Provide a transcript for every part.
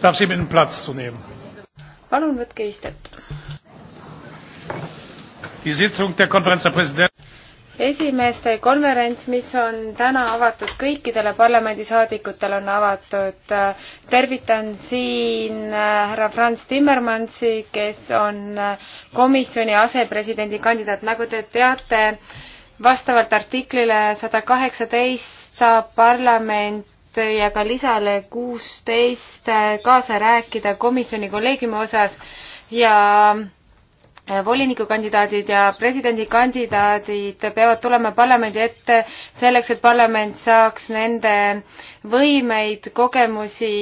Darf Sie bitten, Platz zu nehmen? Palun võtke istet. Die Sitzung der Konferenz der Präsidenten esimeeste konverents, mis on täna avatud kõikidele parlamendisaadikutele, on avatud. tervitan siin äh, härra Franz Timmermansi, kes on äh, komisjoni asepresidendi kandidaat. nagu te teate, vastavalt artiklile sada kaheksateist saab parlament ja ka lisale kuusteist kaasa rääkida komisjoni kolleegiumi osas ja äh, volinikukandidaadid ja presidendikandidaadid peavad tulema parlamendi ette selleks, et parlament saaks nende võimeid, kogemusi,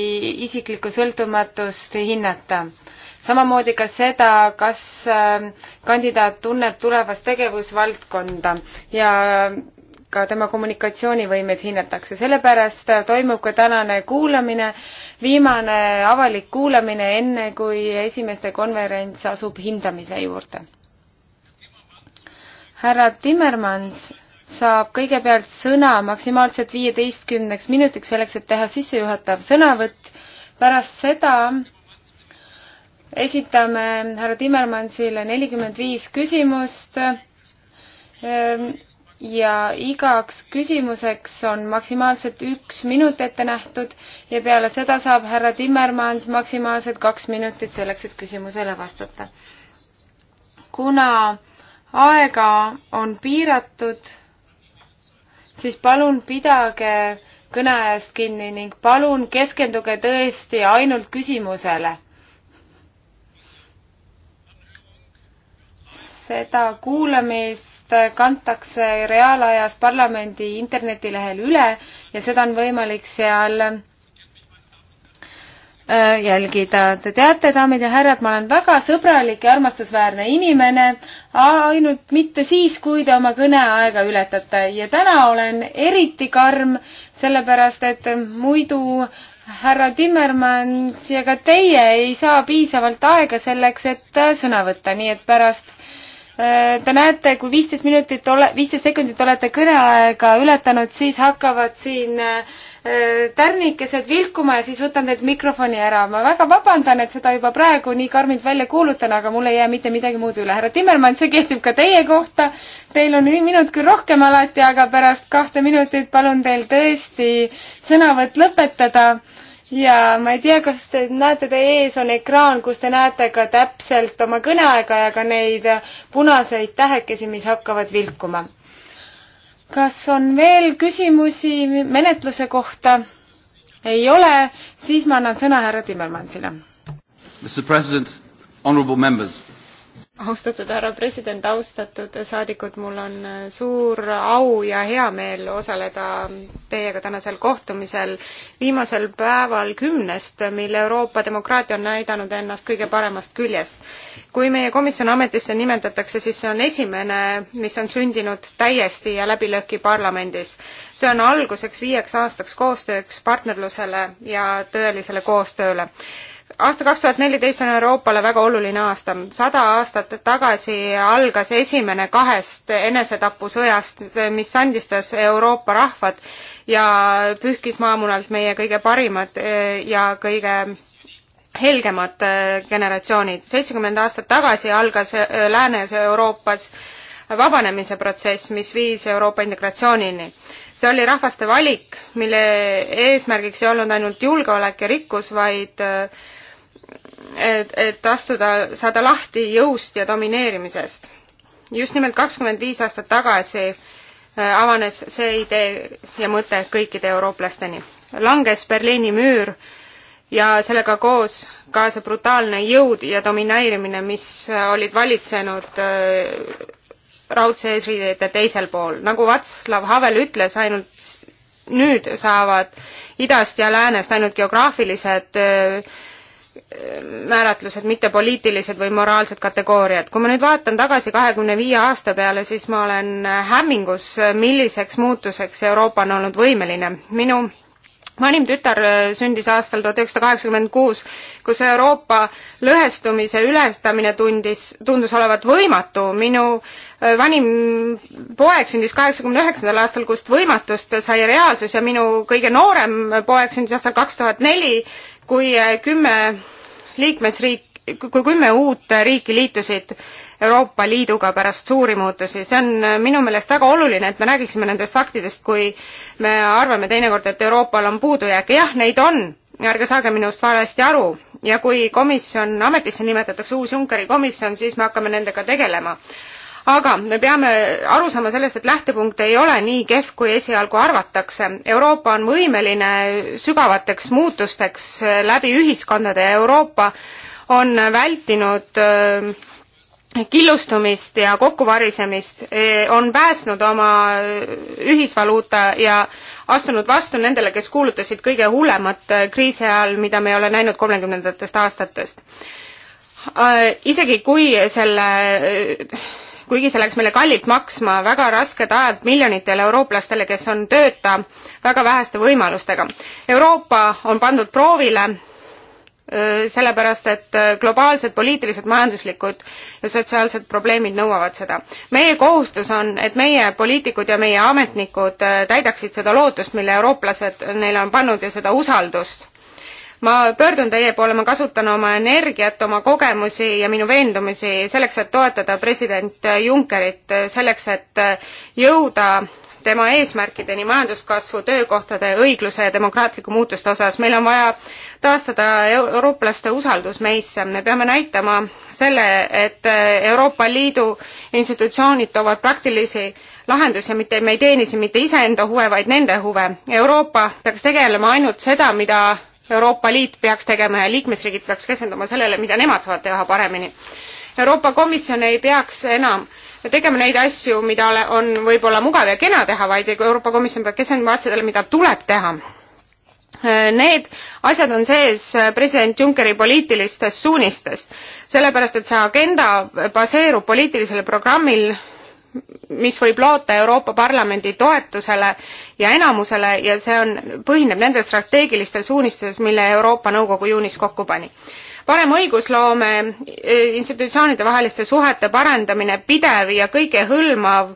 isiklikku sõltumatust hinnata. samamoodi ka seda, kas äh, kandidaat tunneb tulevast tegevusvaldkonda ja ka tema kommunikatsioonivõimet hinnatakse. sellepärast toimub ka tänane kuulamine, viimane avalik kuulamine, enne kui esimeste konverents asub hindamise juurde. härra Timmermans saab kõigepealt sõna maksimaalselt viieteistkümneks minutiks, selleks et teha sissejuhatav sõnavõtt. pärast seda esitame härra Timmermansile nelikümmend viis küsimust ehm, ja igaks küsimuseks on maksimaalselt üks minut ette nähtud ja peale seda saab härra Timmermans maksimaalselt kaks minutit selleks, et küsimusele vastata. kuna aega on piiratud, siis palun pidage kõneajast kinni ning palun keskenduge tõesti ainult küsimusele seda kuulamist kantakse reaalajas parlamendi internetilehel üle ja seda on võimalik seal äh, jälgida. Te teate, daamid ja härrad, ma olen väga sõbralik ja armastusväärne inimene, ainult mitte siis, kui te oma kõneaega ületate ja täna olen eriti karm, sellepärast et muidu härra Timmermans ja ka teie ei saa piisavalt aega selleks, et äh, sõna võtta, nii et pärast Äh, te näete, kui viisteist minutit ole, viisteist sekundit olete kõneaega ületanud, siis hakkavad siin äh, tärnikesed vilkuma ja siis võtan teilt mikrofoni ära. ma väga vabandan, et seda juba praegu nii karmilt välja kuulutan, aga mul ei jää mitte midagi muud üle. härra Timmermann, see kehtib ka teie kohta. Teil on minut küll rohkem alati, aga pärast kahte minutit palun teil tõesti sõnavõtt lõpetada ja ma ei tea, kas te näete, teie ees on ekraan, kus te näete ka täpselt oma kõneaega ja ka neid punaseid tähekesi, mis hakkavad vilkuma. kas on veel küsimusi menetluse kohta? ei ole, siis ma annan sõna härra Timmermansile. Mr President, honorable members austatud härra president, austatud saadikud, mul on äh, suur au ja hea meel osaleda teiega tänasel kohtumisel, viimasel päeval kümnest, mil Euroopa demokraatia on näidanud ennast kõige paremast küljest. kui meie komisjon ametisse nimetatakse, siis see on esimene, mis on sündinud täiesti ja läbilõhki parlamendis. see on alguseks viieks aastaks koostööks, partnerlusele ja tõelisele koostööle aasta kaks tuhat neliteist on Euroopale väga oluline aasta. sada aastat tagasi algas esimene kahest enesetapusõjast, mis sandistas Euroopa rahvad ja pühkis maamunalt meie kõige parimad e, ja kõige helgemad e, generatsioonid. seitsekümmend aastat tagasi algas e, Lääne-Euroopas vabanemise protsess, mis viis Euroopa integratsioonini see oli rahvaste valik, mille eesmärgiks ei olnud ainult julgeolek ja rikkus, vaid äh, et, et astuda, saada lahti jõust ja domineerimisest. just nimelt kakskümmend viis aastat tagasi äh, avanes see idee ja mõte kõikide eurooplasteni. langes Berliini müür ja sellega koos ka see brutaalne jõud ja domineerimine, mis äh, olid valitsenud raudse eesriide teisel pool. nagu Václav Havel ütles, ainult nüüd saavad idast ja läänest ainult geograafilised äh, määratlused, mitte poliitilised või moraalsed kategooriad. kui ma nüüd vaatan tagasi kahekümne viie aasta peale, siis ma olen hämmingus, milliseks muutuseks Euroopa on olnud võimeline. minu vanim tütar äh, sündis aastal tuhat üheksasada kaheksakümmend kuus, kus Euroopa lõhestumise ülestamine tundis, tundus olevat võimatu. minu äh, vanim poeg sündis kaheksakümne üheksandal aastal, kust võimatust sai reaalsus ja minu kõige noorem poeg sündis aastal kaks tuhat neli, kui äh, kümme liikmesriiki kui kümme uut riiki liitusid Euroopa Liiduga pärast suuri muutusi, see on minu meelest väga oluline, et me räägiksime nendest faktidest, kui me arvame teinekord, et Euroopal on puudujääke, jah, neid on, ärge saage minust valesti aru ja kui komisjon ametisse nimetatakse uus Junckeri komisjon, siis me hakkame nendega tegelema aga me peame aru saama sellest, et lähtepunkt ei ole nii kehv, kui esialgu arvatakse. Euroopa on võimeline sügavateks muutusteks läbi ühiskondade ja Euroopa on vältinud äh, killustumist ja kokkuvarisemist, e, on päästnud oma ühisvaluuta ja astunud vastu nendele, kes kuulutasid kõige hullemat äh, kriisi ajal, mida me ei ole näinud kolmekümnendatest aastatest. Äh, isegi kui selle kuigi see läks meile kallilt maksma, väga rasked ajad miljonitele eurooplastele, kes on tööta väga väheste võimalustega. Euroopa on pandud proovile sellepärast, et globaalsed poliitilised, majanduslikud ja sotsiaalsed probleemid nõuavad seda. meie kohustus on, et meie poliitikud ja meie ametnikud täidaksid seda lootust, mille eurooplased neile on pannud ja seda usaldust ma pöördun teie poole, ma kasutan oma energiat, oma kogemusi ja minu veendumusi selleks, et toetada president Junckerit, selleks, et jõuda tema eesmärkideni majanduskasvu, töökohtade, õigluse ja demokraatliku muutuste osas. meil on vaja taastada eurooplaste usaldus meisse. me peame näitama selle, et Euroopa Liidu institutsioonid toovad praktilisi lahendusi, mitte me ei teeni siin mitte iseenda huve, vaid nende huve. Euroopa peaks tegelema ainult seda, mida Euroopa Liit peaks tegema ja liikmesriigid peaks keskenduma sellele, mida nemad saavad teha paremini. Euroopa Komisjon ei peaks enam tegema neid asju, mida on võib-olla mugav ja kena teha, vaid Euroopa Komisjon peab keskenduma asjadele, mida tuleb teha. Need asjad on sees president Junckeri poliitilistest suunistest, sellepärast et see agenda baseerub poliitilisel programmil, mis võib loota Euroopa Parlamendi toetusele ja enamusele ja see on, põhineb nendel strateegilistel suunistes, mille Euroopa Nõukogu juunis kokku pani. parem õigusloome, eh, institutsioonide vaheliste suhete parandamine, pidev ja kõikehõlmav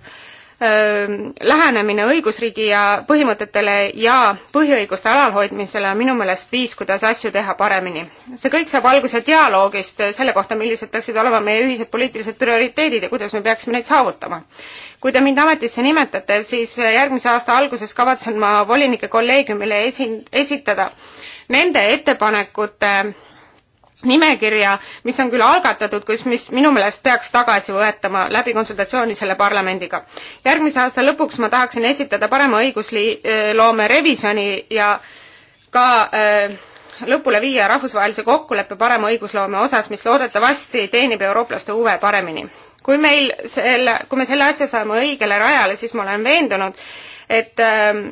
lähenemine õigusriigi ja põhimõtetele ja põhiõiguste alalhoidmisele on minu meelest viis, kuidas asju teha paremini. see kõik saab alguse dialoogist äh, selle kohta, millised peaksid olema meie ühised poliitilised prioriteedid ja kuidas me peaksime neid saavutama. kui te mind ametisse nimetate, siis äh, järgmise aasta alguses kavatsen ma volinike kolleegiumile esi-, esitada nende ettepanekute äh, nimekirja, mis on küll algatatud, kus, mis minu meelest peaks tagasi võetama läbi konsultatsiooni selle parlamendiga. järgmise aasta lõpuks ma tahaksin esitada parema õigusloome revisjoni ja ka äh, lõpule viia rahvusvahelise kokkuleppe parema õigusloome osas, mis loodetavasti teenib eurooplaste huve paremini. kui meil selle, kui me selle asja saame õigele rajale, siis ma olen veendunud, et äh,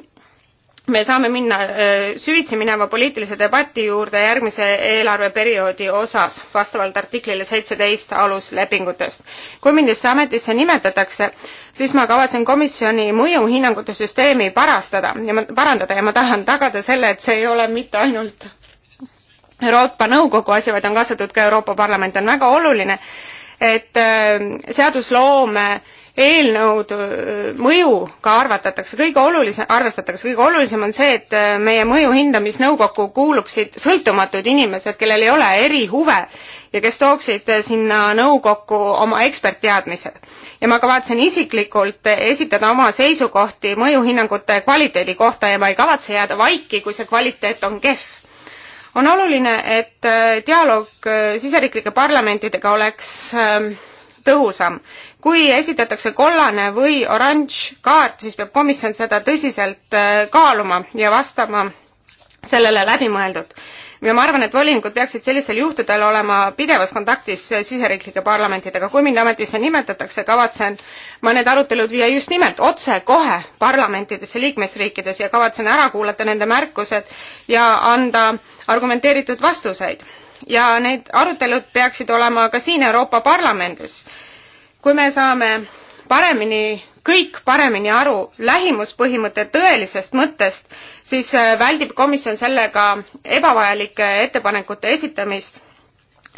me saame minna äh, süvitsi mineva poliitilise debati juurde järgmise eelarveperioodi osas vastavalt artiklile seitseteist aluslepingutest. kui mind siis ametisse nimetatakse, siis ma kavatsen komisjoni mõjuhinnangute süsteemi parastada ja ma, parandada ja ma tahan tagada selle, et see ei ole mitte ainult Euroopa Nõukogu asi, vaid on kaasatud ka Euroopa Parlament, on väga oluline, et äh, seadusloome äh, eelnõud mõju ka arvatatakse kõige olulisem, arvestatakse, kõige olulisem on see, et meie mõju hindamisnõukokku kuuluksid sõltumatud inimesed, kellel ei ole erihuve ja kes tooksid sinna nõukokku oma ekspertteadmised. ja ma kavatsen isiklikult esitada oma seisukohti mõjuhinnangute kvaliteedi kohta ja ma ei kavatse jääda vaiki, kui see kvaliteet on kehv on oluline, et dialoog siseriiklike parlamentidega oleks tõhusam. kui esitatakse kollane või oranž kaart, siis peab komisjon seda tõsiselt äh, kaaluma ja vastama sellele läbimõeldud. ja ma arvan, et volinikud peaksid sellistel juhtudel olema pidevas kontaktis äh, siseriiklike parlamentidega. kui mind ametisse nimetatakse, kavatsen ma need arutelud viia just nimelt otsekohe parlamentidesse liikmesriikides ja kavatsen ära kuulata nende märkused ja anda argumenteeritud vastuseid ja need arutelud peaksid olema ka siin Euroopa Parlamendis. kui me saame paremini, kõik paremini aru lähimuspõhimõtte tõelisest mõttest, siis äh, väldib komisjon sellega ebavajalike ettepanekute esitamist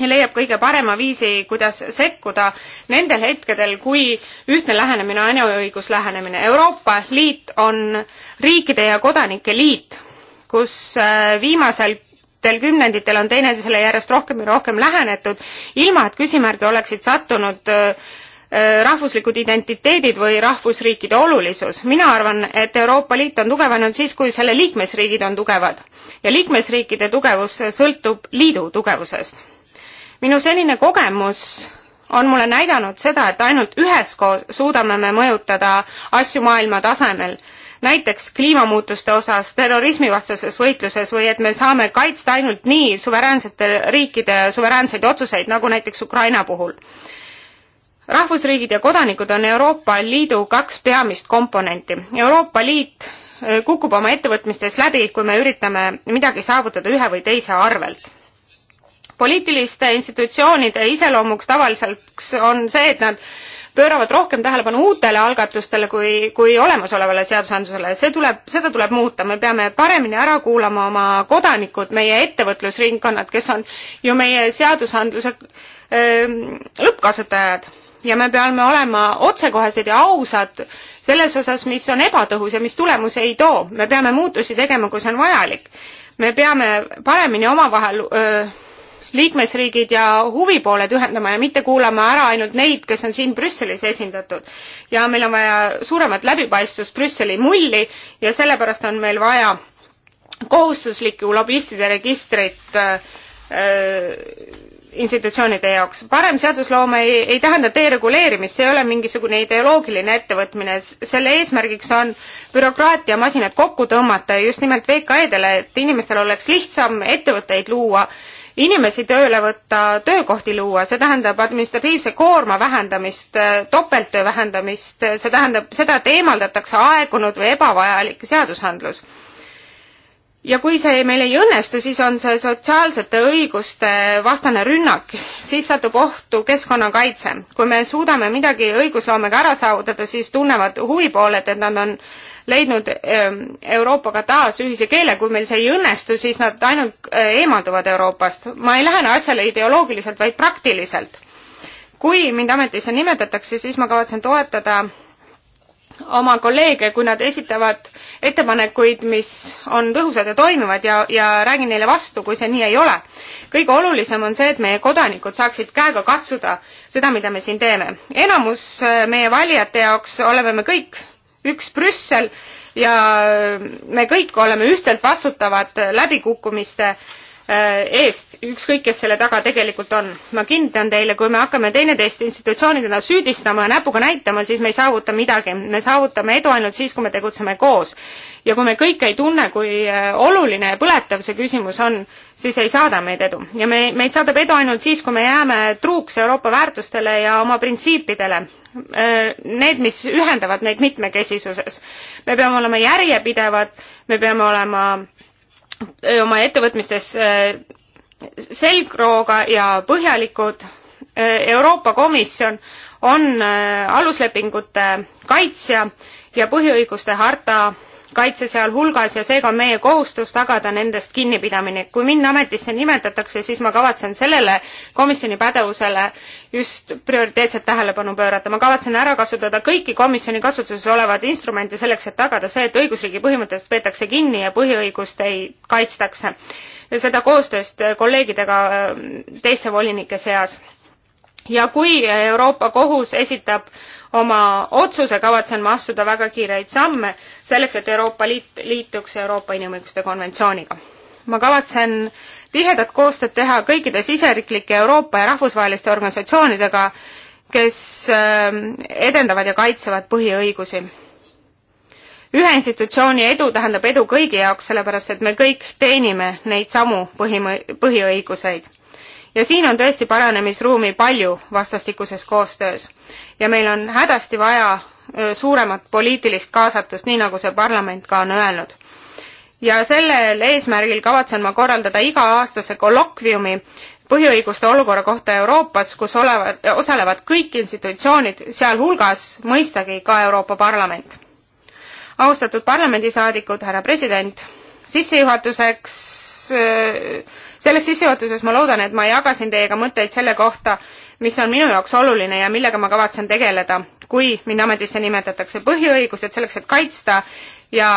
ja leiab kõige parema viisi, kuidas sekkuda nendel hetkedel, kui ühtne lähenemine on ainuõigus lähenemine. Euroopa Liit on riikide ja kodanike liit, kus äh, viimasel viimastel kümnenditel on teineteisele järjest rohkem ja rohkem lähenetud, ilma et küsimärgi oleksid sattunud rahvuslikud identiteedid või rahvusriikide olulisus. mina arvan, et Euroopa Liit on tugev ainult siis, kui selle liikmesriigid on tugevad ja liikmesriikide tugevus sõltub liidu tugevusest. minu senine kogemus on mulle näidanud seda, et ainult üheskoos suudame me mõjutada asju maailma tasemel näiteks kliimamuutuste osas, terrorismivastases võitluses või et me saame kaitsta ainult nii suveräänsete riikide suveräänseid otsuseid, nagu näiteks Ukraina puhul rahvusriigid ja kodanikud on Euroopa Liidu kaks peamist komponenti. Euroopa Liit eh, kukub oma ettevõtmistes läbi, kui me üritame midagi saavutada ühe või teise arvelt. poliitiliste institutsioonide iseloomuks tavaliselt on see, et nad pööravad rohkem tähelepanu uutele algatustele kui, kui olemasolevale seadusandlusele. see tuleb, seda tuleb muuta, me peame paremini ära kuulama oma kodanikud, meie ettevõtlusringkonnad, kes on ju meie seadusandluse ähm, lõppkasutajad ja me peame olema otsekohesed ja ausad selles osas, mis on ebatõhus ja mis tulemusi ei too. me peame muutusi tegema, kui see on vajalik. me peame paremini omavahel öö, liikmesriigid ja huvipooled ühendama ja mitte kuulama ära ainult neid, kes on siin Brüsselis esindatud. ja meil on vaja suuremat läbipaistvust Brüsseli mulli ja sellepärast on meil vaja kohustuslikku lobistide registrit äh, institutsioonide jaoks. parem seadusloome ei, ei tähenda dereguleerimist, see ei ole mingisugune ideoloogiline ettevõtmine, selle eesmärgiks on bürokraatiamasinad kokku tõmmata ja just nimelt VKE-dele, et inimestel oleks lihtsam ettevõtteid luua inimesi tööle võtta, töökohti luua, see tähendab administratiivse koorma vähendamist, äh, topelttöö vähendamist, see tähendab seda, et eemaldatakse aegunud või ebavajalik seadusandlus ja kui see meil ei õnnestu, siis on see sotsiaalsete õiguste vastane rünnak, siis satub ohtu keskkonnakaitse. kui me suudame midagi õigusloomega ära saavutada, siis tunnevad huvipooled, et nad on leidnud ähm, Euroopaga taas ühise keele, kui meil see ei õnnestu, siis nad ainult äh, eemalduvad Euroopast. ma ei lähene asjale ideoloogiliselt, vaid praktiliselt. kui mind ametisse nimetatakse, siis ma kavatsen toetada oma kolleege, kui nad esitavad ettepanekuid, mis on tõhusad ja toimivad ja, ja räägin neile vastu, kui see nii ei ole. kõige olulisem on see, et meie kodanikud saaksid käega katsuda seda, mida me siin teeme. enamus äh, meie valijate jaoks oleme me kõik üks Brüssel ja äh, me kõik oleme ühtselt vastutavad läbikukkumiste äh, Äh, eest, ükskõik kes selle taga tegelikult on. ma kinnitan teile, kui me hakkame teineteist institutsioonidena süüdistama ja näpuga näitama, siis me ei saavuta midagi. me saavutame edu ainult siis, kui me tegutseme koos. ja kui me kõik ei tunne, kui äh, oluline ja põletav see küsimus on, siis ei saada meid edu. ja me, meid saadab edu ainult siis, kui me jääme truuks Euroopa väärtustele ja oma printsiipidele äh, need, mis ühendavad meid mitmekesisuses. me peame olema järjepidevad, me peame olema oma ettevõtmistes selgrooga ja põhjalikud. Euroopa Komisjon on aluslepingute kaitsja ja põhiõiguste harta kaitse sealhulgas ja seega on meie kohustus tagada nendest kinnipidamine. kui mind ametisse nimetatakse, siis ma kavatsen sellele komisjoni pädevusele just prioriteetset tähelepanu pöörata. ma kavatsen ära kasutada kõiki komisjoni kasutuses olevaid instrumente selleks, et tagada see, et õigusriigi põhimõttest peetakse kinni ja põhiõigust ei kaitstakse. ja seda koostööst kolleegidega äh, teiste volinike seas ja kui Euroopa Kohus esitab oma otsuse kavatsen ma astuda väga kiireid samme selleks, et Euroopa Liit liituks Euroopa Inimõiguste konventsiooniga. ma kavatsen tihedat koostööd teha kõikide siseriiklike Euroopa ja rahvusvaheliste organisatsioonidega, kes ähm, edendavad ja kaitsevad põhiõigusi. ühe institutsiooni edu tähendab edu kõigi jaoks, sellepärast et me kõik teenime neid samu põhimõ-, põhiõiguseid ja siin on tõesti paranemisruumi palju vastastikuses koostöös ja meil on hädasti vaja suuremat poliitilist kaasatust, nii nagu see parlament ka on öelnud. ja sellel eesmärgil kavatsen ma korraldada iga-aastase kolokviumi põhiõiguste olukorra kohta Euroopas, kus olevad, osalevad kõik institutsioonid, sealhulgas mõistagi ka Euroopa Parlament. austatud parlamendisaadikud, härra president, sissejuhatuseks Äh, selles sissejuhatuses ma loodan, et ma jagasin teiega mõtteid selle kohta, mis on minu jaoks oluline ja millega ma kavatsen tegeleda, kui mind ametisse nimetatakse. põhiõigused selleks, et kaitsta ja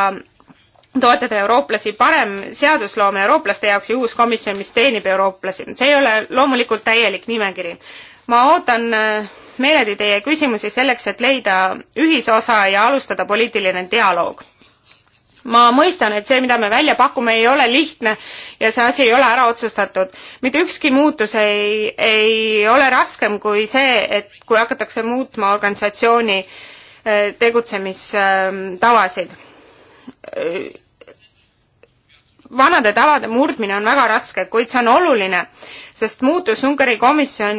toetada eurooplasi, parem seadusloome eurooplaste jaoks ja uus komisjon, mis teenib eurooplasi. see ei ole loomulikult täielik nimekiri. ma ootan äh, meeledi teie küsimusi selleks, et leida ühisosa ja alustada poliitiline dialoog ma mõistan, et see, mida me välja pakume, ei ole lihtne ja see asi ei ole ära otsustatud. mitte ükski muutus ei, ei ole raskem kui see, et kui hakatakse muutma organisatsiooni eh, tegutsemistavasid eh, vanade tavade murdmine on väga raske, kuid see on oluline, sest muutus Ungari komisjon,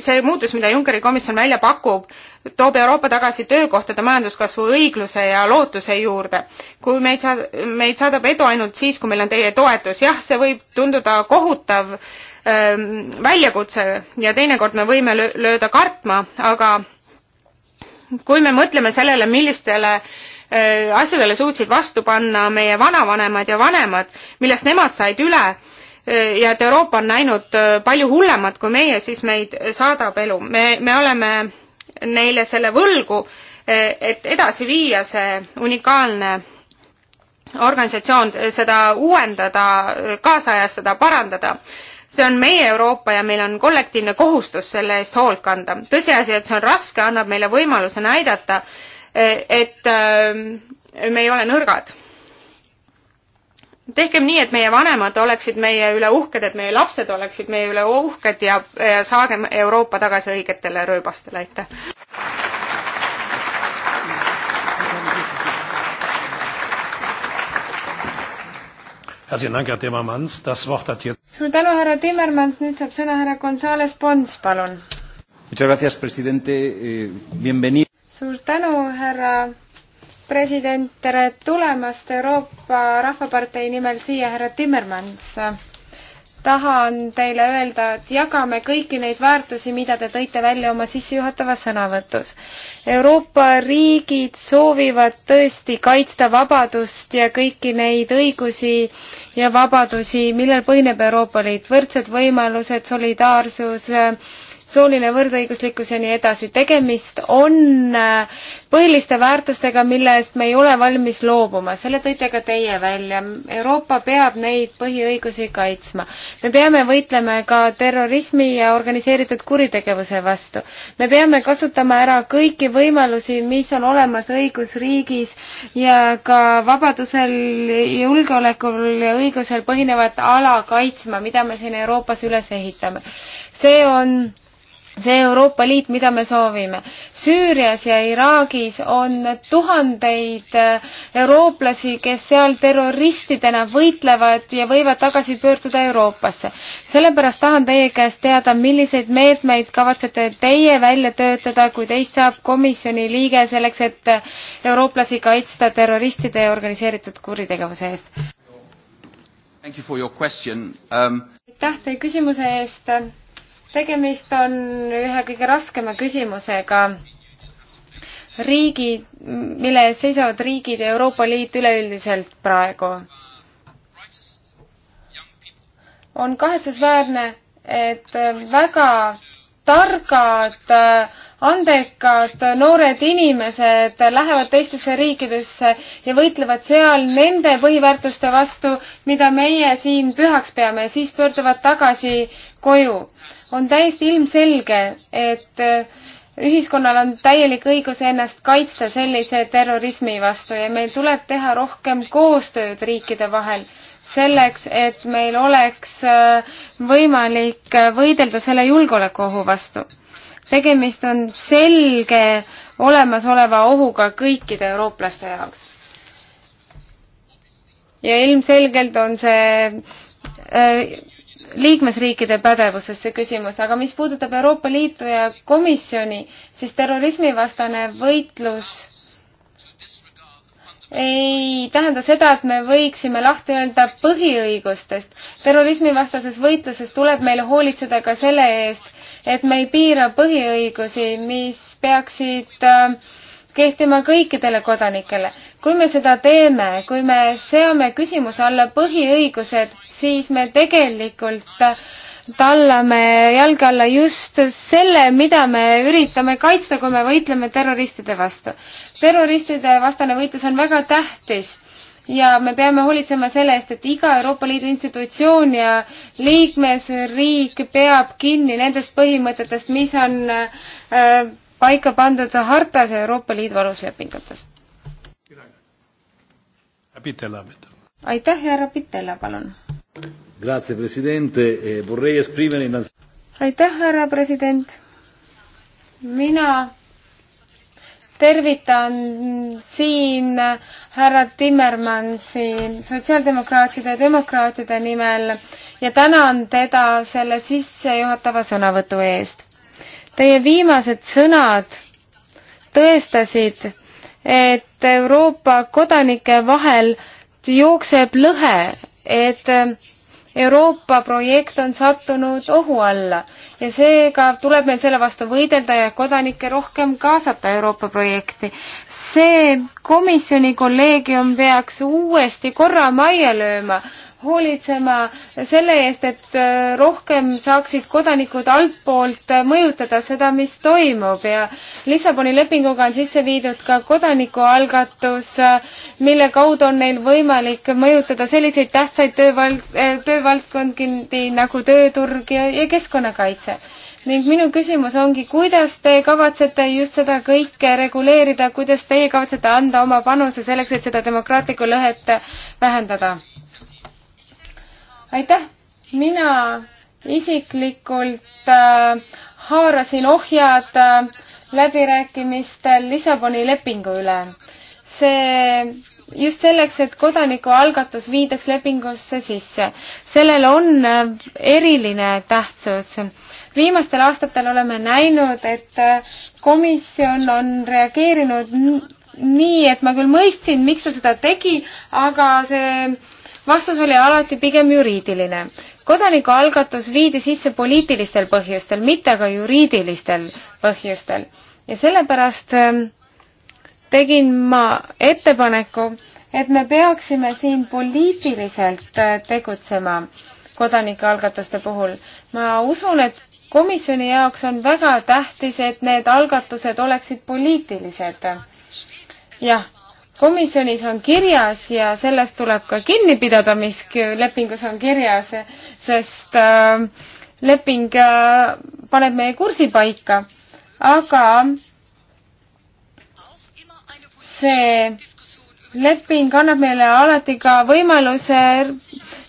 see muutus, mida Ungari komisjon välja pakub, toob Euroopa tagasi töökohtade majanduskasvu õigluse ja lootuse juurde. kui meid saad-, meid saadab edu ainult siis, kui meil on teie toetus, jah, see võib tunduda kohutav ähm, väljakutse ja teinekord me võime lööda kartma, aga kui me mõtleme sellele, millistele äh, Äh, asjadele suutsid vastu panna meie vanavanemad ja vanemad, millest nemad said üle äh, ja et Euroopa on näinud äh, palju hullemat kui meie, siis meid saadab elu. me, me oleme neile selle võlgu, et edasi viia see unikaalne organisatsioon, seda uuendada, kaasajastada, parandada see on meie Euroopa ja meil on kollektiivne kohustus selle eest hoolt kanda. tõsiasi, et see on raske, annab meile võimaluse näidata, et ähm, me ei ole nõrgad. tehkem nii, et meie vanemad oleksid meie üle uhked, et meie lapsed oleksid meie üle uhked ja, ja saagem Euroopa tagasi õigetele rööbastele, aitäh! Herzlichen Dank, Herr Timmermans. Das Wort hat jetzt. Suur tänu, härra Timmermans. Nüüd saab sõna härra González Pons, palun. Muchas gracias, presidente. Eh, bienvenido suur tänu, härra president, tere tulemast Euroopa Rahvapartei nimel siia, härra Timmermans. tahan teile öelda, et jagame kõiki neid väärtusi, mida te tõite välja oma sissejuhatavas sõnavõtus. Euroopa riigid soovivad tõesti kaitsta vabadust ja kõiki neid õigusi ja vabadusi, millel põhineb Euroopa Liit, võrdsed võimalused, solidaarsus äh,, sooline võrdõiguslikkus ja nii edasi. tegemist on äh, põhiliste väärtustega, mille eest me ei ole valmis loobuma. selle tõite ka teie välja. Euroopa peab neid põhiõigusi kaitsma. me peame võitlema ka terrorismi ja organiseeritud kuritegevuse vastu. me peame kasutama ära kõiki võimalusi, mis on olemas õigusriigis ja ka vabadusel, julgeolekul ja õigusel põhinevat ala kaitsma, mida me siin Euroopas üles ehitame. see on see Euroopa Liit, mida me soovime. Süürias ja Iraagis on tuhandeid eh, eurooplasi, kes seal terroristidena võitlevad ja võivad tagasi pöörduda Euroopasse. sellepärast tahan teie käest teada, milliseid meetmeid kavatsete teie välja töötada, kui teist saab komisjoni liige selleks, et eh, eurooplasi kaitsta terroristide ja organiseeritud kuritegevuse eest? Um, aitäh teie küsimuse eest tegemist on ühe kõige raskema küsimusega riigid, mille ees seisavad riigid ja Euroopa Liit üleüldiselt praegu. on kahetsusväärne, et väga targad äh, andekad noored inimesed lähevad teistesse riikidesse ja võitlevad seal nende põhiväärtuste vastu, mida meie siin pühaks peame ja siis pöörduvad tagasi koju. on täiesti ilmselge, et äh, ühiskonnal on täielik õigus ennast kaitsta sellise terrorismi vastu ja meil tuleb teha rohkem koostööd riikide vahel selleks, et meil oleks äh, võimalik äh, võidelda selle julgeolekuohu vastu tegemist on selge olemasoleva ohuga kõikide eurooplaste jaoks. ja ilmselgelt on see äh, liikmesriikide pädevuses see küsimus, aga mis puudutab Euroopa Liitu ja komisjoni, siis terrorismivastane võitlus ei tähenda seda, et me võiksime lahti öelda põhiõigustest. terrorismivastases võitluses tuleb meil hoolitseda ka selle eest, et me ei piira põhiõigusi, mis peaksid äh, kehtima kõikidele kodanikele. kui me seda teeme, kui me seame küsimuse alla põhiõigused, siis me tegelikult äh, tallame jalge alla just selle, mida me üritame kaitsta, kui me võitleme terroristide vastu. terroristide vastane võitlus on väga tähtis ja me peame hoolitsema selle eest, et iga Euroopa Liidu institutsioon ja liikmesriik peab kinni nendest põhimõtetest, mis on äh, paika pandud hartas ja Euroopa Liidu aluslepingutes. aitäh, härra Pitella, palun! Eh, aitäh, härra president. mina tervitan siin härra Timmermansi sotsiaaldemokraatide ja demokraatide nimel ja tänan teda selle sissejuhatava sõnavõtu eest. Teie viimased sõnad tõestasid, et Euroopa kodanike vahel jookseb lõhe, et Euroopa projekt on sattunud ohu alla ja seega tuleb meil selle vastu võidelda ja kodanikke rohkem kaasata Euroopa projekti. see komisjoni kolleegium peaks uuesti korra majja lööma hoolitsema selle eest, et äh, rohkem saaksid kodanikud altpoolt äh, mõjutada seda, mis toimub ja Lissaboni lepinguga on sisse viidud ka kodanikualgatus, äh, mille kaudu on neil võimalik mõjutada selliseid tähtsaid töövald-, töövaldkondi nagu tööturg ja, ja keskkonnakaitse ning minu küsimus ongi, kuidas te kavatsete just seda kõike reguleerida, kuidas teie kavatsete anda oma panuse selleks, et seda demokraatlikku lõhet vähendada? aitäh, mina isiklikult äh, haarasin ohjad äh, läbirääkimistel Lissaboni lepingu üle. see just selleks, et kodanikualgatus viidaks lepingusse sisse. sellel on äh, eriline tähtsus. viimastel aastatel oleme näinud, et äh, komisjon on reageerinud nii, et ma küll mõistsin, miks ta seda tegi, aga see äh, vastus oli alati pigem juriidiline. kodanikualgatus viidi sisse poliitilistel põhjustel, mitte aga juriidilistel põhjustel. ja sellepärast ähm, tegin ma ettepaneku, et me peaksime siin poliitiliselt äh, tegutsema kodanikualgatuste puhul. ma usun, et komisjoni jaoks on väga tähtis, et need algatused oleksid poliitilised. jah komisjonis on kirjas ja sellest tuleb ka kinni pidada, mis lepingus on kirjas, sest ähm, leping äh, paneb meie kursi paika, aga see leping annab meile alati ka võimaluse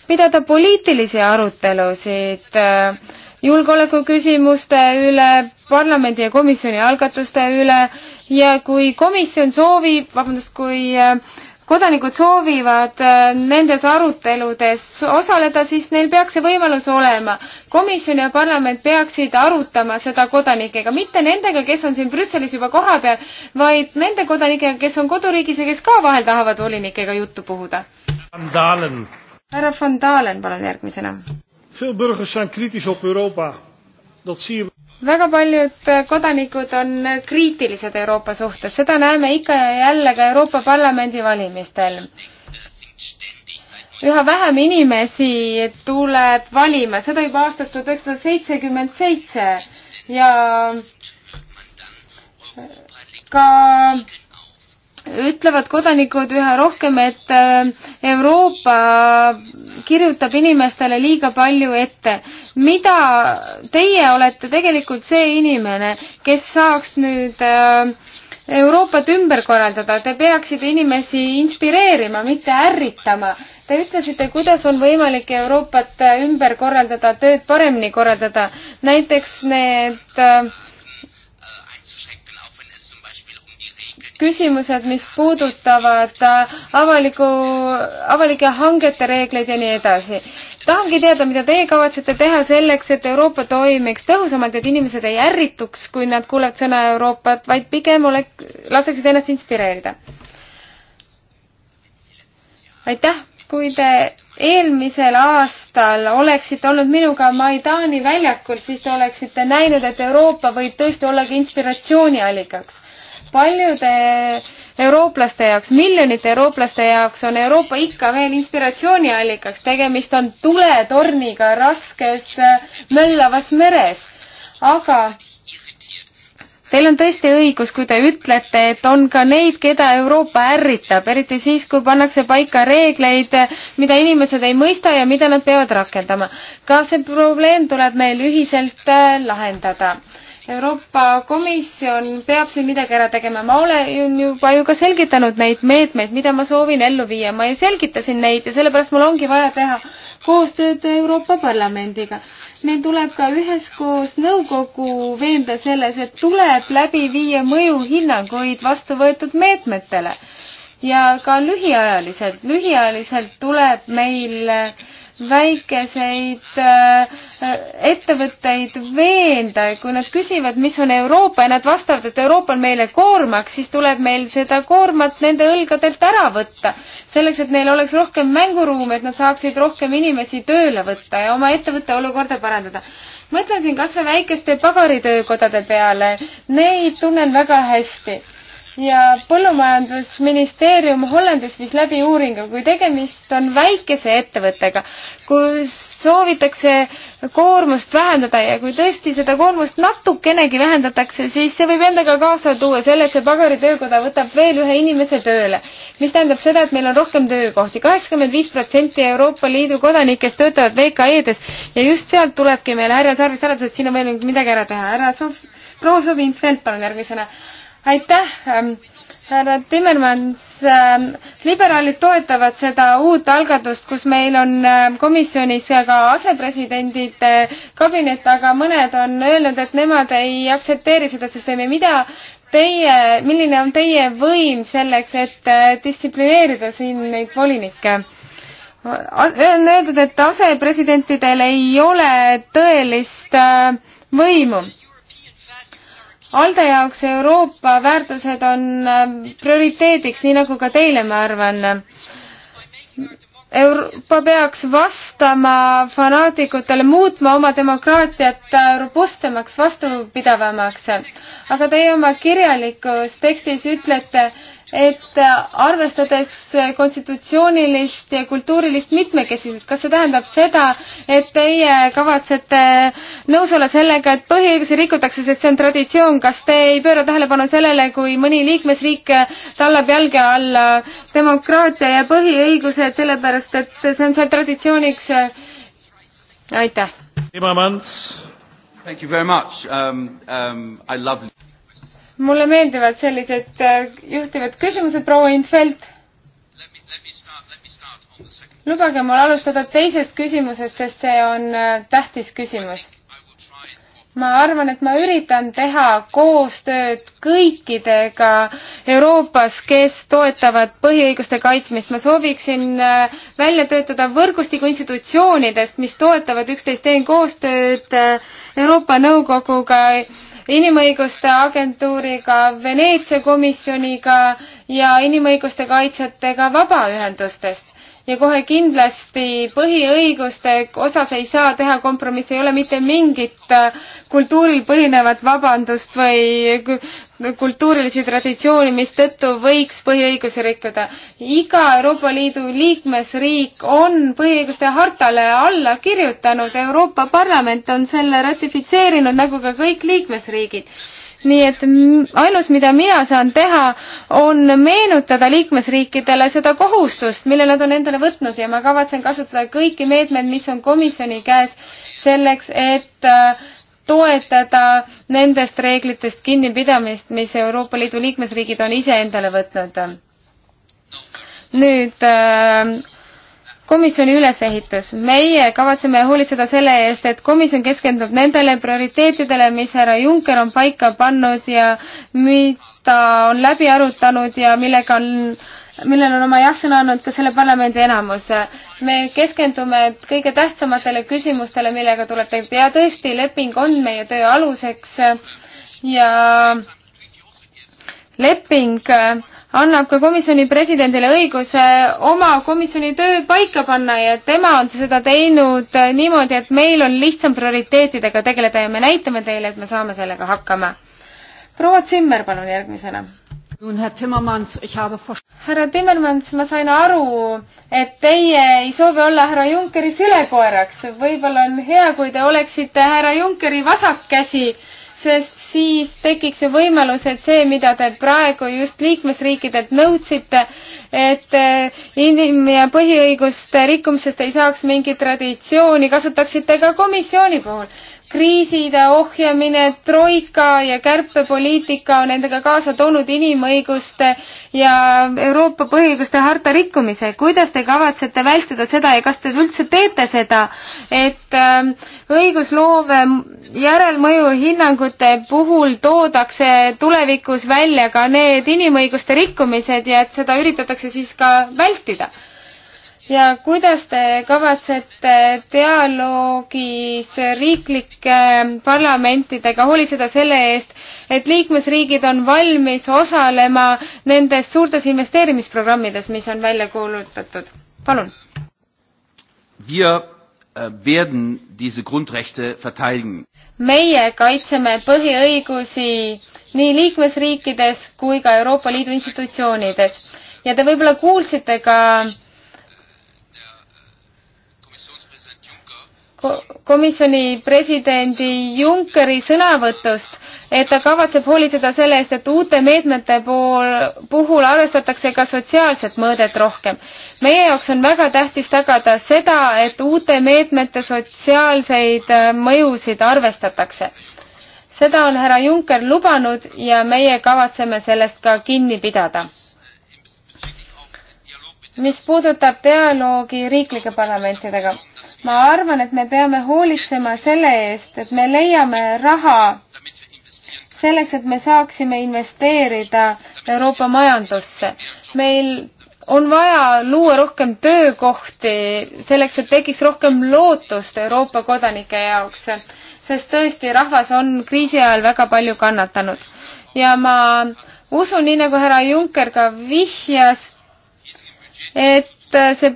pidada poliitilisi arutelusid äh, julgeolekuküsimuste üle, parlamendi ja komisjoni algatuste üle ja kui komisjon soovib, vabandust, kui äh, kodanikud soovivad äh, nendes aruteludes osaleda, siis neil peaks see võimalus olema. komisjon ja parlament peaksid arutama seda kodanikega, mitte nendega, kes on siin Brüsselis juba kohapeal, vaid nende kodanikega, kes on koduriigis ja kes ka vahel tahavad volinikega juttu puhuda. härra Van Dalen, palun järgmisena. Veel burgers zijn kritisch op Europa. Dat zie je väga paljud kodanikud on kriitilised Euroopa suhtes, seda näeme ikka ja jälle ka Euroopa Parlamendi valimistel. üha vähem inimesi tuleb valima, seda juba aastast tuhat üheksasada seitsekümmend seitse ja ka ütlevad kodanikud üha rohkem, et äh, Euroopa kirjutab inimestele liiga palju ette. mida teie olete tegelikult see inimene, kes saaks nüüd äh, Euroopat ümber korraldada, te peaksite inimesi inspireerima, mitte ärritama. Te ütlesite, kuidas on võimalik Euroopat ümber korraldada, tööd paremini korraldada. näiteks need äh, küsimused, mis puudutavad äh, avaliku, avalike hangete reegleid ja nii edasi. tahangi teada, mida teie kavatsete teha selleks, et Euroopa toimiks tõhusamalt, et inimesed ei ärrituks, kui nad kuulevad sõna Euroopat, vaid pigem olek-, laseksid ennast inspireerida. aitäh, kui te eelmisel aastal oleksite olnud minuga Maidani väljakul, siis te oleksite näinud, et Euroopa võib tõesti olla ka inspiratsiooniallikaks paljude eurooplaste jaoks, miljonite eurooplaste jaoks on Euroopa ikka veel inspiratsiooniallikaks, tegemist on tuletorniga raskes äh, möllavas meres. aga Teil on tõesti õigus, kui te ütlete, et on ka neid, keda Euroopa ärritab, eriti siis, kui pannakse paika reegleid, mida inimesed ei mõista ja mida nad peavad rakendama. ka see probleem tuleb meil ühiselt äh, lahendada Euroopa Komisjon peab siin midagi ära tegema, ma olen juba ju ka selgitanud neid meetmeid, mida ma soovin ellu viia, ma ju selgitasin neid ja sellepärast mul ongi vaja teha koostööd Euroopa Parlamendiga. meil tuleb ka üheskoos nõukogu veenda selles, et tuleb läbi viia mõjuhinnanguid vastu võetud meetmetele ja ka lühiajaliselt. lühiajaliselt tuleb meil äh, väikeseid äh, ettevõtteid veenda, kui nad küsivad, mis on Euroopa ja nad vastavad, et Euroopa on meile koormaks, siis tuleb meil seda koormat nende õlgadelt ära võtta. selleks, et neil oleks rohkem mänguruumi, et nad saaksid rohkem inimesi tööle võtta ja oma ettevõtte olukorda parandada mõtlen siin kas või väikeste pagaritöökodade peale, neid tunnen väga hästi ja Põllumajandusministeerium Hollandis viis läbi uuringu, kui tegemist on väikese ettevõttega, kus soovitakse koormust vähendada ja kui tõesti seda koormust natukenegi vähendatakse, siis see võib endaga kaasa tuua selle, et see pagaritöökoda võtab veel ühe inimese tööle. mis tähendab seda, et meil on rohkem töökohti. kaheksakümmend viis protsenti Euroopa Liidu kodanikest töötavad VKE-des ja just sealt tulebki meil härra Sarvis arvates, et siin on veel midagi ära teha. härra Sof-, proua Sovin-Feld, palun järgmisena aitäh ähm, härra Timmermans, ähm, liberaalid toetavad seda uut algatust, kus meil on ähm, komisjonis ka asepresidendid kabinet, aga mõned on öelnud, et nemad ei aktsepteeri seda süsteemi. mida teie, milline on teie võim selleks, et äh, distsiplineerida siin neid volinikke? on öeldud, et asepresidentidel ei ole tõelist äh, võimu ALDE jaoks Euroopa väärtused on ähm, prioriteediks, nii nagu ka teile, ma arvan. Euroopa peaks vastama fanaatikutele, muutma oma demokraatiat robustsemaks, vastupidavamaks. aga teie oma kirjalikus tekstis ütlete, et arvestades konstitutsioonilist ja kultuurilist mitmekesisust, kas see tähendab seda, et teie kavatsete nõus olla sellega, et põhiõigusi rikutakse, sest see on traditsioon, kas te ei pööra tähelepanu sellele, kui mõni liikmesriik tallab jalge alla demokraatia ja põhiõigused, sellepärast et see on seal traditsiooniks? aitäh! Timmermans. Thank you very much. Um, um, I love mulle meeldivad sellised äh, juhtivad küsimused, proua Infeld. lubage mul alustada teisest küsimusest, sest see on äh, tähtis küsimus. ma arvan, et ma üritan teha koostööd kõikidega Euroopas, kes toetavad põhiõiguste kaitsmist. ma sooviksin äh, välja töötada võrgustiku institutsioonidest, mis toetavad üksteist, teen koostööd Euroopa Nõukoguga inimõiguste agentuuriga, Veneetsia komisjoniga ja inimõiguste kaitsjatega vabaühendustest ja kohe kindlasti põhiõiguste osas ei saa teha kompromissi, ei ole mitte mingit äh, kultuuril põhinevat vabandust või kultuurilisi traditsioone, mistõttu võiks põhiõigusi rikkuda. iga Euroopa Liidu liikmesriik on põhiõiguste hartale alla kirjutanud, Euroopa Parlament on selle ratifitseerinud, nagu ka kõik liikmesriigid nii et ainus, mida mina saan teha, on meenutada liikmesriikidele seda kohustust, mille nad on endale võtnud ja ma kavatsen kasutada kõiki meetmeid, mis on komisjoni käes selleks, et äh, toetada nendest reeglitest kinnipidamist, mis Euroopa Liidu liikmesriigid on ise endale võtnud. nüüd äh, komisjoni ülesehitus. meie kavatseme hoolitseda selle eest, et komisjon keskendub nendele prioriteetidele, mis härra Juncker on paika pannud ja mida on läbi arutanud ja millega on millel on oma jah-sõna andnud ka selle parlamendi enamus. me keskendume kõige tähtsamatele küsimustele, millega tuleb tegeleda ja tõesti, leping on meie töö aluseks ja leping annab ka komisjoni presidendile õiguse oma komisjoni töö paika panna ja tema on seda teinud niimoodi, et meil on lihtsam prioriteetidega tegeleda ja me näitame teile, et me saame sellega hakkama. proua Zimmer, palun järgmisena. härra Timmermans, ma sain aru, et teie ei soovi olla härra Junckeri sülekoeraks. võib-olla on hea, kui te oleksite härra Junckeri vasak käsi sest siis tekiks ju võimalus, et see, mida te praegu just liikmesriikidelt nõudsite, et eh, inim- ja põhiõiguste rikkumisest ei saaks mingit traditsiooni, kasutaksite ka komisjoni puhul kriiside ohjamine, troika ja kärpepoliitika on endaga kaasa toonud inimõiguste ja Euroopa põhiõiguste harta rikkumise. kuidas te kavatsete vältida seda ja kas te üldse teete seda, et ähm, õigusloove järelmõju hinnangute puhul toodakse tulevikus välja ka need inimõiguste rikkumised ja et seda üritatakse siis ka vältida? ja kuidas te kavatsete dialoogis riiklike parlamentidega hoolitseda selle eest, et liikmesriigid on valmis osalema nendes suurtes investeerimisprogrammides, mis on välja kuulutatud? palun. Wir äh, werden diese Grundrechte verteidigen. meie kaitseme põhiõigusi nii liikmesriikides kui ka Euroopa Liidu institutsioonides ja te võib-olla kuulsite ka äh, komisjoni presidendi Junckeri sõnavõtust, et ta kavatseb hoolitseda selle eest, et uute meetmete pool, puhul arvestatakse ka sotsiaalset mõõdet rohkem. meie jaoks on väga tähtis tagada seda, et uute meetmete sotsiaalseid äh, mõjusid arvestatakse. seda on härra Juncker lubanud ja meie kavatseme sellest ka kinni pidada mis puudutab dialoogi riiklike parlamentidega ma arvan, et me peame hoolitsema selle eest, et me leiame raha selleks, et me saaksime investeerida Euroopa majandusse. meil on vaja luua rohkem töökohti selleks, et tekiks rohkem lootust Euroopa kodanike jaoks, sest tõesti, rahvas on kriisi ajal väga palju kannatanud. ja ma usun, nii nagu härra Juncker ka vihjas, et Äh, see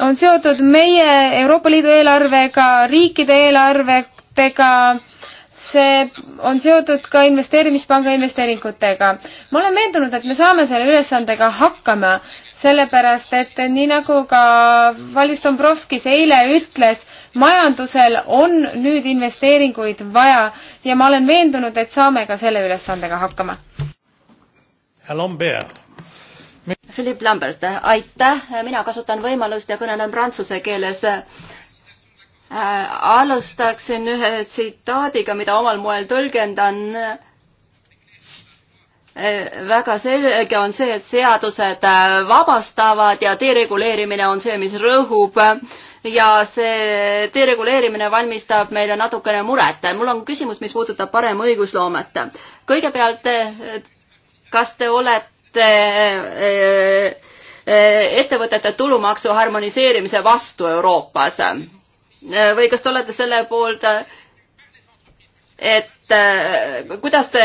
on seotud meie Euroopa Liidu eelarvega, riikide eelarvetega, see on seotud ka investeerimispanga investeeringutega. ma olen veendunud, et me saame selle ülesandega hakkama, sellepärast et nii nagu ka Valis Dombrovskis eile ütles, majandusel on nüüd investeeringuid vaja ja ma olen veendunud, et saame ka selle ülesandega hakkama. Herr Lambert Philippe Lambert, aitäh, mina kasutan võimalust ja kõnelen prantsuse keeles. Äh, alustaksin ühe tsitaadiga, mida omal moel tõlgendan äh, väga selge on see, et seadused äh, vabastavad ja dereguleerimine on see, mis rõhub ja see dereguleerimine valmistab meile natukene muret. mul on küsimus, mis puudutab parem õigusloomet. kõigepealt, kas te olete suurte eh, eh, ettevõtete tulumaksu harmoniseerimise vastu Euroopas? või kas te olete selle poolt, et eh, kuidas te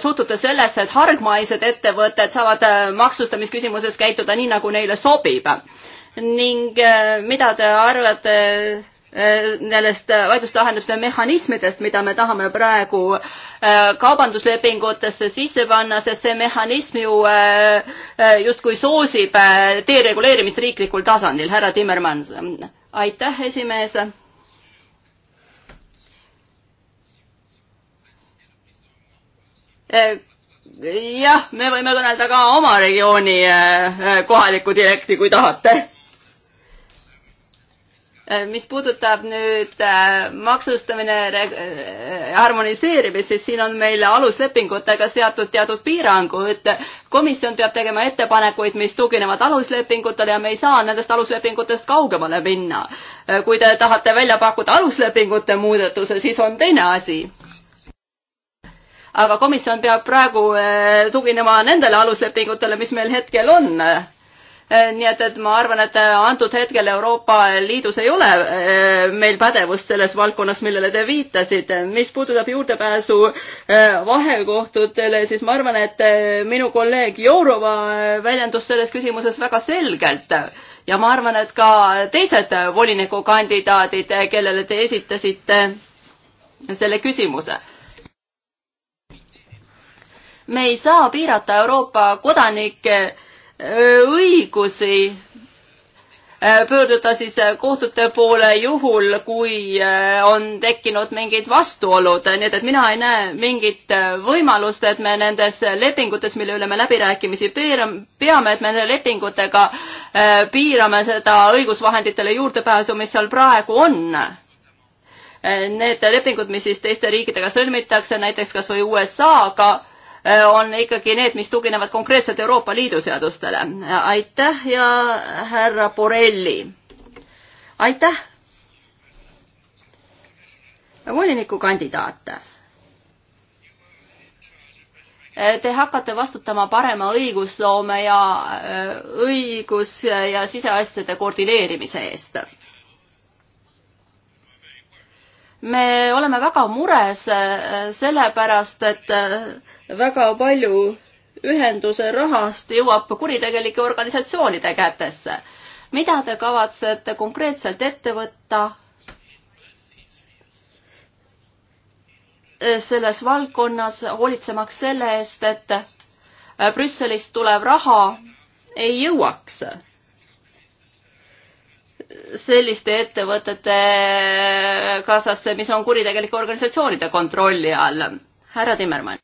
suhtute sellesse, et hargmaised ettevõtted saavad maksustamisküsimuses käituda nii, nagu neile sobib? ning mida te arvate Äh, nendest äh, vaidluslahenduste mehhanismidest, mida me tahame praegu äh, kaubanduslepingutesse sisse panna, sest see mehhanism ju justkui soosib dereguleerimist riiklikul tasandil. härra Timmermans, ähm, aitäh, esimees. jah, me võime kõnelda ka oma regiooni kohalikku direkti, kui tahate Äh, mis puudutab nüüd äh, maksustamine äh, harmoniseerimist, siis siin on meil aluslepingutega seatud teatud piirangud. komisjon peab tegema ettepanekuid, mis tuginevad aluslepingutele ja me ei saa nendest aluslepingutest kaugemale minna. kui te tahate välja pakkuda aluslepingute muudatuse, siis on teine asi aga komisjon peab praegu tuginema nendele aluslepingutele, mis meil hetkel on Äh, nii et, et ma arvan, et äh, antud hetkel Euroopa Liidus ei ole äh, meil pädevust selles valdkonnas, millele te viitasite. mis puudutab juurdepääsu vahekohtutele, siis ma arvan, et minu kolleeg Jourova väljendus selles küsimuses väga selgelt ja ma arvan, et ka teised volinikukandidaadid, kellele te esitasite selle küsimuse me ei saa piirata Euroopa kodanike õigusi pöörduda siis kohtute poole juhul, kui on tekkinud mingid vastuolud, nii et, et mina ei näe mingit võimalust, et me nendes lepingutes, mille üle me läbirääkimisi peame, et me nende lepingutega piirame seda õigusvahenditele juurdepääsu, mis seal praegu on. Need lepingud, mis siis teiste riikidega sõlmitakse, näiteks kas või USA-ga ka, Äh, on ikkagi need, mis tuginevad konkreetselt Euroopa Liidu seadustele. aitäh ja härra Borrelli. aitäh. volinikukandidaat. Äh, te hakkate vastutama parema õigusloome ja äh, õigus- ja siseasjade koordineerimise eest me oleme väga mures eh, sellepärast, et eh, väga palju ühenduse rahast jõuab kuritegelike organisatsioonide kätesse. mida te kavatsete konkreetselt ette võtta eh, selles valdkonnas, hoolitsemaks selle eest, et Brüsselist tulev raha ei jõuaks selliste ettevõtete kaasasse, mis on kuritegelike organisatsioonide kontrolli all. härra Timmermann.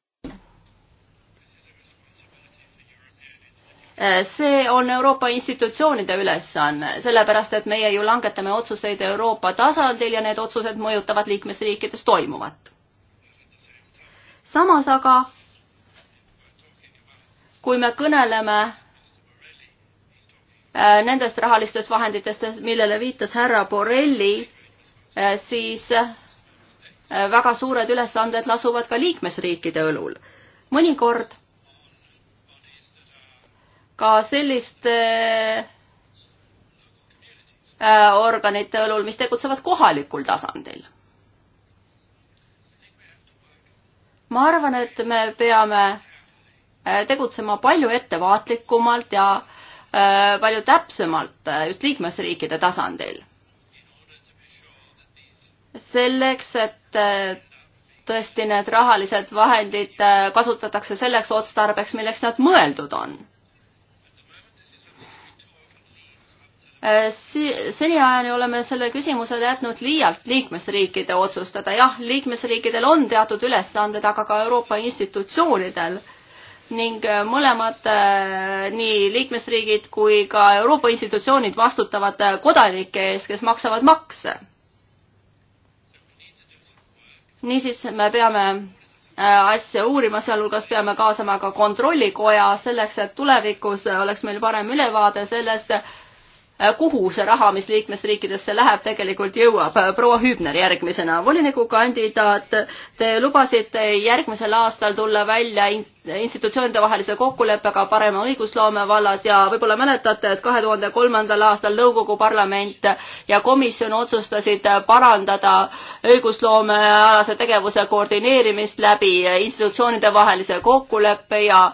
see on Euroopa institutsioonide ülesanne, sellepärast et meie ju langetame otsuseid Euroopa tasandil ja need otsused mõjutavad liikmesriikides toimuvat. samas aga kui me kõneleme Äh, nendest rahalistest vahenditest, millele viitas härra Borrelli, äh, siis äh, väga suured ülesanded lasuvad ka liikmesriikide õlul. mõnikord ka selliste organite õlul, mis tegutsevad kohalikul tasandil. ma arvan, et me peame tegutsema palju ettevaatlikumalt ja äh, Äh, palju täpsemalt äh, just liikmesriikide tasandil. selleks, et äh, tõesti need rahalised vahendid kasutatakse selleks otstarbeks, milleks nad mõeldud on. seniajani oleme selle küsimusele jätnud liialt liikmesriikide otsustada. jah, liikmesriikidel on teatud ülesanded, aga ka Euroopa institutsioonidel äh, ning äh, mõlemad, äh, nii liikmesriigid kui ka Euroopa institutsioonid vastutavad äh, kodanike ees, kes maksavad makse. niisiis me peame asja uurima, sealhulgas peame kaasama ka kontrollikoja selleks, et tulevikus oleks meil parem ülevaade sellest, Äh, kuhu see raha, mis liikmesriikidesse läheb, tegelikult jõuab. Äh, proua Hübner järgmisena, volinikukandidaat, te lubasite järgmisel aastal tulla välja institutsioonide vahelise kokkuleppega parema õigusloome vallas ja võib-olla mäletate, et kahe tuhande kolmandal aastal Nõukogu parlament ja komisjon otsustasid parandada õigusloomealase tegevuse koordineerimist läbi institutsioonide vahelise kokkuleppe ja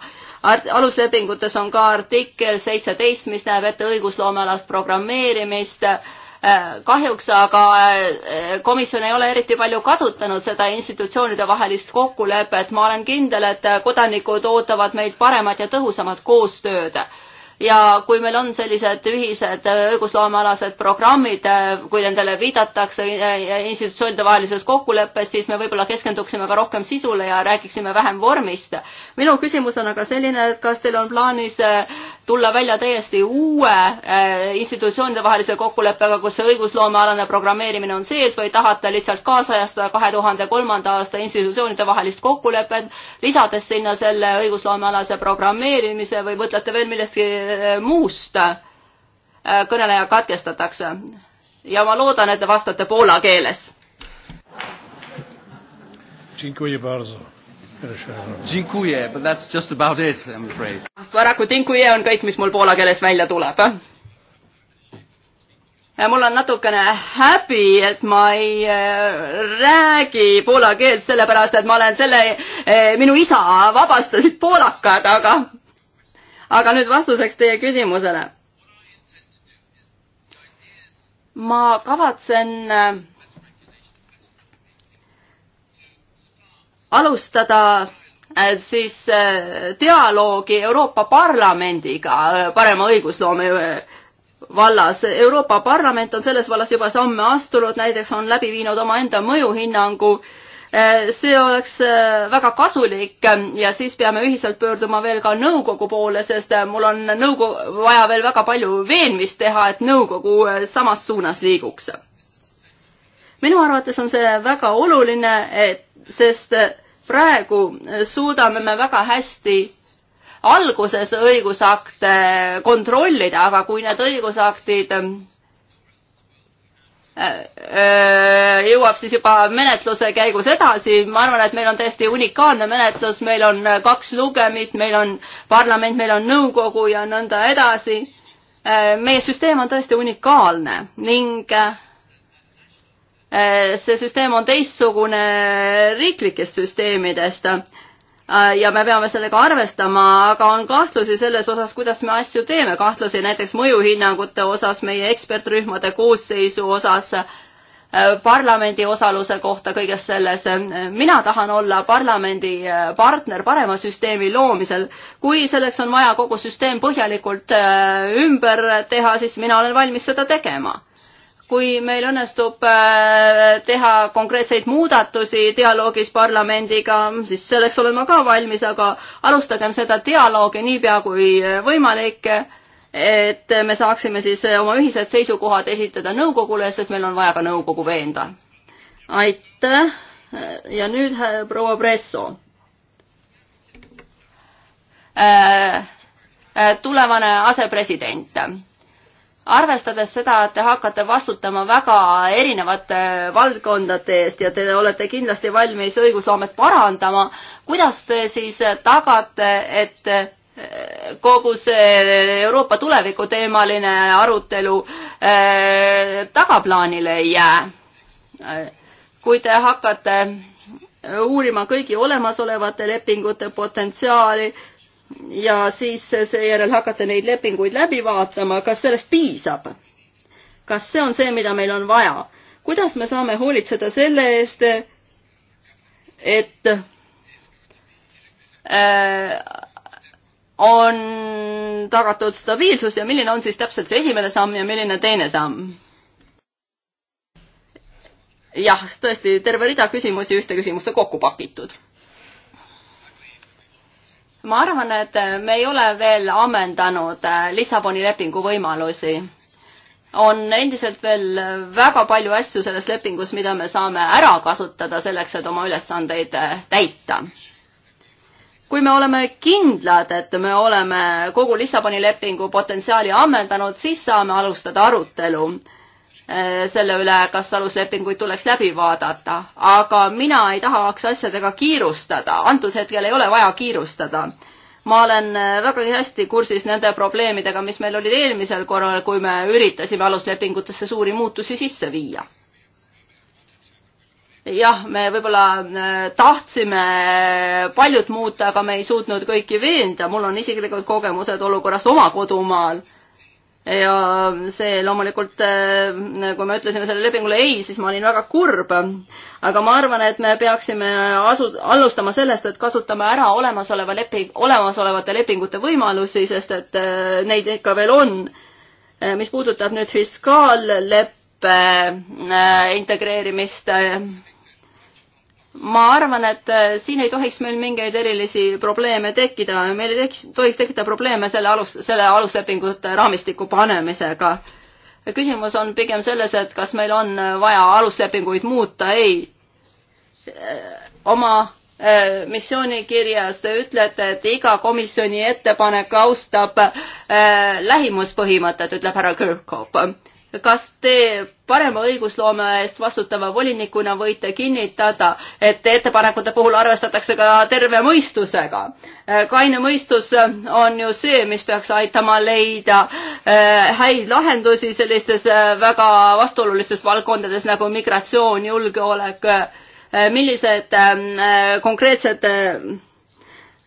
aluslepingutes on ka artikkel seitseteist, mis näeb ette õigusloomealast programmeerimist. Äh, kahjuks aga äh, komisjon ei ole eriti palju kasutanud seda institutsioonide vahelist kokkulepet. ma olen kindel, et kodanikud ootavad meilt paremat ja tõhusamat koostööd ja kui meil on sellised ühised äh, õigusloomealased programmid, äh, kui nendele viidatakse äh, institutsioonide vahelises kokkuleppes, siis me võib-olla keskenduksime ka rohkem sisule ja räägiksime vähem vormist. minu küsimus on aga selline, et kas teil on plaanis tulla välja täiesti uue institutsioonide vahelise kokkuleppega, kus see õigusloomealane programmeerimine on sees või tahate lihtsalt kaasajastada kahe tuhande kolmanda aasta institutsioonide vahelist kokkulepet, lisades sinna selle õigusloomealase programmeerimise või mõtlete veel millestki muust. Äh, kõneleja katkestatakse ja ma loodan, et te vastate poola keeles. paraku tinkuje on kõik, mis mul poola keeles välja tuleb. mul on natukene häbi, et ma ei äh, räägi poola keelt, sellepärast et ma olen selle, äh, minu isa vabastasid poolakad, aga aga nüüd vastuseks teie küsimusele. ma kavatsen äh, alustada äh, siis äh, dialoogi Euroopa Parlamendiga parema õigusloome vallas. Euroopa Parlament on selles vallas juba samme astunud, näiteks on läbi viinud omaenda mõjuhinnangu äh, Äh, see oleks äh, väga kasulik äh, ja siis peame ühiselt pöörduma veel ka nõukogu poole, sest mul on nõukogu, vaja veel väga palju veenmist teha, et nõukogu samas suunas liiguks. minu arvates on see väga oluline, et, sest praegu suudame me väga hästi alguses õigusakte kontrollida, aga kui need õigusaktid Äh, äh, jõuab siis juba menetluse käigus edasi. ma arvan, et meil on täiesti unikaalne menetlus, meil on äh, kaks lugemist, meil on parlament, meil on nõukogu ja nõnda edasi. meie süsteem on tõesti unikaalne ning see süsteem on teistsugune riiklikest süsteemidest Äh, ja me peame sellega arvestama, aga on kahtlusi selles osas, kuidas me asju teeme, kahtlusi näiteks mõjuhinnangute osas, meie ekspertrühmade koosseisu osas, äh, parlamendi osaluse kohta kõiges selles. mina tahan olla parlamendi äh, partner parema süsteemi loomisel. kui selleks on vaja kogu süsteem põhjalikult ümber teha, siis mina olen valmis seda tegema kui meil õnnestub äh, teha konkreetseid muudatusi dialoogis parlamendiga, siis selleks olen ma ka valmis, aga alustagem seda dialoogi niipea kui võimalik, et me saaksime siis oma ühised seisukohad esitada nõukogule, sest meil on vaja ka nõukogu veenda. aitäh ja nüüd äh, proua Presso äh,. äh tulevane asepresident arvestades seda, et te hakkate vastutama väga erinevate valdkondade eest ja te olete kindlasti valmis õigusloomet parandama, kuidas te siis tagate, et eh, kogu see Euroopa tuleviku teemaline arutelu eh, tagaplaanile ei jää. kui te hakkate uurima kõigi olemasolevate lepingute potentsiaali, ja siis seejärel hakata neid lepinguid läbi vaatama, kas sellest piisab? kas see on see, mida meil on vaja? kuidas me saame hoolitseda selle eest, et äh, on tagatud stabiilsus ja milline on siis täpselt see esimene samm ja milline teine samm? jah, tõesti terve rida küsimusi ühte küsimusse kokku pakitud ma arvan, et me ei ole veel ammendanud äh, Lissaboni lepingu võimalusi. on endiselt veel väga palju asju selles lepingus, mida me saame ära kasutada selleks, et oma ülesandeid äh, täita. kui me oleme kindlad, et me oleme kogu Lissaboni lepingu potentsiaali ammendanud, siis saame alustada arutelu Äh, selle üle, kas aluslepinguid tuleks läbi vaadata, aga mina ei tahaks asjadega kiirustada, antud hetkel ei ole vaja kiirustada ma olen äh, vägagi hästi kursis nende probleemidega, mis meil olid eelmisel korral, kui me üritasime aluslepingutesse suuri muutusi sisse viia. jah, me võib-olla äh, tahtsime paljut muuta, aga me ei suutnud kõiki veenda, mul on isiklikud kogemused olukorrast oma kodumaal ja see loomulikult, äh, kui me ütlesime sellele lepingule ei, siis ma olin väga kurb. aga ma arvan, et me peaksime asu-, alustama sellest, et kasutame ära olemasoleva lepi-, olemasolevate lepingute võimalusi, sest et äh, neid ikka veel on. Äh, mis puudutab nüüd fiskaalleppe integreerimist ma arvan, et äh, siin ei tohiks meil mingeid erilisi probleeme tekkida, meil ei teks, tohiks tekkida probleeme selle alus, selle aluslepingute raamistiku panemisega. küsimus on pigem selles, et kas meil on äh, vaja aluslepinguid muuta, ei. Äh, oma missioonikirjas te ütlete, et iga komisjoni ettepanek austab lähimuspõhimõtet, ütleb härra Kirkhope kas te parema õigusloome eest vastutava volinikuna võite kinnitada, et ettepanekute puhul arvestatakse ka terve mõistusega? Äh, kaine mõistus on ju see, mis peaks aitama leida äh, häid lahendusi sellistes äh, väga vastuolulistes valdkondades nagu migratsioon, julgeolek, millised ähm, konkreetsed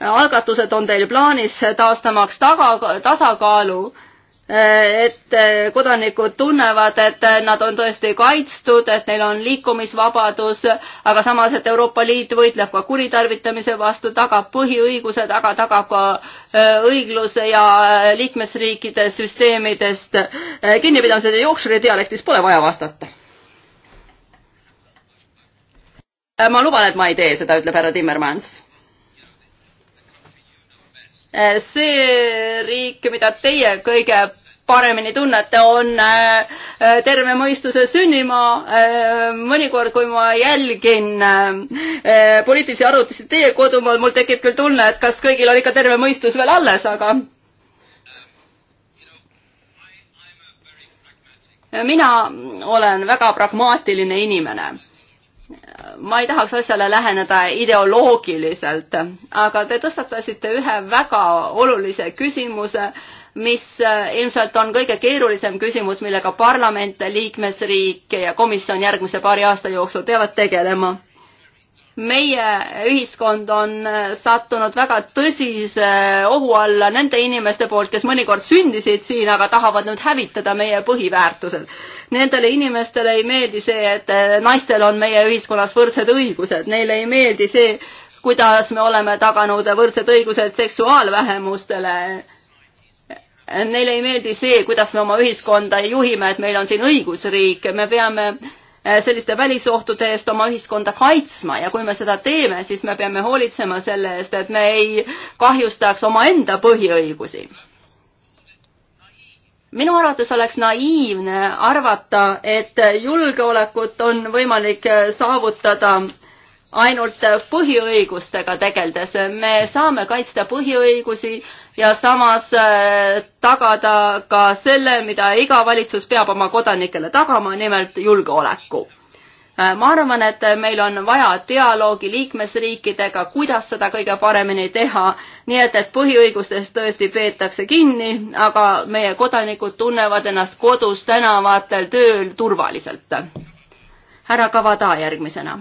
algatused on teil plaanis taastamaks taga, tasakaalu et äh, kodanikud tunnevad, et äh, nad on tõesti kaitstud, et neil on liikumisvabadus, aga samas, et Euroopa Liit võitleb ka kuritarvitamise vastu, tagab põhiõigused, aga tagab ka äh, õigluse ja liikmesriikide süsteemidest kinnipidamised ja Yorkshire'i dialektis pole vaja vastata. ma luban, et ma ei tee seda, ütleb härra Timmermans Eh, see riik, mida teie kõige paremini tunnete, on eh, eh, terve mõistuse sünnimaa. mõnikord, kui ma jälgin poliitilisi arutlusi teie kodumaal, mul tekib küll tunne, et kas kõigil on ikka terve mõistus veel alles, aga mina olen väga pragmaatiline inimene ma ei tahaks asjale läheneda ideoloogiliselt, aga te tõstatasite ühe väga olulise küsimuse, mis eh, ilmselt on kõige keerulisem küsimus, millega parlament, liikmesriik ja komisjon järgmise paari aasta jooksul peavad tegelema meie ühiskond on äh, sattunud väga tõsise äh, ohu alla nende inimeste poolt, kes mõnikord sündisid siin, aga tahavad nüüd hävitada meie põhiväärtused. Nendele inimestele ei meeldi see, et äh, naistel on meie ühiskonnas võrdsed õigused, neile ei meeldi see, kuidas me oleme taganud võrdsed õigused seksuaalvähemustele. Neile ei meeldi see, kuidas me oma ühiskonda juhime, et meil on siin õigusriik, me peame äh, Äh, selliste välisohtude eest oma ühiskonda kaitsma ja kui me seda teeme, siis me peame hoolitsema selle eest, et me ei kahjustaks omaenda põhiõigusi. minu arvates oleks naiivne arvata, et julgeolekut on võimalik saavutada ainult põhiõigustega tegeldes. me saame kaitsta põhiõigusi ja samas äh, tagada ka selle, mida iga valitsus peab oma kodanikele tagama, nimelt julgeoleku. Äh, ma arvan, et meil on vaja dialoogi liikmesriikidega, kuidas seda kõige paremini teha, nii et, et põhiõigustest tõesti peetakse kinni, aga meie kodanikud tunnevad ennast kodus, tänavatel, tööl turvaliselt. härra Kavada järgmisena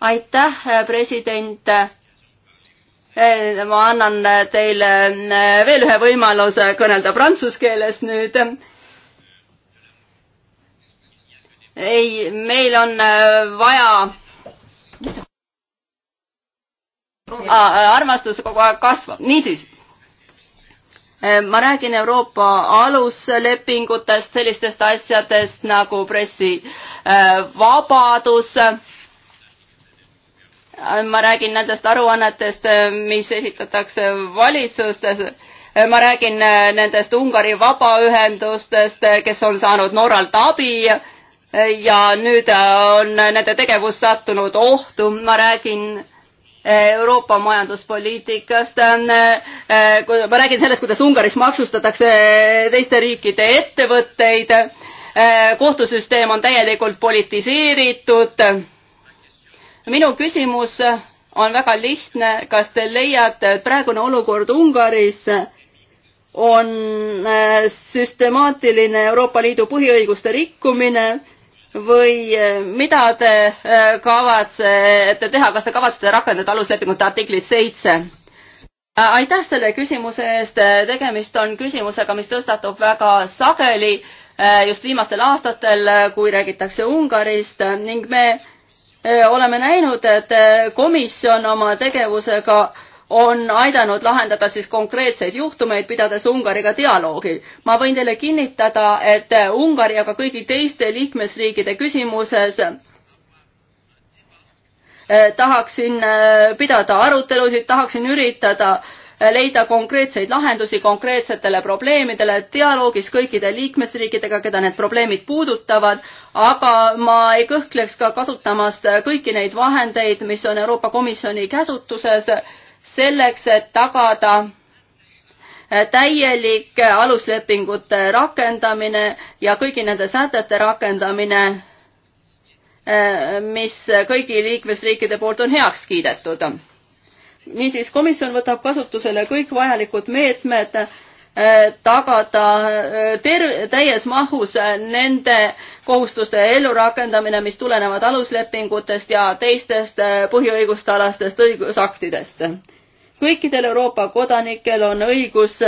aitäh, president. ma annan teile veel ühe võimaluse kõnelda prantsuse keeles nüüd ei, meil on vaja. armastus kogu aeg kasvab, niisiis. ma räägin Euroopa aluslepingutest, sellistest asjadest nagu pressivabadus äh, Äh, ma räägin nendest aruannetest, äh, mis esitatakse valitsustes, äh, ma räägin nendest Ungari vabaühendustest, kes on saanud Norralt abi ja nüüd on nende tegevus sattunud ohtu, ma räägin Euroopa majanduspoliitikast, ma räägin sellest, kuidas Ungaris maksustatakse teiste riikide ettevõtteid, kohtusüsteem on täielikult politiseeritud minu küsimus on väga lihtne, kas te leiate, et praegune olukord Ungaris on äh, süstemaatiline Euroopa Liidu põhiõiguste rikkumine või äh, mida te äh, kavatsete teha, kas te kavatsete rakendada aluslepingute artiklit seitse? aitäh selle küsimuse eest, tegemist on küsimusega, mis tõstatub väga sageli just viimastel aastatel, kui räägitakse Ungarist ning me oleme näinud, et komisjon oma tegevusega on aidanud lahendada siis konkreetseid juhtumeid, pidades Ungariga dialoogi. ma võin teile kinnitada, et Ungari, aga kõigi teiste liikmesriikide küsimuses tahaksin pidada arutelusid, tahaksin üritada Äh, leida konkreetseid lahendusi konkreetsetele probleemidele dialoogis kõikide liikmesriikidega, keda need probleemid puudutavad, aga ma ei kõhkleks ka kasutamast kõiki neid vahendeid, mis on Euroopa Komisjoni käsutuses, selleks, et tagada äh, täielik aluslepingute rakendamine ja kõigi nende sätete rakendamine, äh, mis kõigi liikmesriikide poolt on heaks kiidetud niisiis, komisjon võtab kasutusele kõik vajalikud meetmed äh, tagada äh, ter-, täies mahus äh, nende kohustuste ellurakendamine, mis tulenevad aluslepingutest ja teistest põhiõiguste alastest õigusaktidest. kõikidel Euroopa kodanikel on õigus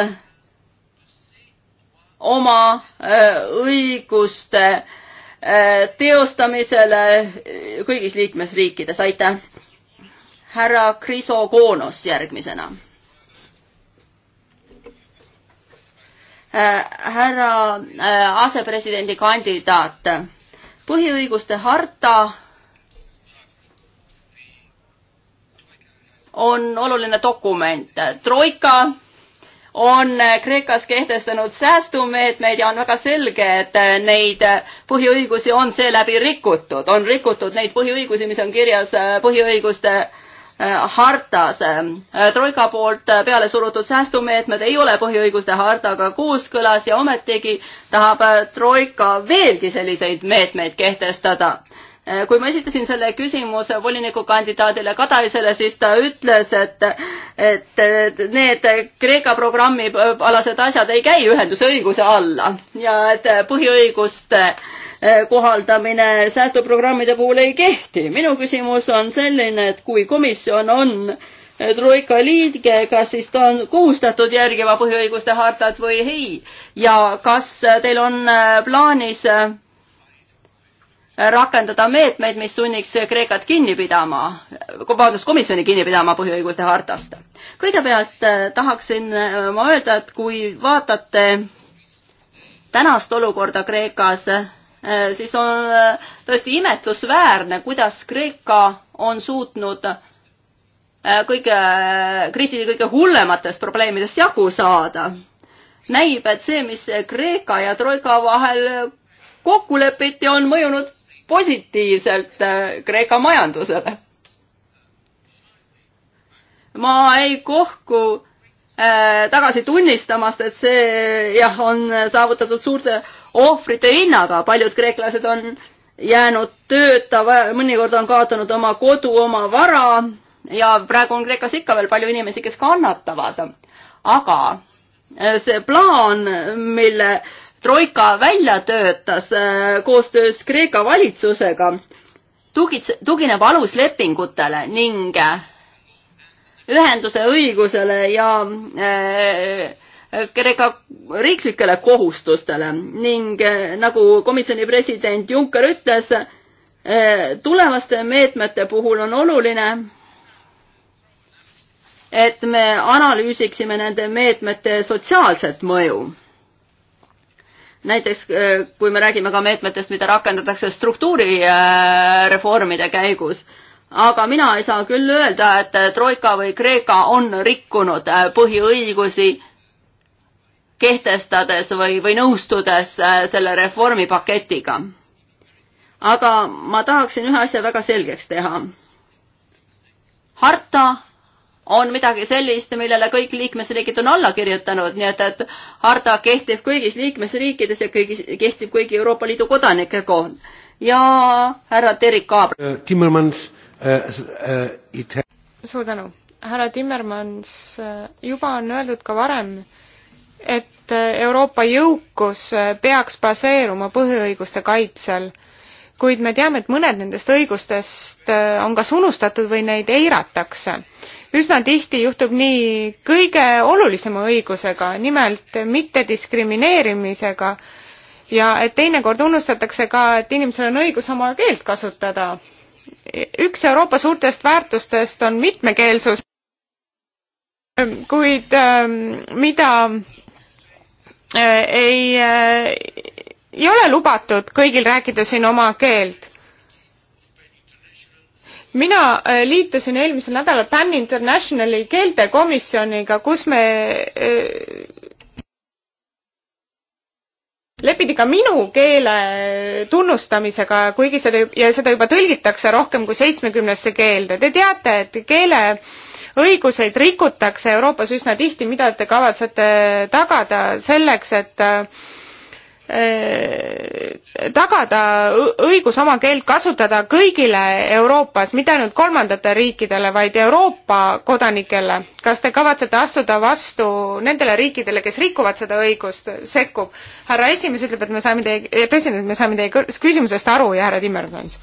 oma õiguste teostamisele kõigis liikmesriikides, aitäh! härra Krisokoonos järgmisena. Äh, härra äh, asepresidendi kandidaat, põhiõiguste harta on oluline dokument. troika on Kreekas kehtestanud säästumeetmeid ja on väga selge, et neid põhiõigusi on seeläbi rikutud, on rikutud neid põhiõigusi, mis on kirjas põhiõiguste Äh, hartas. Ähm, äh, troika poolt äh, peale surutud säästumeetmed ei ole põhiõiguste hartaga kooskõlas ja ometigi tahab troika veelgi selliseid meetmeid kehtestada kui ma esitasin selle küsimuse volinikukandidaadile Kadaisele, siis ta ütles, et, et need Kreeka programmi alased asjad ei käi ühendusõiguse alla ja et põhiõiguste äh, Eh, kohaldamine säästuprogrammide puhul ei kehti. minu küsimus on selline, et kui komisjon on eh, troika liige, kas siis ta on kohustatud järgima põhiõiguste hartat või ei ja kas teil on eh, plaanis rakendada meetmeid, mis sunniks Kreekat kinni pidama, vabandust, komisjoni kinni pidama põhiõiguste hartast. kõigepealt tahaksin ma öelda, et kui vaatate tänast olukorda Kreekas, Äh, siis on äh, tõesti imetlusväärne, kuidas Kreeka on suutnud äh, kõige, kriisi kõige hullematest probleemidest jagu saada. näib, et see, mis Kreeka ja Troika vahel kokku lepiti, on mõjunud positiivselt Kreeka majandusele. ma ei kohku tagasi tunnistamast, et see jah, on saavutatud suurte ohvrite hinnaga, paljud kreeklased on jäänud tööta, mõnikord on kaotanud oma kodu, oma vara ja praegu on Kreekas ikka veel palju inimesi, kes kannatavad. aga eh, see plaan, mille Troika välja töötas eh, koostöös Kreeka valitsusega, tugits-, tugineb aluslepingutele ning eh, ühenduse õigusele ja äh, Kreeka riiklikele kohustustele ning eh, nagu komisjoni president Juncker ütles, eh, tulevaste meetmete puhul on oluline, et me analüüsiksime nende meetmete sotsiaalset mõju. näiteks eh, kui me räägime ka meetmetest, mida rakendatakse struktuurireformide käigus, aga mina ei saa küll öelda, et Troika või Kreeka on rikkunud põhiõigusi kehtestades või, või nõustudes äh, selle reformipaketiga. aga ma tahaksin ühe asja väga selgeks teha. harta on midagi sellist, millele kõik liikmesriigid on alla kirjutanud, nii et, et harta kehtib kõigis liikmesriikides ja kõigis, kehtib kõigi Euroopa Liidu kodanike kohta. ja härra Terik Kaab- uh,. Timmermans uh,. Uh, it... suur tänu. härra Timmermans, uh, juba on öeldud ka varem, et et äh, Euroopa jõukus äh, peaks baseeruma põhiõiguste kaitsel, kuid me teame, et mõned nendest õigustest äh, on kas unustatud või neid eiratakse. üsna tihti juhtub nii kõige olulisema õigusega, nimelt mittediskrimineerimisega ja et teinekord unustatakse ka, et inimesel on õigus oma keelt kasutada. üks Euroopa suurtest väärtustest on mitmekeelsus, kuid ähm, mida Äh, ei, äh, ei ole lubatud kõigil rääkida siin oma keelt. mina äh, liitusin eelmisel nädalal Pan Internationali keeltekomisjoniga, kus me leppida ka minu keele tunnustamisega, kuigi seda ja seda juba tõlgitakse rohkem kui seitsmekümnesse keelde. Te teate, et keele äh, õiguseid rikutakse Euroopas üsna tihti, mida te kavatsete tagada selleks, et eh, tagada õigus oma keelt kasutada kõigile Euroopas, mitte ainult kolmandatele riikidele, vaid Euroopa kodanikele. kas te kavatsete astuda vastu nendele riikidele, kes rikuvad seda õigust, sekkub? härra esimees ütleb, et me saame teie, eh, president, me saame teie küsimusest aru ja härra Timmermans.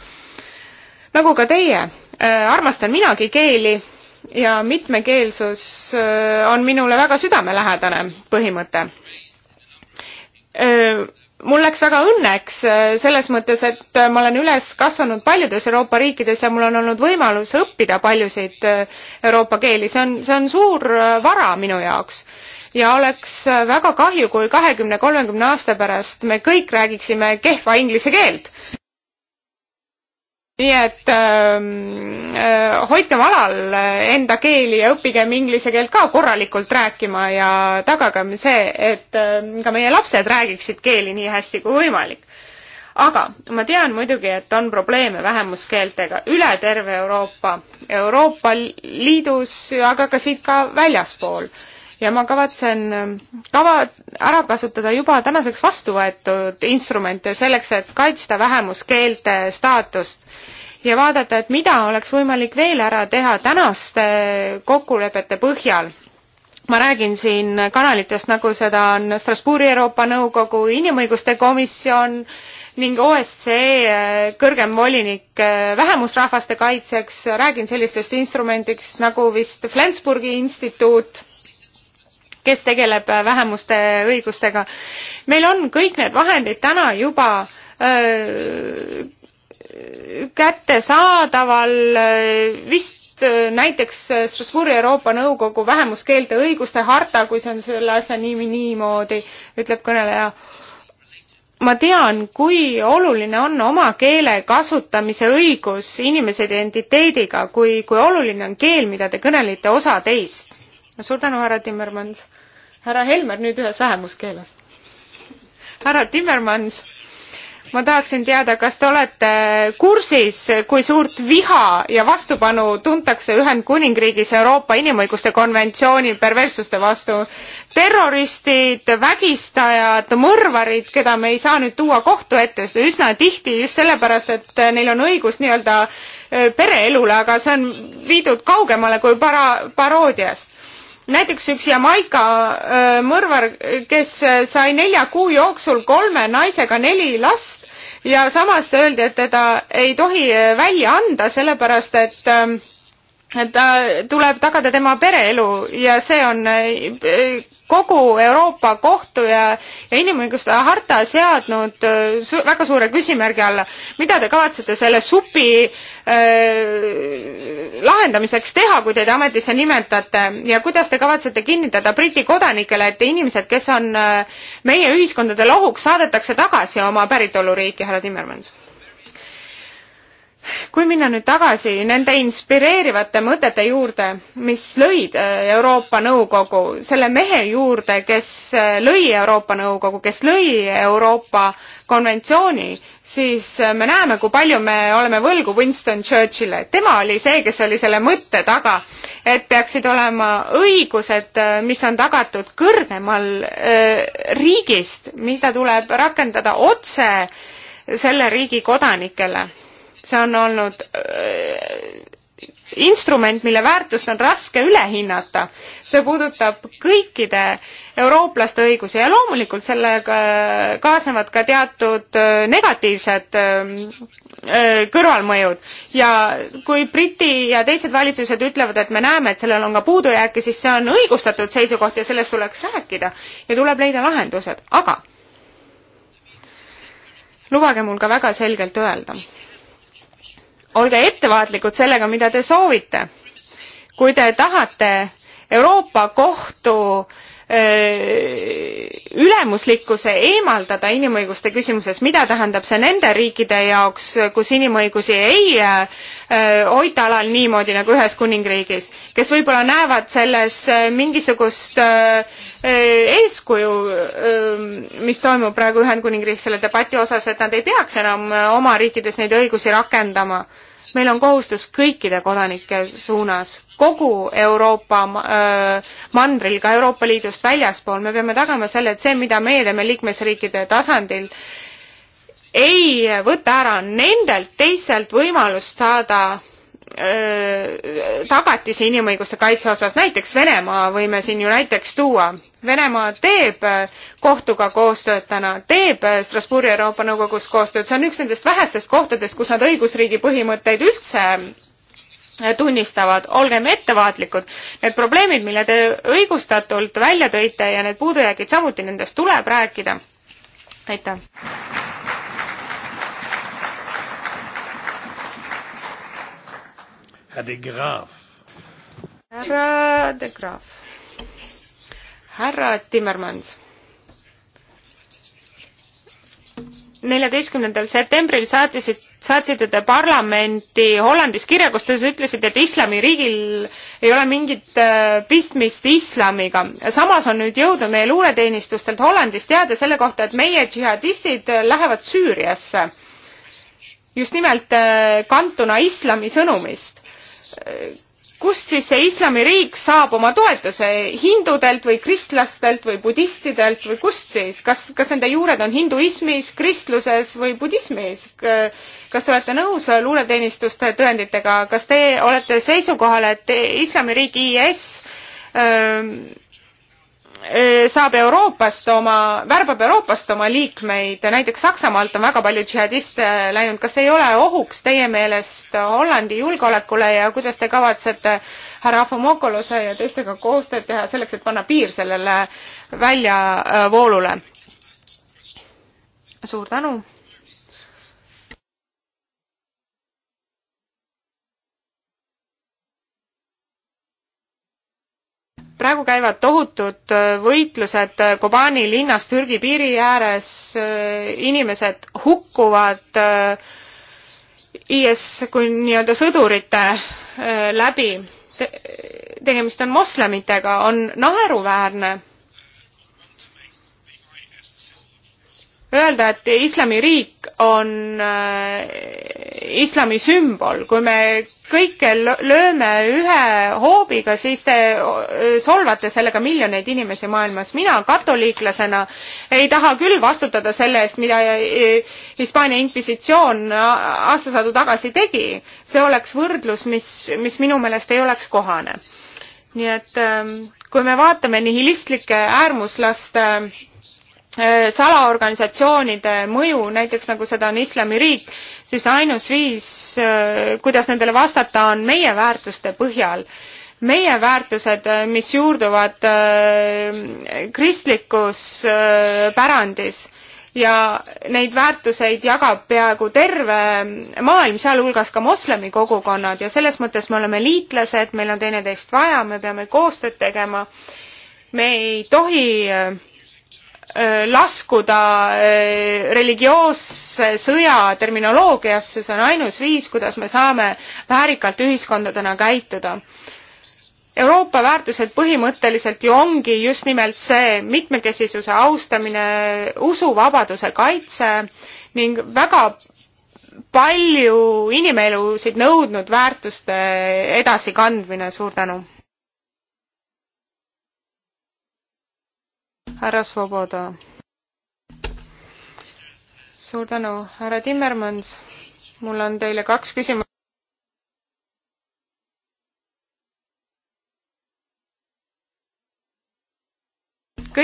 nagu ka teie, eh, armastan minagi keeli ja mitmekeelsus äh, on minule väga südamelähedane põhimõte. Äh, mul läks väga õnneks äh, selles mõttes, et ma olen üles kasvanud paljudes Euroopa riikides ja mul on olnud võimalus õppida paljusid Euroopa keeli, see on, see on suur vara minu jaoks ja oleks väga kahju, kui kahekümne, kolmekümne aasta pärast me kõik räägiksime kehva inglise keelt nii et ähm, äh, hoidkem alal enda keeli ja õppigem inglise keelt ka korralikult rääkima ja tagagem see, et äh, ka meie lapsed räägiksid keeli nii hästi kui võimalik. aga ma tean muidugi, et on probleeme vähemuskeeltega üle terve Euroopa, Euroopa Liidus, aga ka siit ka väljaspool ja ma kavatsen ähm, kava, ära kasutada juba tänaseks vastu võetud instrumente selleks, et kaitsta vähemuskeelte staatust ja vaadata, et mida oleks võimalik veel ära teha tänaste kokkulepete põhjal ma räägin siin kanalitest, nagu seda on Strasbourgi Euroopa Nõukogu Inimõiguste Komisjon ning OSCE äh, kõrgem volinik äh, vähemusrahvaste kaitseks, räägin sellistest instrumentiks nagu vist Flensburgi instituut kes tegeleb äh, vähemuste õigustega. meil on kõik need vahendid täna juba öö, äh, kättesaadaval äh, vist näiteks Strasbourgi Euroopa Nõukogu vähemuskeelte õiguste harta, kui see on selle asja nimi niimoodi, ütleb kõneleja. ma tean, kui oluline on oma keele kasutamise õigus inimese identiteediga, kui, kui oluline on keel, mida te kõnelite, osa teist suur tänu, härra Timmermans. härra Helmer nüüd ühes vähemuskeeles. härra Timmermans, ma tahaksin teada, kas te olete kursis, kui suurt viha ja vastupanu tuntakse Ühendkuningriigis Euroopa Inimõiguste Konventsiooni perverssuste vastu? terroristid, vägistajad, mõrvarid, keda me ei saa nüüd tuua kohtu ette, üsna tihti just sellepärast, et neil on õigus nii-öelda pereelule, aga see on viidud kaugemale kui para-, paroodiast näiteks üks Jamaika äh, mõrvar, kes äh, sai nelja kuu jooksul kolme naisega neli last ja samas öeldi, et teda ei tohi äh, välja anda, sellepärast ähm, et ta tuleb tagada tema pereelu ja see on kogu Euroopa kohtu ja, ja inimõiguste harta seadnud äh, su, väga suure küsimärgi alla. mida te kavatsete selle supi äh, lahendamiseks teha, kui teid ametisse nimetate ja kuidas te kavatsete kinnitada Briti kodanikele, et inimesed, kes on äh, meie ühiskondadele ohuks, saadetakse tagasi oma päritoluriiki, härra Timmermans? kui minna nüüd tagasi nende inspireerivate mõtete juurde, mis lõid äh, Euroopa Nõukogu, selle mehe juurde, kes äh, lõi Euroopa Nõukogu, kes lõi Euroopa konventsiooni, siis äh, me näeme, kui palju me oleme võlgu Winston Churchillile. tema oli see, kes oli selle mõtte taga, et peaksid olema õigused, mis on tagatud kõrgemal riigist, mida tuleb rakendada otse selle riigi kodanikele see on olnud äh, instrument, mille väärtust on raske üle hinnata. see puudutab kõikide eurooplaste õigusi ja loomulikult sellega kaasnevad ka teatud äh, negatiivsed ähm, äh, kõrvalmõjud ja kui Briti ja teised valitsused ütlevad, et me näeme, et sellel on ka puudujääke, siis see on õigustatud seisukoht ja sellest tuleks rääkida ja tuleb leida lahendused, aga lubage mul ka väga selgelt öelda olge ettevaatlikud sellega, mida te soovite. kui te tahate Euroopa Kohtu äh, ülemuslikkuse eemaldada inimõiguste küsimuses, mida tähendab see nende riikide jaoks, kus inimõigusi ei hoita alal niimoodi nagu ühes kuningriigis, kes võib-olla näevad selles mingisugust eeskuju, mis toimub praegu Ühendkuningriigis selle debati osas, et nad ei peaks enam oma riikides neid õigusi rakendama meil on kohustus kõikide kodanike suunas, kogu Euroopa äh, mandril, ka Euroopa Liidust väljaspool, me peame tagama selle, et see, mida meie teeme liikmesriikide tasandil, ei võta ära nendelt teistelt võimalust saada Äh, tagatisi inimõiguste kaitse osas, näiteks Venemaa võime siin ju näiteks tuua. Venemaa teeb äh, kohtuga koostööd täna, teeb äh, Strasbourgi Euroopa Nõukogus koostööd, see on üks nendest vähestest kohtadest, kus nad õigusriigi põhimõtteid üldse tunnistavad, olgem ettevaatlikud, need probleemid, mille te õigustatult välja tõite ja need puudujäägid samuti, nendest tuleb rääkida. aitäh! härra De Graaf. härra De Graaf. härra Timmermans. neljateistkümnendal septembril saatisid saatsite te parlamenti Hollandis kirja, kus te ütlesite, et islamiriigil ei ole mingit äh, pistmist islamiga. samas on nüüd jõudnud meie luureteenistustelt Hollandis teada selle kohta, et meie džihadistid lähevad Süüriasse just nimelt äh, kantuna islami sõnumist kust siis see islamiriik saab oma toetuse, hindudelt või kristlastelt või budistidelt või kust siis, kas, kas nende juured on hinduismis, kristluses või budismis? kas olete nõus luureteenistuste tõenditega, kas te olete seisukohal, et islamiriik IS öö, ähm, saab Euroopast oma, värbab Euroopast oma liikmeid, näiteks Saksamaalt on väga palju džihadiste läinud, kas ei ole ohuks teie meelest Hollandi julgeolekule ja kuidas te kavatsete härra Afomokolose ja teistega koostööd teha selleks, et panna piir sellele väljavoolule? suur tänu praegu käivad tohutud äh, võitlused äh, Kobani linnas Türgi piiri ääres, äh, inimesed hukkuvad IS kui nii-öelda sõdurite läbi. tegemist on moslemitega, on naeruväärne öelda, et islamiriik on äh, islami sümbol, kui me kõike lööme ühe hoobiga, siis te äh, solvate sellega miljoneid inimesi maailmas. mina katoliiklasena ei taha küll vastutada selle eest, mida äh, Hispaania inkvisitsioon aastasadu tagasi tegi. see oleks võrdlus, mis, mis minu meelest ei oleks kohane. nii et ähm, kui me vaatame nihilistlikke äärmuslaste Äh, salaorganisatsioonide mõju, näiteks nagu seda on Islamiriik, siis ainus viis, äh, kuidas nendele vastata, on meie väärtuste põhjal. meie väärtused, äh, mis juurduvad kristlikus pärandis ja neid väärtuseid jagab peaaegu terve maailm, sealhulgas ka moslemi kogukonnad ja selles mõttes me oleme liitlased, meil on teineteist vaja, me peame koostööd tegema. me ei tohi Äh, laskuda äh, religioosse sõja terminoloogiasse, see on ainus viis, kuidas me saame väärikalt ühiskondadena käituda. Euroopa väärtused põhimõtteliselt ju ongi just nimelt see mitmekesisuse austamine, usuvabaduse kaitse ning väga palju inimelusid nõudnud väärtuste edasikandmine, suur tänu! härra Svoboda. suur tänu, härra Timmermans. mul on teile kaks küsimust.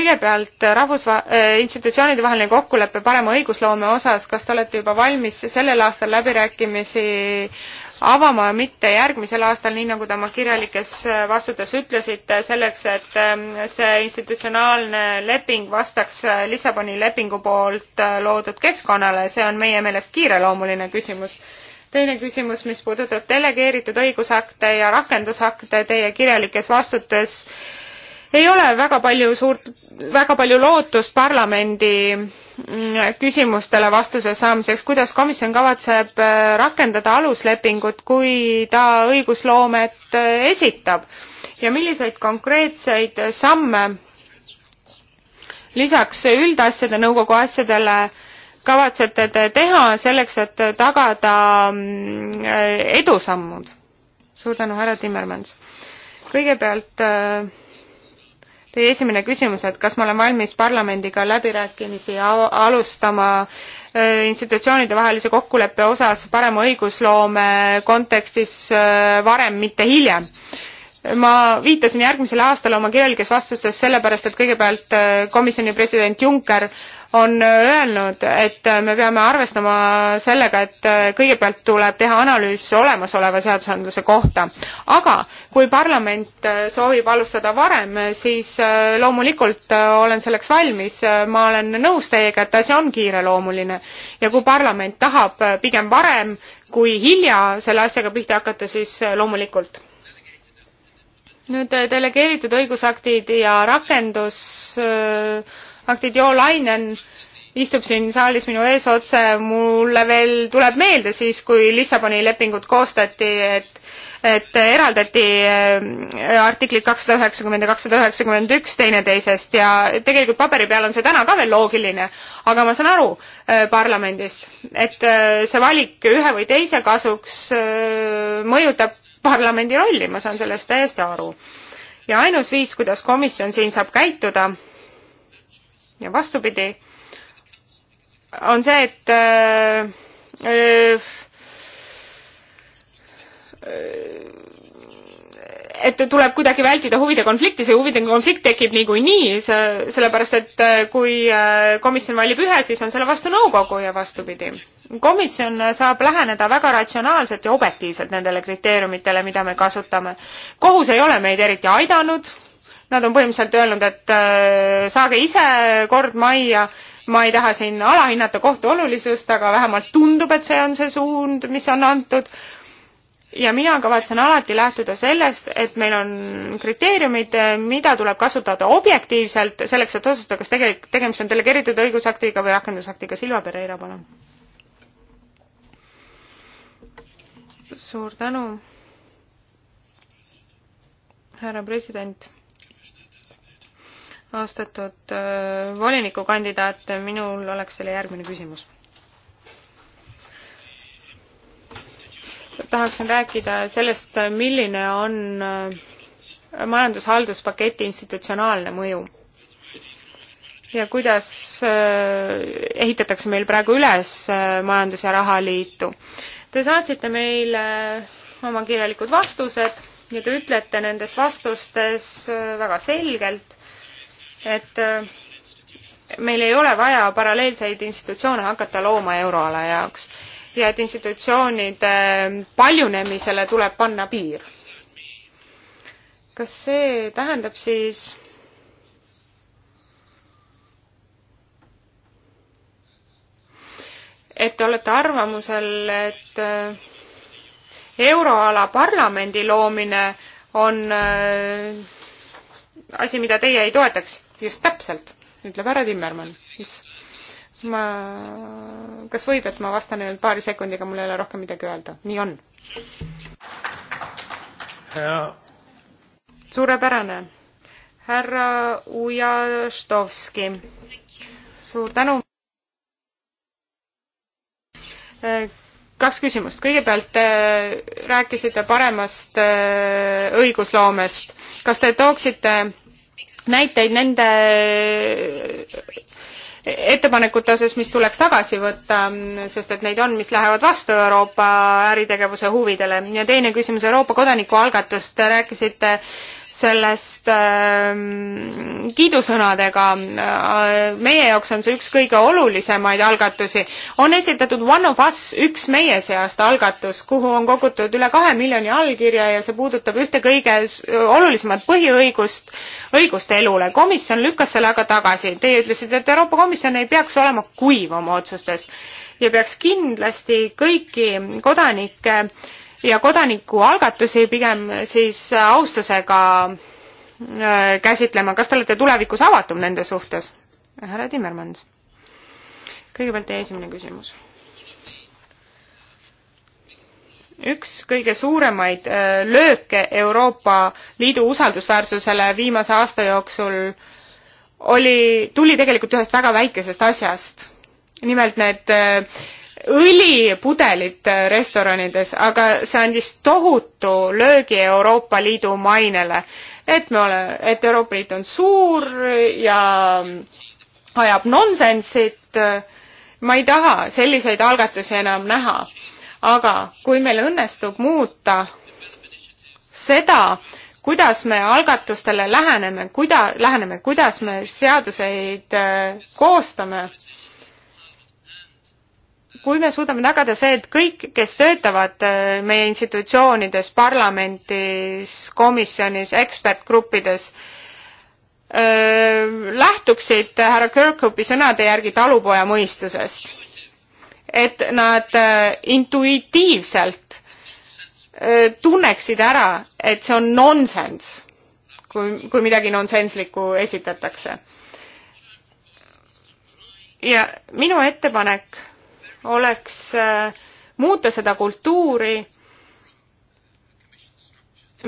kõigepealt rahvusva-, äh, institutsioonide vaheline kokkulepe parema õigusloome osas, kas te olete juba valmis sellel aastal läbirääkimisi avama, mitte järgmisel aastal, nii nagu te oma kirjalikes äh, vastutes ütlesite, selleks, et ähm, see institutsionaalne leping vastaks äh, Lissaboni lepingu poolt loodud keskkonnale, see on meie meelest kiireloomuline küsimus. teine küsimus, mis puudutab delegeeritud õigusakte ja rakendusakte teie kirjalikes vastutes äh, ei ole väga palju suurt, väga palju lootust parlamendi mm, küsimustele vastuse saamiseks, kuidas komisjon kavatseb äh, rakendada aluslepingut, kui ta õigusloomet äh, esitab ja milliseid konkreetseid samme lisaks üldasjade nõukogu asjadele kavatsete te teha selleks, et tagada mm, äh, edusammud? suur tänu, härra Timmermans. kõigepealt äh, Teie esimene küsimus, et kas ma olen valmis parlamendiga läbirääkimisi alustama äh, institutsioonide vahelise kokkuleppe osas parema õigusloome kontekstis äh, varem, mitte hiljem ma viitasin järgmisele aastale oma kirjalikes vastustes sellepärast et kõigepealt äh, komisjoni president juncker on öelnud, et me peame arvestama sellega, et kõigepealt tuleb teha analüüs olemasoleva seadusandluse kohta. aga kui parlament soovib alustada varem, siis loomulikult olen selleks valmis, ma olen nõus teiega, et asi on kiireloomuline. ja kui parlament tahab pigem varem kui hilja selle asjaga pihta hakata, siis loomulikult nüüd delegeeritud õigusaktid ja rakendus öö, aktid, Jo Lainen istub siin saalis minu eesotse, mulle veel tuleb meelde siis, kui Lissaboni lepingut koostati, et et eraldati äh, artiklid kakssada üheksakümmend ja kakssada üheksakümmend üks teineteisest ja tegelikult paberi peal on see täna ka veel loogiline, aga ma saan aru äh, parlamendist, et äh, see valik ühe või teise kasuks mõjutab parlamendi rolli, ma saan sellest täiesti aru. ja ainus viis, kuidas komisjon siin saab käituda, ja vastupidi, on see, et öö, äh, öö, äh, et tuleb kuidagi vältida huvide konflikti, see huvide konflikt tekib niikuinii, see, sellepärast et äh, kui komisjon valib ühe, siis on selle vastu nõukogu ja vastupidi. komisjon saab läheneda väga ratsionaalselt ja objektiivselt nendele kriteeriumitele, mida me kasutame. kohus ei ole meid eriti aidanud Nad on põhimõtteliselt öelnud, et äh, saage ise kord majja, ma ei taha siin alahinnata kohtu olulisust, aga vähemalt tundub, et see on see suund, mis on antud ja mina kavatsen alati lähtuda sellest, et meil on kriteeriumid, mida tuleb kasutada objektiivselt selleks, et otsustada, kas tegelikult tegemist on delegeeritud õigusaktiga või rakendusaktiga. Silva Pereira, palun. suur tänu, härra president austatud äh, volinikukandidaat, minul oleks selle järgmine küsimus. tahaksin rääkida sellest, milline on äh, majandushalduspaketi institutsionaalne mõju ja kuidas äh, ehitatakse meil praegu üles majandus- ja rahaliitu. Te saatsite meile oma kirjalikud vastused ja te ütlete nendes vastustes väga selgelt, et äh, meil ei ole vaja paralleelseid institutsioone hakata looma euroala jaoks ja et institutsioonide paljunemisele tuleb panna piir. kas see tähendab siis et te olete arvamusel, et äh, euroala parlamendi loomine on äh, asi, mida teie ei toetaks? just täpselt, ütleb härra Timmermann, mis ma, kas võib, et ma vastan ainult paari sekundiga, mul ei ole rohkem midagi öelda, nii on. suurepärane. härra Ujaštovski, suur tänu. kaks küsimust, kõigepealt te äh, rääkisite paremast äh, õigusloomest, kas te tooksite näiteid nende ettepanekute osas, mis tuleks tagasi võtta, sest et neid on, mis lähevad vastu Euroopa äritegevuse huvidele. ja teine küsimus Euroopa kodanikualgatust, rääkisite sellest äh, kiidusõnadega äh,. meie jaoks on see üks kõige olulisemaid algatusi. on esitatud One of Us, üks meie seast algatus, kuhu on kogutud üle kahe miljoni allkirja ja see puudutab ühte kõige olulisemat põhiõigust, õigust elule. komisjon lükkas selle aga tagasi. Teie ütlesite, et Euroopa Komisjon ei peaks olema kuiv oma otsustes ja peaks kindlasti kõiki kodanikke äh, ja kodanikualgatusi pigem siis austusega äh, käsitlema, kas te olete tulevikus avatum nende suhtes? härra Timmermans. kõigepealt teie esimene küsimus. üks kõige suuremaid äh, lööke Euroopa Liidu usaldusväärsusele viimase aasta jooksul oli, tuli tegelikult ühest väga väikesest asjast. nimelt need äh, õlipudelit äh, restoranides, aga see andis tohutu löögi Euroopa Liidu mainele, et me ole, et Euroopa Liit on suur ja ajab nonsensit. ma ei taha selliseid algatusi enam näha. aga kui meil õnnestub muuta seda, kuidas me algatustele läheneme, kuida-, läheneme, kuidas me seaduseid äh, koostame, kui me suudame tagada see, et kõik, kes töötavad äh, meie institutsioonides, parlamentis, komisjonis, ekspertgruppides, äh, lähtuksid härra Kirkhopi sõnade järgi talupoja mõistusest. et nad äh, intuitiivselt tunneksid ära, et see on nonsenss, kui, kui midagi nonsenslikku esitatakse. ja minu ettepanek oleks äh, muuta seda kultuuri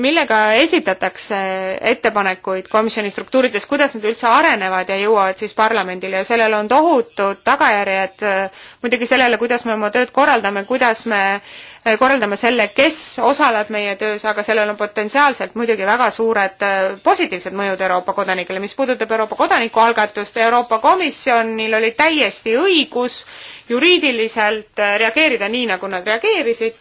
millega esitatakse ettepanekuid komisjoni struktuurides, kuidas nad üldse arenevad ja jõuavad siis parlamendile ja sellel on tohutud tagajärjed äh, muidugi sellele, kuidas me oma tööd korraldame, kuidas me äh, korraldame selle, kes osaleb meie töös, aga sellel on potentsiaalselt muidugi väga suured äh, positiivsed mõjud Euroopa kodanikele. mis puudutab Euroopa kodanikualgatust, Euroopa Komisjonil oli täiesti õigus juriidiliselt reageerida nii, nagu nad reageerisid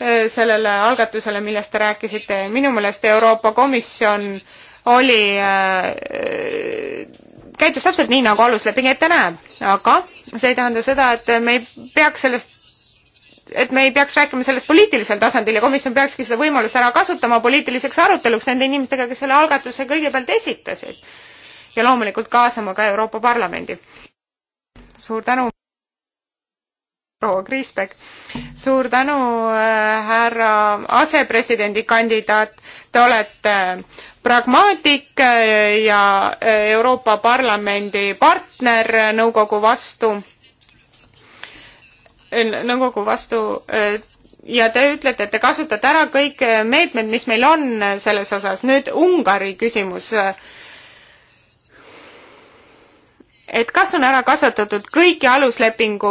Äh, sellele algatusele, millest te rääkisite. minu meelest Euroopa Komisjon oli äh,, käitus täpselt nii, nagu alusleping ette näeb, aga see ei tähenda seda, et me ei peaks sellest et me ei peaks rääkima sellest poliitilisel tasandil ja komisjon peakski seda võimalust ära kasutama poliitiliseks aruteluks nende inimestega, kes selle algatuse kõigepealt esitasid. ja loomulikult kaasama ka Euroopa Parlamendi. suur tänu proua Kriisbeck. suur tänu äh,, härra asepresidendi kandidaat. Te olete äh, pragmaatik äh, ja äh, Euroopa Parlamendi partner nõukogu vastu, nõukogu vastu ja te ütlete, et te kasutate ära kõik meetmed, mis meil on selles osas. nüüd Ungari küsimus et kas on ära kasutatud kõiki aluslepingu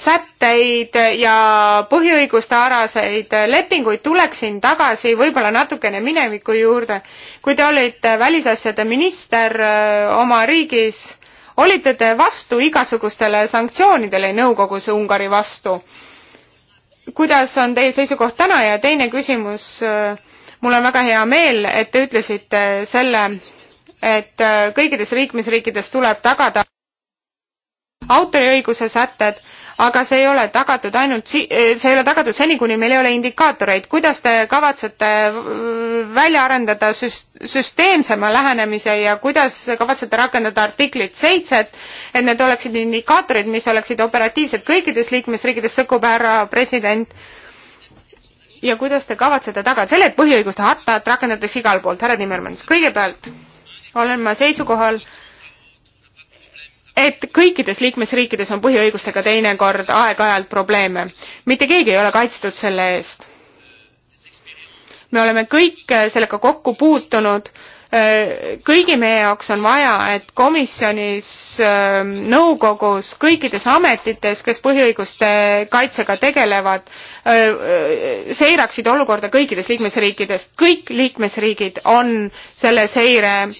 sätteid ja põhiõiguste alaseid lepinguid, tuleksin tagasi võib-olla natukene mineviku juurde. kui te olite välisasjade minister äh, oma riigis, olite te vastu igasugustele sanktsioonidele nõukogus Ungari vastu? kuidas on teie seisukoht täna ja teine küsimus, äh, mul on väga hea meel, et te ütlesite selle et äh, kõikides liikmesriikides tuleb tagada autoriõiguse sätted, aga see ei ole tagatud ainult si-, see ei ole tagatud seni, kuni meil ei ole indikaatoreid. kuidas te kavatsete välja arendada süst-, süsteemsema lähenemise ja kuidas kavatsete rakendada artiklit seitset, et need oleksid indikaatorid, mis oleksid operatiivsed kõikides liikmesriikides, sõkub härra president, ja kuidas te kavatsete tagada selle, et põhiõiguste hartat rakendatakse igal pool, härra Timmermans, kõigepealt olen ma seisukohal, et kõikides liikmesriikides on põhiõigustega teinekord aeg-ajalt probleeme. mitte keegi ei ole kaitstud selle eest. me oleme kõik äh, sellega kokku puutunud, äh, kõigi meie jaoks on vaja, et komisjonis, äh, nõukogus, kõikides ametites, kes põhiõiguste kaitsega tegelevad, seiraksid olukorda kõikides liikmesriikides. kõik liikmesriigid on selle seire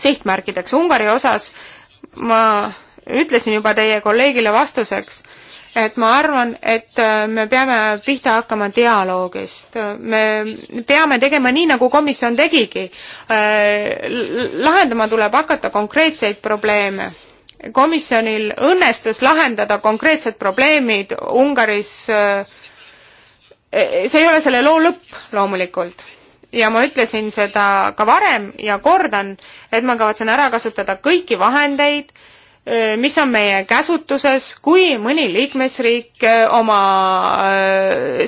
sihtmärkideks. Ungari osas ma ütlesin juba teie kolleegile vastuseks, et ma arvan, et äh, me peame pihta hakkama dialoogist. me peame tegema nii, nagu komisjon tegigi. Äh, lahendama tuleb hakata konkreetseid probleeme. komisjonil õnnestus lahendada konkreetsed probleemid Ungaris. Äh, e-, see ei ole selle loo lõpp loomulikult ja ma ütlesin seda ka varem ja kordan, et ma kavatsen ära kasutada kõiki vahendeid, mis on meie käsutuses, kui mõni liikmesriik oma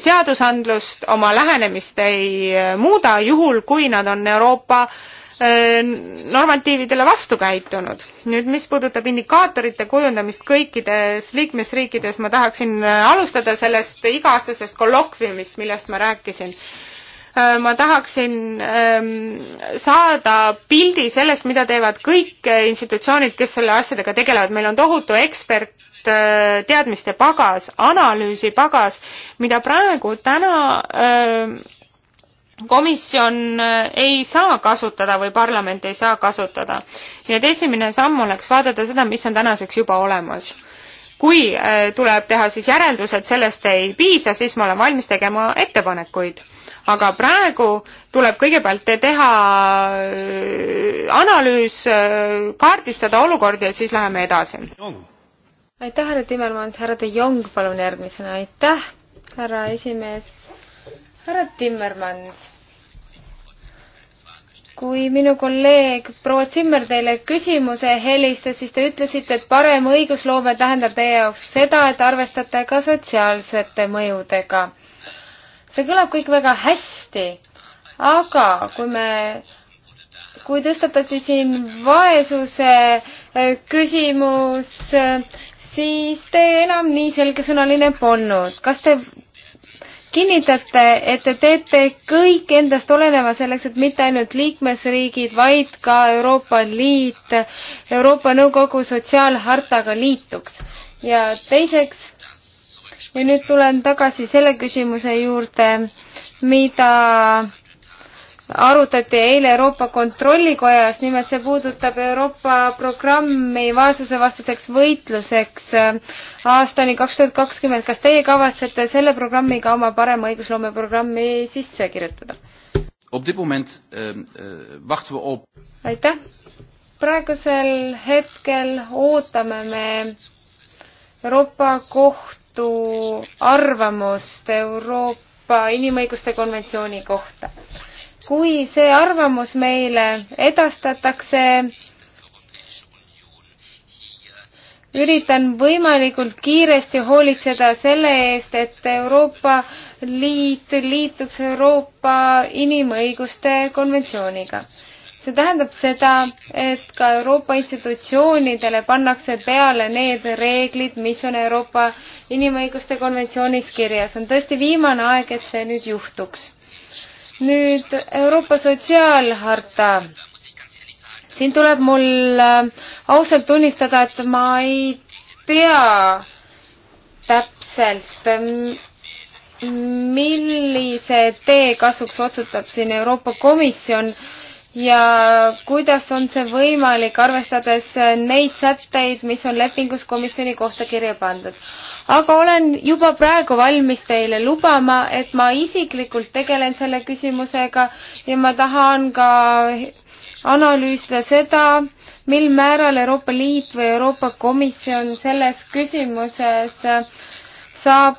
seadusandlust, oma lähenemist ei muuda, juhul kui nad on Euroopa normatiividele vastu käitunud. nüüd, mis puudutab indikaatorite kujundamist kõikides liikmesriikides, ma tahaksin alustada sellest iga-aastasest kollokviumist, millest ma rääkisin Äh, ma tahaksin ähm, saada pildi sellest, mida teevad kõik äh, institutsioonid, kes selle asjadega tegelevad. meil on tohutu ekspert, äh, teadmiste pagas, analüüsipagas, mida praegu täna ähm, komisjon ei saa kasutada või parlament ei saa kasutada. nii et esimene samm oleks vaadata seda, mis on tänaseks juba olemas kui tuleb teha siis järeldused, sellest ei piisa, siis ma olen valmis tegema ettepanekuid aga praegu tuleb kõigepealt teha äh, analüüs, äh, kaardistada olukordi ja siis läheme edasi. aitäh, härra Timmermans, härra De Jong, palun järgmisena, aitäh, härra esimees, härra Timmermans kui minu kolleeg proua Zimmer teile küsimuse helistas, siis te ütlesite, et parem õigusloome tähendab teie jaoks seda, et arvestate ka sotsiaalsete mõjudega see kõlab kõik väga hästi, aga kui me kui tõstatati siin vaesuse äh, küsimus, äh, siis te enam nii selgesõnaline polnud. kas te kinnitate, et te teete kõik endast oleneva selleks, et mitte ainult liikmesriigid, vaid ka Euroopa Liit Euroopa Nõukogu sotsiaalhartaga liituks? ja teiseks ja nüüd tulen tagasi selle küsimuse juurde, mida arutati eile Euroopa Kontrollikojas, nimelt see puudutab Euroopa programmi vaesusevastaseks võitluseks aastani kaks tuhat kakskümmend. kas teie kavatsete selle programmiga oma parema õigusloome programmi sisse kirjutada? Eh, eh, aitäh. praegusel hetkel ootame me Euroopa Kohtu Liidu arvamust Euroopa Inimõiguste Konventsiooni kohta. kui see arvamus meile edastatakse, üritan võimalikult kiiresti hoolitseda selle eest, et Euroopa Liit liituks Euroopa Inimõiguste Konventsiooniga see tähendab seda, et ka Euroopa institutsioonidele pannakse peale need reeglid, mis on Euroopa inimõiguste konventsioonis kirjas. on tõesti viimane aeg, et see nüüd juhtuks. nüüd Euroopa sotsiaalharta. siin tuleb mul äh, ausalt tunnistada, et ma ei tea täpselt, millise tee kasuks otsustab siin Euroopa Komisjon ja kuidas on see võimalik, arvestades neid sätteid, mis on lepingus komisjoni kohta kirja pandud. aga olen juba praegu valmis teile lubama, et ma isiklikult tegelen selle küsimusega ja ma tahan ka analüüsida seda, mil määral Euroopa Liit või Euroopa Komisjon selles küsimuses saab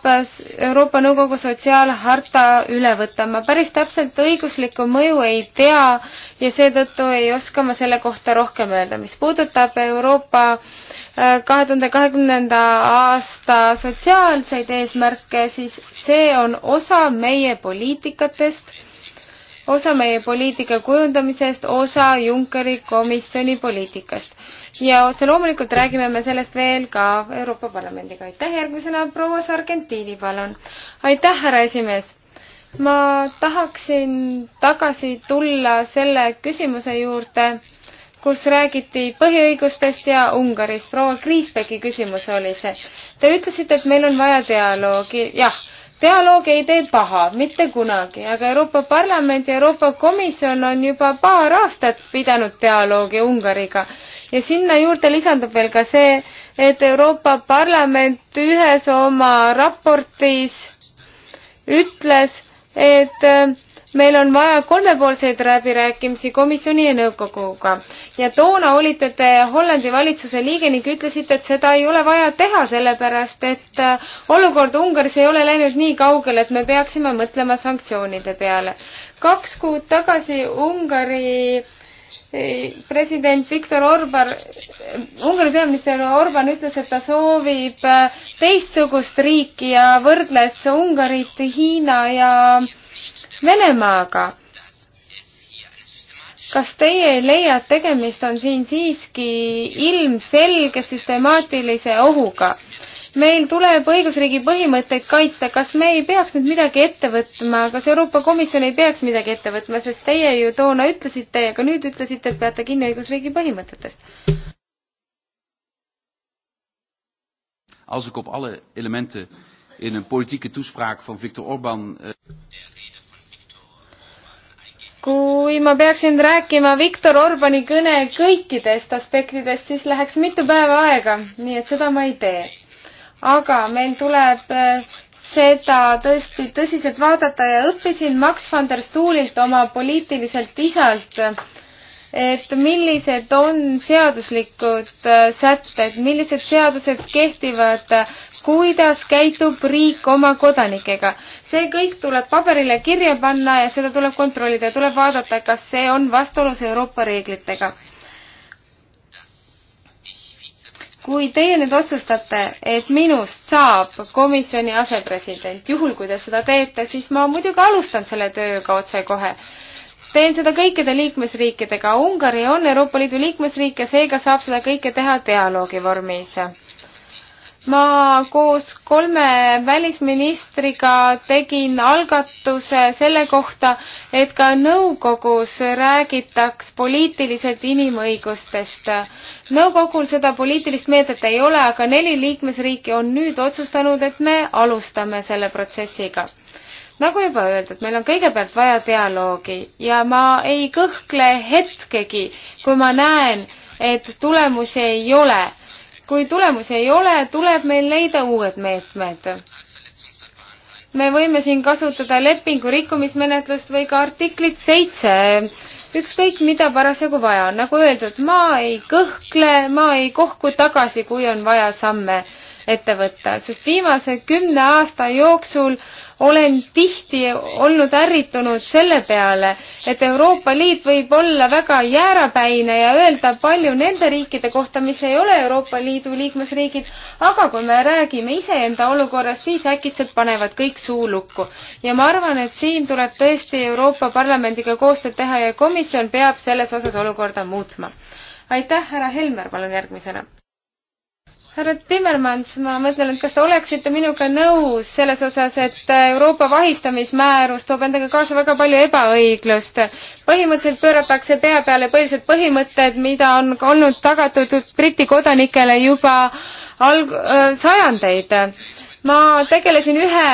Euroopa Nõukogu sotsiaalharta üle võtta. ma päris täpselt õiguslikku mõju ei tea ja seetõttu ei oska ma selle kohta rohkem öelda. mis puudutab Euroopa äh, kahe tuhande kahekümnenda aasta sotsiaalseid eesmärke, siis see on osa meie poliitikatest osa meie poliitika kujundamisest, osa Junckeri komisjoni poliitikast. ja otse loomulikult räägime me sellest veel ka Euroopa Parlamendiga. aitäh, järgmisena proua Sargentini, palun. aitäh, härra esimees. ma tahaksin tagasi tulla selle küsimuse juurde, kus räägiti põhiõigustest ja Ungarist. proua Kriisbecki küsimus oli see. Te ütlesite, et meil on vaja dialoogi, jah dialoog ei tee paha, mitte kunagi, aga Euroopa Parlament ja Euroopa Komisjon on juba paar aastat pidanud dialoogi Ungariga ja sinna juurde lisandub veel ka see, et Euroopa Parlament ühes oma raportis ütles, et meil on vaja kolmepoolseid läbirääkimisi komisjoni ja nõukoguga ja toona olite te Hollandi valitsuse liige ning ütlesite, et seda ei ole vaja teha, sellepärast et äh, olukord Ungaris ei ole läinud nii kaugele, et me peaksime mõtlema sanktsioonide peale. kaks kuud tagasi Ungari äh, president Viktor Orban, Ungari peaminister Orban ütles, et ta soovib äh, teistsugust riiki ja võrdles Ungarit Hiina ja äh, Venemaaga. kas teie ei leia, et tegemist on siin siiski ilmselge süstemaatilise ohuga? meil tuleb õigusriigi põhimõtteid kaitsta, kas me ei peaks nüüd midagi ette võtma, kas Euroopa Komisjon ei peaks midagi ette võtma, sest teie ju toona ütlesite ja ka nüüd ütlesite, et peate kinni õigusriigi põhimõtetest. Als ik op alle elementen in een politieke toespraak van Viktor Orbán. Uh kui ma peaksin rääkima Viktor Orbani kõne kõikidest aspektidest, siis läheks mitu päeva aega, nii et seda ma ei tee. aga meil tuleb äh, seda tõesti tõsiselt vaadata ja õppisin Max van der Stuhlilt oma poliitiliselt isalt, et millised on seaduslikud äh, sätted, millised seadused kehtivad, äh, kuidas käitub riik oma kodanikega. see kõik tuleb paberile kirja panna ja seda tuleb kontrollida, tuleb vaadata, kas see on vastuolus Euroopa reeglitega. kui teie nüüd otsustate, et minust saab komisjoni asepresident, juhul kui te seda teete, siis ma muidugi alustan selle tööga otsekohe teen seda kõikide liikmesriikidega. Ungari on Euroopa Liidu liikmesriik ja seega saab seda kõike teha dialoogi vormis. ma koos kolme välisministriga tegin algatuse selle kohta, et ka nõukogus räägitaks poliitiliselt inimõigustest. nõukogul seda poliitilist meedet ei ole, aga neli liikmesriiki on nüüd otsustanud, et me alustame selle protsessiga nagu juba öeldud, meil on kõigepealt vaja dialoogi ja ma ei kõhkle hetkegi, kui ma näen, et tulemusi ei ole. kui tulemusi ei ole, tuleb meil leida uued meetmed. me võime siin kasutada lepingu rikkumismenetlust või ka artiklit seitse, ükskõik mida parasjagu vaja on. nagu öeldud, ma ei kõhkle, ma ei kohku tagasi, kui on vaja samme ette võtta, sest viimase kümne aasta jooksul olen tihti olnud ärritunud selle peale, et Euroopa Liit võib olla väga jäärapäine ja öelda palju nende riikide kohta, mis ei ole Euroopa Liidu liikmesriigid, aga kui me räägime iseenda olukorrast, siis äkitselt panevad kõik suu lukku. ja ma arvan, et siin tuleb tõesti Euroopa Parlamendiga koostööd teha ja komisjon peab selles osas olukorda muutma. aitäh, härra Helmer, palun järgmisena härra Timmermans, ma mõtlen, et kas te oleksite minuga nõus selles osas, et Euroopa vahistamismäärus toob endaga kaasa väga palju ebaõiglust. põhimõtteliselt pööratakse pea peale põhilised põhimõtted, mida on olnud tagatud Briti kodanikele juba alg-, äh, sajandeid ma tegelesin ühe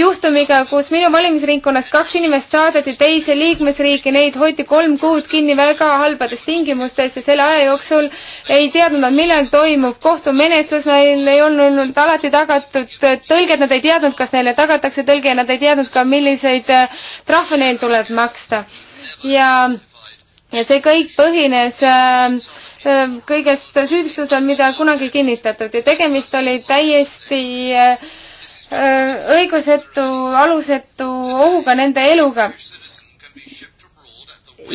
juhtumiga, kus minu valimisringkonnas kaks inimest saadeti teise liikmesriiki, neid hoiti kolm kuud kinni väga halbades tingimustes ja selle aja jooksul ei teadnud nad, millal toimub kohtumenetlus, neil ei olnud alati tagatud tõlged, nad ei teadnud, kas neile tagatakse tõlge ja nad ei teadnud ka, milliseid äh, trahve neil tuleb maksta. ja, ja see kõik põhines äh, Ehm, kõigest süüdistus on, mida kunagi kinnitatud ja tegemist oli täiesti eh, õigusetu, alusetu ohuga nende eluga.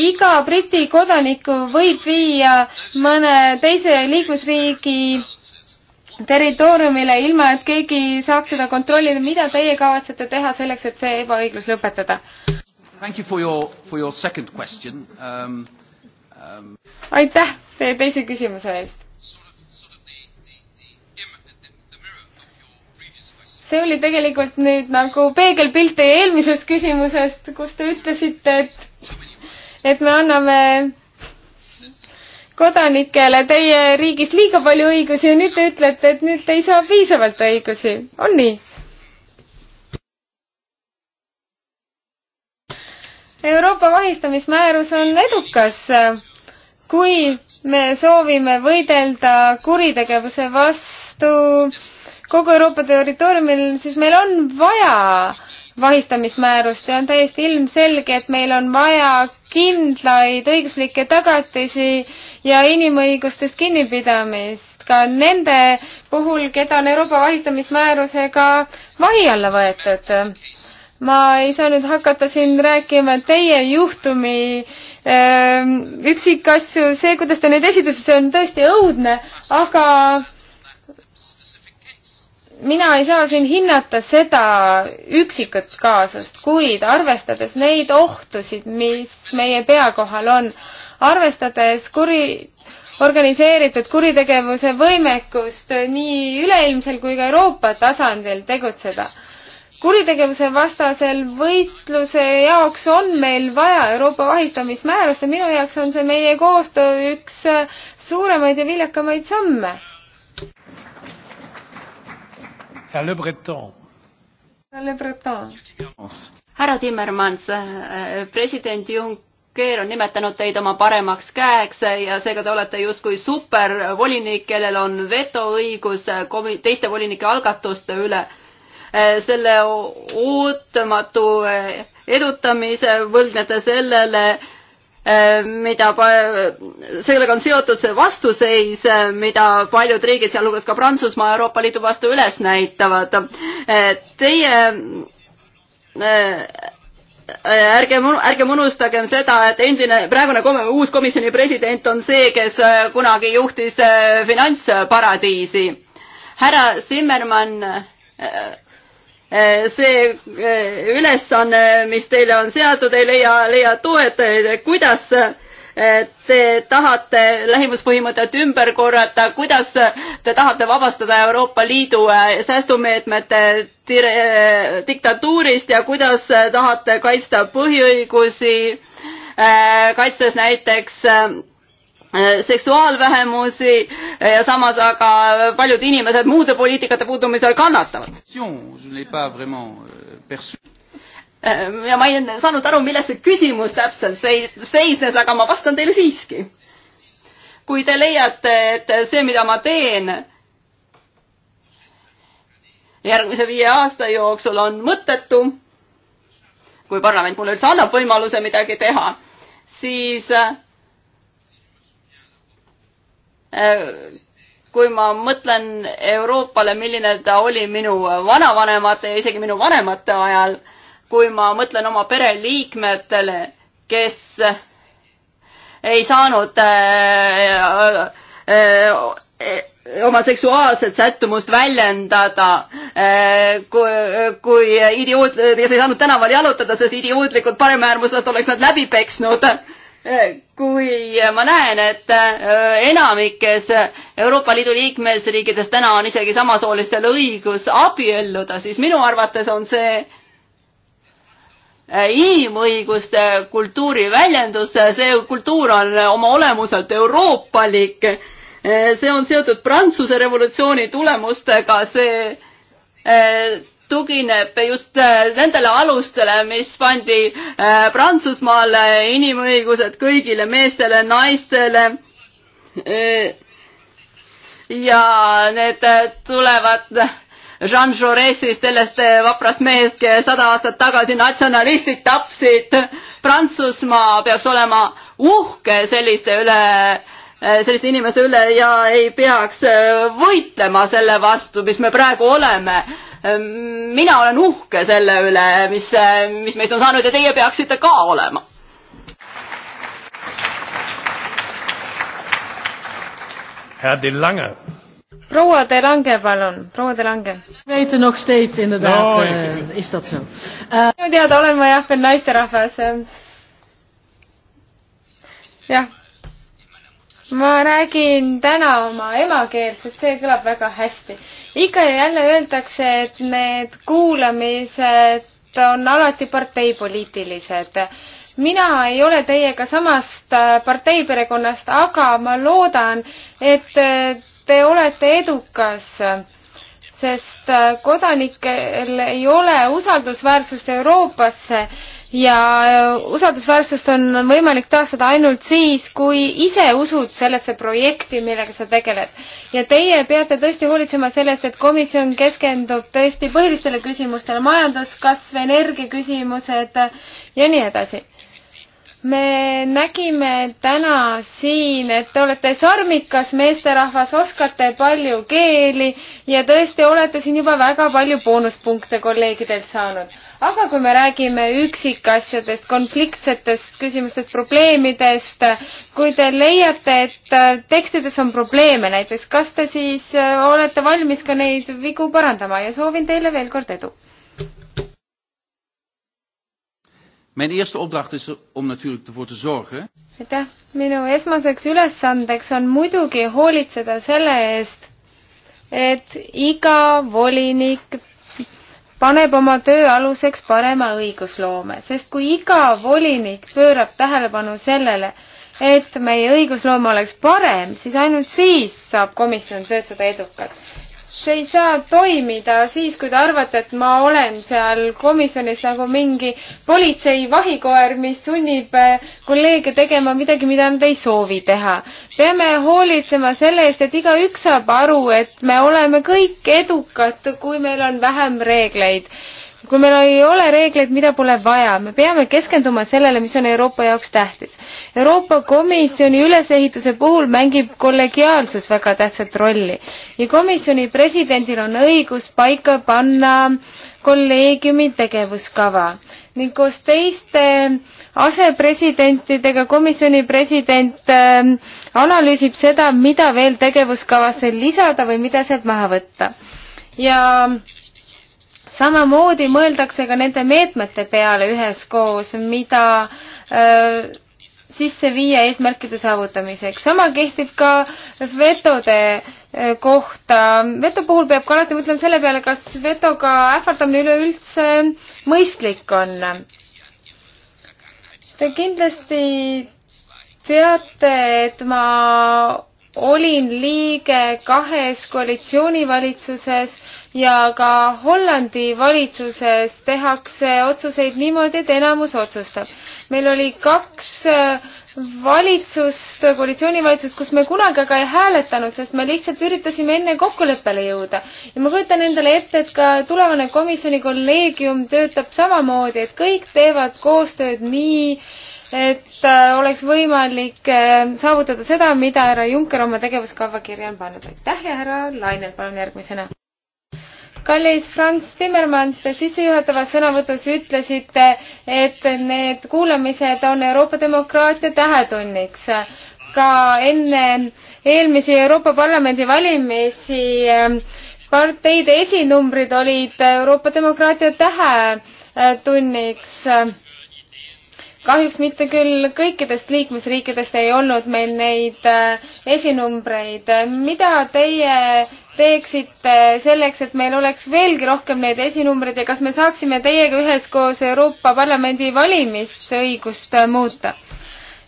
iga Briti kodaniku võib viia mõne teise liikmesriigi territooriumile, ilma et keegi saaks seda kontrollida, mida teie kavatsete teha selleks, et see ebaõiglus lõpetada? Thank you for your, for your second question um, aitäh teie teise küsimuse eest. see oli tegelikult nüüd nagu peegelpilt teie eelmisest küsimusest, kus te ütlesite, et, et me anname kodanikele teie riigis liiga palju õigusi ja nüüd te ütlete, et nüüd te ei saa piisavalt õigusi. on nii? Euroopa vahistamismäärus on edukas kui me soovime võidelda kuritegevuse vastu kogu Euroopa territooriumil, siis meil on vaja vahistamismäärust ja on täiesti ilmselge, et meil on vaja kindlaid õiguslikke tagatisi ja inimõigustest kinnipidamist ka nende puhul, keda on Euroopa vahistamismäärusega vahi alla võetud. ma ei saa nüüd hakata siin rääkima teie juhtumi äh, Ehm, üksikasju, see, kuidas ta neid esitas, see on tõesti õudne, aga mina ei saa siin hinnata seda üksikut kaasust, kuid arvestades neid ohtusid, mis meie pea kohal on, arvestades kuri, organiseeritud kuritegevuse võimekust nii üleilmsel kui ka Euroopa tasandil tegutseda kuritegevuse vastasel võitluse jaoks on meil vaja Euroopa vahistamismäärust ja minu jaoks on see meie koostöö üks suuremaid ja viljakamaid samme. härra Le Breton. härra Le Breton. härra Timmermans, äh, president Juncker on nimetanud teid oma paremaks käeks ja seega te olete justkui supervolinik, kellel on vetoõigus teiste volinike algatuste üle Eh, selle ootamatu eh, edutamise, võlgnete sellele, eh, mida, sellega on seotud see vastuseis, mida paljud riigid, sealhulgas ka Prantsusmaa, Euroopa Liidu vastu üles näitavad. Teie ärgem, ärgem unustagem seda, et endine, praegune kom uus komisjoni president on see, kes kunagi juhtis finantsparadiisi. härra Zimmermann Eh, see eh, ülesanne, mis teile on seatud, ei leia, leia toetajaid, kuidas eh, te tahate lähimuspõhimõtet ümber korrata, kuidas te tahate vabastada Euroopa Liidu säästumeetmete diktatuurist ja kuidas tahate kaitsta põhiõigusi, kaitstes näiteks Äh, seksuaalvähemusi äh, ja samas aga paljud inimesed muude poliitikate puudumisel kannatavad. Euh, äh, ja ma ei saanud aru, milles see küsimus täpselt seisnes, aga ma vastan teile siiski. kui te leiate, et see, mida ma teen järgmise viie aasta jooksul on mõttetu, kui parlament mulle üldse annab võimaluse midagi teha, siis äh, Äh, kui ma mõtlen Euroopale, milline ta oli minu vanavanemate ja isegi minu vanemate ajal, kui ma mõtlen oma pereliikmetele, kes ei saanud äh, äh, äh, oma seksuaalset sättumust väljendada, äh, kui, kui idioot, kes ei saanud tänaval jalutada, sest idiootlikud paremäärmuslased oleks nad läbi peksnud kui ma näen, et äh, enamikes Euroopa Liidu liikmesriikides täna on isegi samasoolistel õigus abielluda, siis minu arvates on see äh, inimõiguste kultuuri väljendus, see kultuur on oma olemuselt euroopalik, äh, see on seotud Prantsuse revolutsiooni tulemustega, see tugineb just äh, nendele alustele, mis pandi äh, Prantsusmaale inimõigused kõigile meestele, naistele. Äh, ja need tulevad Jean Jaurésist, sellest vaprast mehest, sada aastat tagasi natsionalistid tapsid. Prantsusmaa peaks olema uhke selliste üle Äh, selliste inimeste üle ja ei peaks äh, võitlema selle vastu, mis me praegu oleme. Ähm, mina olen uhke selle üle, mis, äh, mis meist on saanud ja teie peaksite ka olema. härra De Lange. proua De Lange, palun, proua De Lange. Weten nog steeds inderdaad no, uh, is dat zo uh.... minu teada olen ma jah veel naisterahvas. jah ma räägin täna oma emakeelt, sest see kõlab väga hästi. ikka ja jälle öeldakse, et need kuulamised on alati parteipoliitilised. mina ei ole teiega samast äh, parteiperekonnast, aga ma loodan, et äh, te olete edukas sest äh, kodanikel ei ole usaldusväärsust Euroopasse ja äh, usaldusväärsust on võimalik taastada ainult siis, kui ise usud sellesse projekti, millega sa tegeled. ja teie peate tõesti hoolitsema sellest, et komisjon keskendub tõesti põhilistele küsimustele, majanduskasv, energiaküsimused ja nii edasi me nägime täna siin, et te olete sarmikas meesterahvas, oskate palju keeli ja tõesti olete siin juba väga palju boonuspunkte kolleegidelt saanud. aga kui me räägime üksikasjadest, konfliktsetest küsimustest, probleemidest, kui te leiate, et tekstides on probleeme näiteks, kas te siis äh, olete valmis ka neid vigu parandama ja soovin teile veel kord edu! Mijn eerste opdracht is er om natuurlijk ervoor te zorgen. aitäh, minu esmaseks ülesandeks on muidugi hoolitseda selle eest, et iga volinik paneb oma töö aluseks parema õigusloome, sest kui iga volinik pöörab tähelepanu sellele, et meie õigusloome oleks parem, siis ainult siis saab komisjon töötada edukalt see ei saa toimida siis, kui te arvate, et ma olen seal komisjonis nagu mingi politsei vahikoer, mis sunnib äh, kolleege tegema midagi, mida nad ei soovi teha. peame hoolitsema selle eest, et igaüks saab aru, et me oleme kõik edukad, kui meil on vähem reegleid kui meil ei ole reegleid, mida pole vaja, me peame keskenduma sellele, mis on Euroopa jaoks tähtis. Euroopa Komisjoni ülesehituse puhul mängib kollegiaalsus väga tähtsat rolli ja komisjoni presidendil on õigus paika panna kolleegiumi tegevuskava ning koos teiste asepresidentidega komisjoni president äh, analüüsib seda, mida veel tegevuskavasse lisada või mida sealt maha võtta. ja äh, samamoodi mõeldakse ka nende meetmete peale üheskoos, mida öö, sisse viia eesmärkide saavutamiseks. sama kehtib ka vetode kohta. veto puhul peab ka alati mõtlema selle peale, kas vetoga ähvardamine üleüldse mõistlik on. Te kindlasti teate, et ma olin liige kahes koalitsioonivalitsuses ja ka Hollandi valitsuses tehakse otsuseid niimoodi, et enamus otsustab. meil oli kaks äh, valitsust, koalitsioonivalitsust, kus me kunagi aga ei hääletanud, sest me lihtsalt üritasime enne kokkuleppele jõuda. ja ma kujutan endale ette, et ka tulevane komisjoni kolleegium töötab samamoodi, et kõik teevad koostööd nii, et äh, oleks võimalik äh, saavutada seda, mida härra Juncker oma tegevuskava kirja on pannud. aitäh ja härra Lainel, palun järgmisena kallis Franz Timmermann, te sissejuhatavas sõnavõtus ütlesite, et need kuulamised on Euroopa demokraatia tähetunniks. ka enne eelmisi Euroopa Parlamendi valimisi ähm, parteide esinumbrid olid Euroopa demokraatia tähetunniks kahjuks mitte küll kõikidest liikmesriikidest ei olnud meil neid äh, esinumbreid. mida teie teeksite selleks, et meil oleks veelgi rohkem neid esinumbreid ja kas me saaksime teiega üheskoos Euroopa Parlamendi valimisõigust äh, muuta?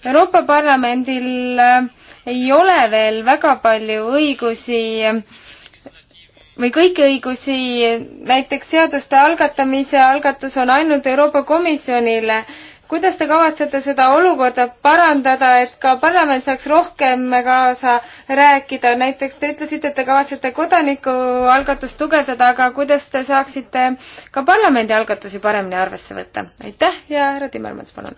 Euroopa Parlamendil äh, ei ole veel väga palju õigusi või kõiki õigusi, näiteks seaduste algatamise algatus on ainult Euroopa Komisjonile kuidas te kavatsete seda olukorda parandada, et ka parlament saaks rohkem kaasa rääkida, näiteks te ütlesite, et te kavatsete kodanikualgatust tugevdada, aga kuidas te saaksite ka parlamendi algatusi paremini arvesse võtta? aitäh ja härra Timmermans, palun!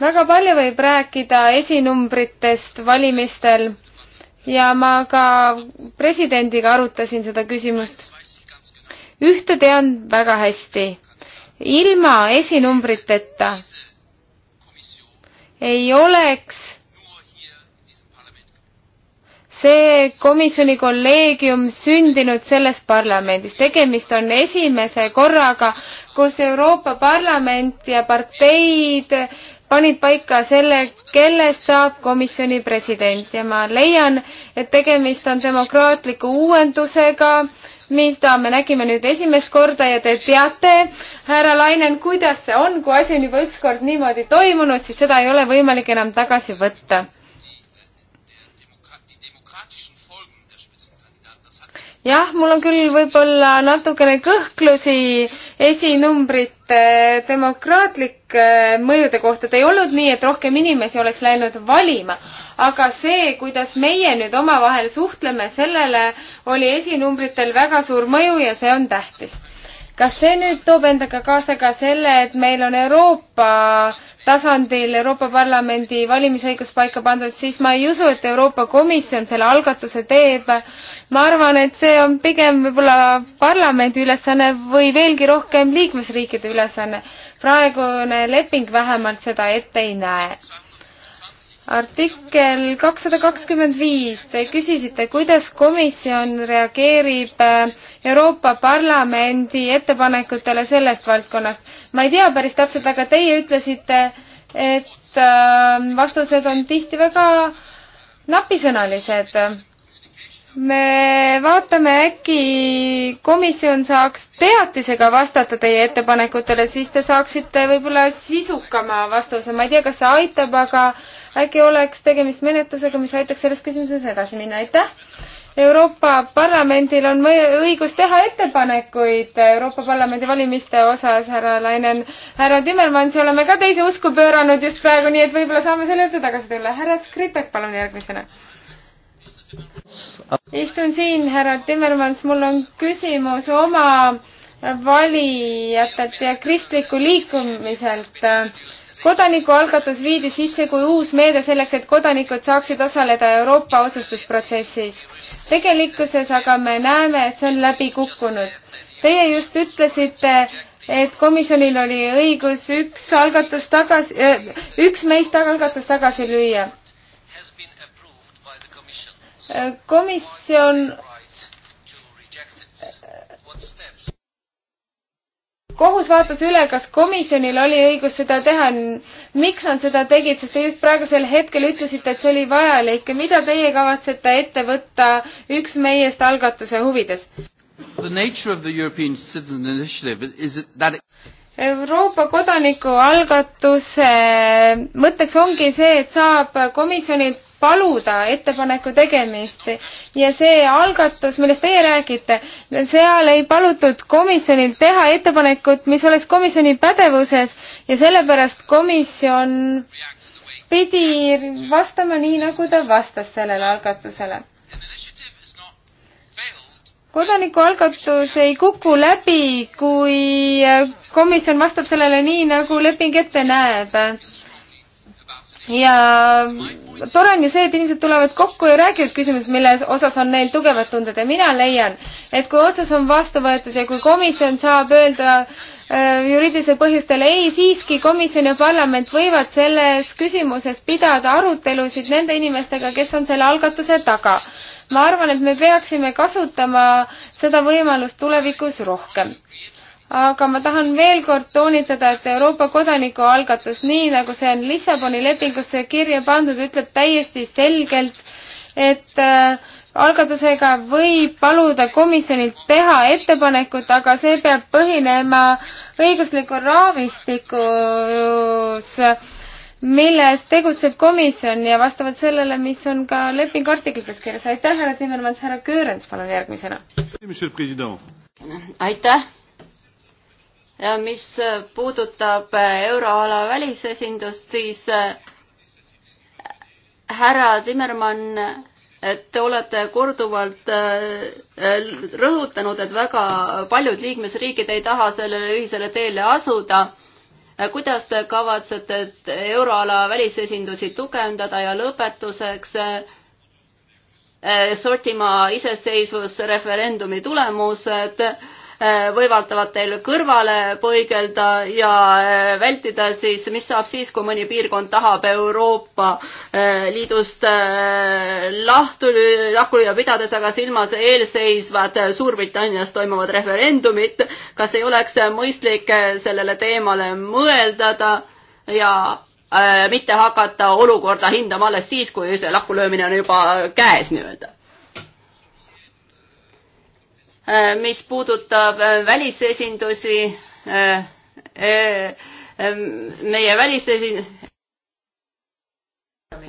väga palju võib rääkida esinumbritest valimistel ja ma ka presidendiga arutasin seda küsimust. ühte tean väga hästi ilma esinumbriteta ei oleks see komisjoni kolleegium sündinud selles parlamendis. tegemist on esimese korraga, kus Euroopa Parlament ja parteid panid paika selle, kellest saab komisjoni president ja ma leian, et tegemist on demokraatliku uuendusega, mida me nägime nüüd esimest korda ja te teate, härra Lainen, kuidas see on, kui asi on juba ükskord niimoodi toimunud, siis seda ei ole võimalik enam tagasi võtta jah, mul on küll võib-olla natukene kõhklusi esinumbrite demokraatlike mõjude kohta, et ei olnud nii, et rohkem inimesi oleks läinud valima, aga see, kuidas meie nüüd omavahel suhtleme, sellele oli esinumbritel väga suur mõju ja see on tähtis kas see nüüd toob endaga kaasa ka selle, et meil on Euroopa tasandil Euroopa Parlamendi valimisõigus paika pandud, siis ma ei usu, et Euroopa Komisjon selle algatuse teeb. ma arvan, et see on pigem võib-olla parlamendi ülesanne või veelgi rohkem liikmesriikide ülesanne. praegune leping vähemalt seda ette ei näe artikkel kakssada kakskümmend viis, te küsisite, kuidas komisjon reageerib äh, Euroopa Parlamendi ettepanekutele sellest valdkonnast. ma ei tea päris täpselt, aga teie ütlesite, et äh, vastused on tihti väga napisõnalised. me vaatame, äkki komisjon saaks teatisega vastata teie ettepanekutele, siis te saaksite võib-olla sisukama vastuse, ma ei tea, kas see aitab, aga äkki oleks tegemist menetlusega, mis aitaks selles küsimuses edasi minna, aitäh! Euroopa Parlamendil on õigus teha ettepanekuid Euroopa Parlamendi valimiste osas, härra Lainen. härra Timmermansi oleme ka teise usku pööranud just praegu, nii et võib-olla saame selle juurde tagasi tulla. härra Skripek, palun järgmisena. istun siin, härra Timmermans, mul on küsimus oma valijatelt ja kristlikku liikumiselt. kodanikualgatus viidi sisse kui uus meede selleks, et kodanikud saaksid osaleda Euroopa otsustusprotsessis. tegelikkuses aga me näeme, et see on läbi kukkunud. Teie just ütlesite, et komisjonil oli õigus üks algatus tagasi, äh, üks meist algatus tagasi lüüa. komisjon kohus vaatas üle, kas komisjonil oli õigus seda teha. miks nad seda tegid, sest te just praegusel hetkel ütlesite, et see oli vajalik. mida teie kavatsete ette võtta üks meiest algatuse huvides? That... Euroopa kodanikualgatuse mõtteks ongi see, et saab komisjonilt paluda ettepaneku tegemist ja see algatus, millest teie räägite, seal ei palutud komisjonil teha ettepanekut, mis oleks komisjoni pädevuses ja sellepärast komisjon pidi vastama nii, nagu ta vastas sellele algatusele kodanikualgatus ei kuku läbi, kui komisjon vastab sellele nii, nagu leping ette näeb. ja tore on ju see, et inimesed tulevad kokku ja räägivad küsimused, mille osas on neil tugevad tunded ja mina leian, et kui otsus on vastu võetud ja kui komisjon saab öelda äh, juriidilisel põhjustel ei, siiski komisjon ja parlament võivad selles küsimuses pidada arutelusid nende inimestega, kes on selle algatuse taga ma arvan, et me peaksime kasutama seda võimalust tulevikus rohkem. aga ma tahan veel kord toonitada, et Euroopa kodanikualgatus, nii nagu see on Lissaboni lepingusse kirja pandud, ütleb täiesti selgelt, et äh, algatusega võib paluda komisjonilt teha ettepanekut, aga see peab põhinema õigusliku raamistikus äh, milles tegutseb komisjon ja vastavalt sellele, mis on ka lepingu artiklites kirjas. aitäh, härra Timmermans, härra Köörens, palun järgmisena. aitäh. ja mis puudutab äh, euroala välisesindust, siis äh, härra Timmermann et äh, te olete korduvalt rõhutanud, et väga paljud liikmesriigid ei taha sellele ühisele teele asuda Äh, kuidas te kavatsete euroala välisesindusi tugevdada ja lõpetuseks äh, äh, sortima iseseisvusreferendumi tulemused Äh, võimaldavad teil kõrvale põigelda ja äh, vältida siis, mis saab siis, kui mõni piirkond tahab Euroopa äh, Liidust lahtu, lahku lüüa, pidades aga silmas eelseisvad Suurbritannias toimuvad referendumid. kas ei oleks mõistlik sellele teemale mõelda ja mitte hakata olukorda hindama alles siis, kui see lahkulöömine on juba käes nii-öelda Äh, mis puudutab äh, välisesindusi, äh, ähm, meie välisesin-,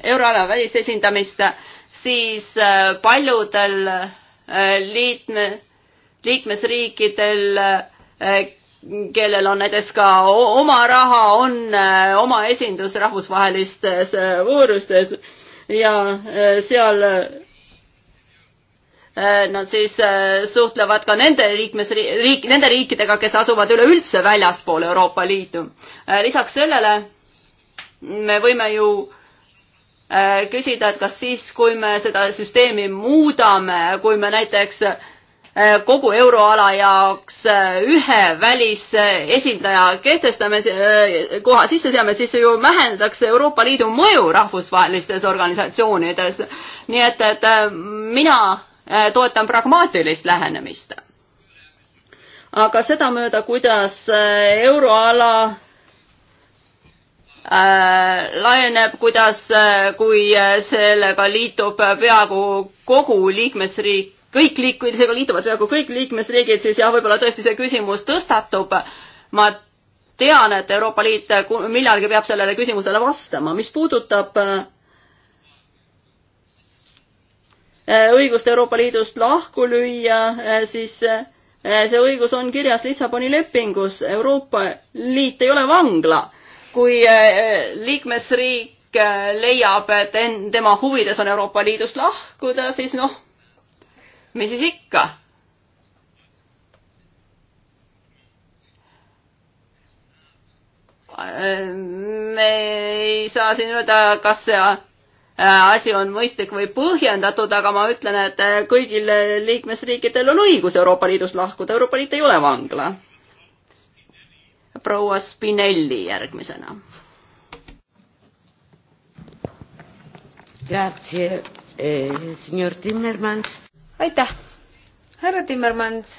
euroala välisesindamist, siis paljudel liitme, liikmesriikidel, kellel on näiteks ka oma raha, on oma esindus rahvusvahelistes voorustes ja seal Äh, nad siis äh, suhtlevad ka nende liikmesriik, nende riikidega, kes asuvad üleüldse väljaspool Euroopa Liitu. Äh, lisaks sellele me võime ju küsida, et kas siis, kui me seda süsteemi muudame, kui me näiteks kogu euroala jaoks ühe välisesindaja kehtestame, koha sisse seame, siis ju vähendatakse Euroopa Liidu mõju rahvusvahelistes organisatsioonides. nii et, et mina Äh, toetan pragmaatilist lähenemist. aga sedamööda, kuidas äh, euroala äh, laieneb, kuidas, kui sellega liitub peaaegu kogu liikmesriik, kõik liik-, kui sellega liituvad peaaegu kõik liikmesriigid, siis jah, võib-olla tõesti see küsimus tõstatub. ma tean, et Euroopa Liit millalgi peab sellele küsimusele vastama. mis puudutab äh, Äh, õigust Euroopa Liidust lahku lüüa, äh, siis äh, see õigus on kirjas Lissaboni lepingus. Euroopa Liit ei ole vangla. kui liikmesriik leiab, et en-, tema huvides on Euroopa Liidust lahkuda, siis noh, mis siis ikka me ei saa siin öelda, kas see Äh, asi on mõistlik või põhjendatud, aga ma ütlen, et äh, kõigil liikmesriikidel on õigus Euroopa Liidust lahkuda, Euroopa Liit ei ole vangla. proua Spinelli järgmisena. Eh, aitäh, härra Timmermans.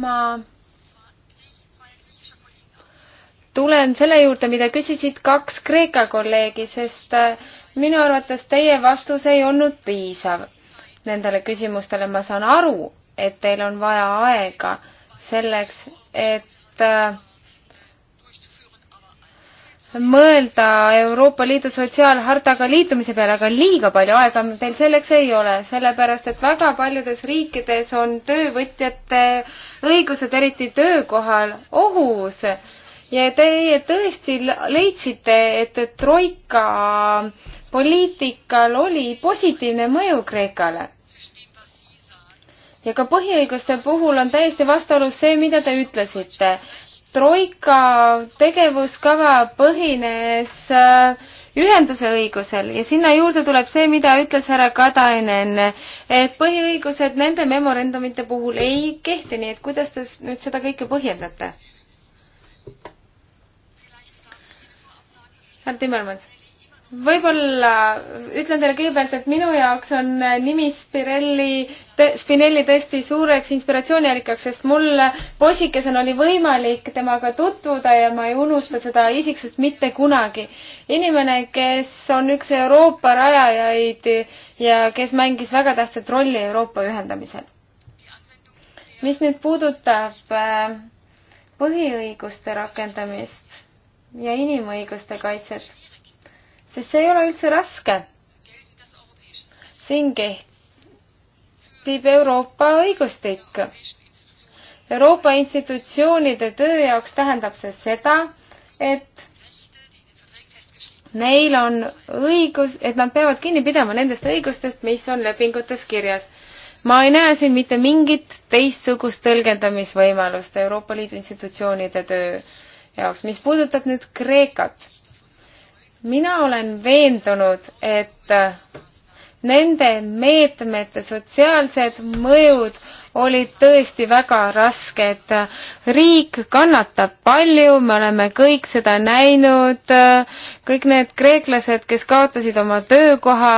ma tulen selle juurde, mida küsisid kaks Kreeka kolleegi, sest äh, minu arvates teie vastus ei olnud piisav nendele küsimustele. ma saan aru, et teil on vaja aega selleks, et äh, mõelda Euroopa Liidu sotsiaalhartaga liitumise peale, aga liiga palju aega teil selleks ei ole, sellepärast et väga paljudes riikides on töövõtjate õigused, eriti töökohal, ohus ja teie tõesti leidsite, et troika poliitikal oli positiivne mõju Kreekale. ja ka põhiõiguste puhul on täiesti vastuolus see, mida te ütlesite. troika tegevuskava põhines äh, ühenduse õigusel ja sinna juurde tuleb see, mida ütles härra Kadainen, et põhiõigused nende memorandumite puhul ei kehti, nii et kuidas te nüüd seda kõike põhjendate? härra Timmermans, võib-olla ütlen teile kõigepealt, et minu jaoks on nimi Spirelli, Spinelli tõesti suureks inspiratsiooniallikaks, sest mul poisikesena oli võimalik temaga tutvuda ja ma ei unusta seda isiksust mitte kunagi. inimene, kes on üks Euroopa rajajaid ja kes mängis väga tähtsat rolli Euroopa ühendamisel. mis nüüd puudutab äh, põhiõiguste rakendamist, ja inimõiguste kaitset, sest see ei ole üldse raske. siin kehtib Euroopa õigustik. Euroopa institutsioonide töö jaoks tähendab see seda, et neil on õigus, et nad peavad kinni pidama nendest õigustest, mis on lepingutes kirjas. ma ei näe siin mitte mingit teistsugust tõlgendamisvõimalust Euroopa Liidu institutsioonide töö jaoks. mis puudutab nüüd Kreekat, mina olen veendunud, et äh, nende meetmete sotsiaalsed mõjud olid tõesti väga rasked. riik kannatab palju, me oleme kõik seda näinud, kõik need kreeklased, kes kaotasid oma töökoha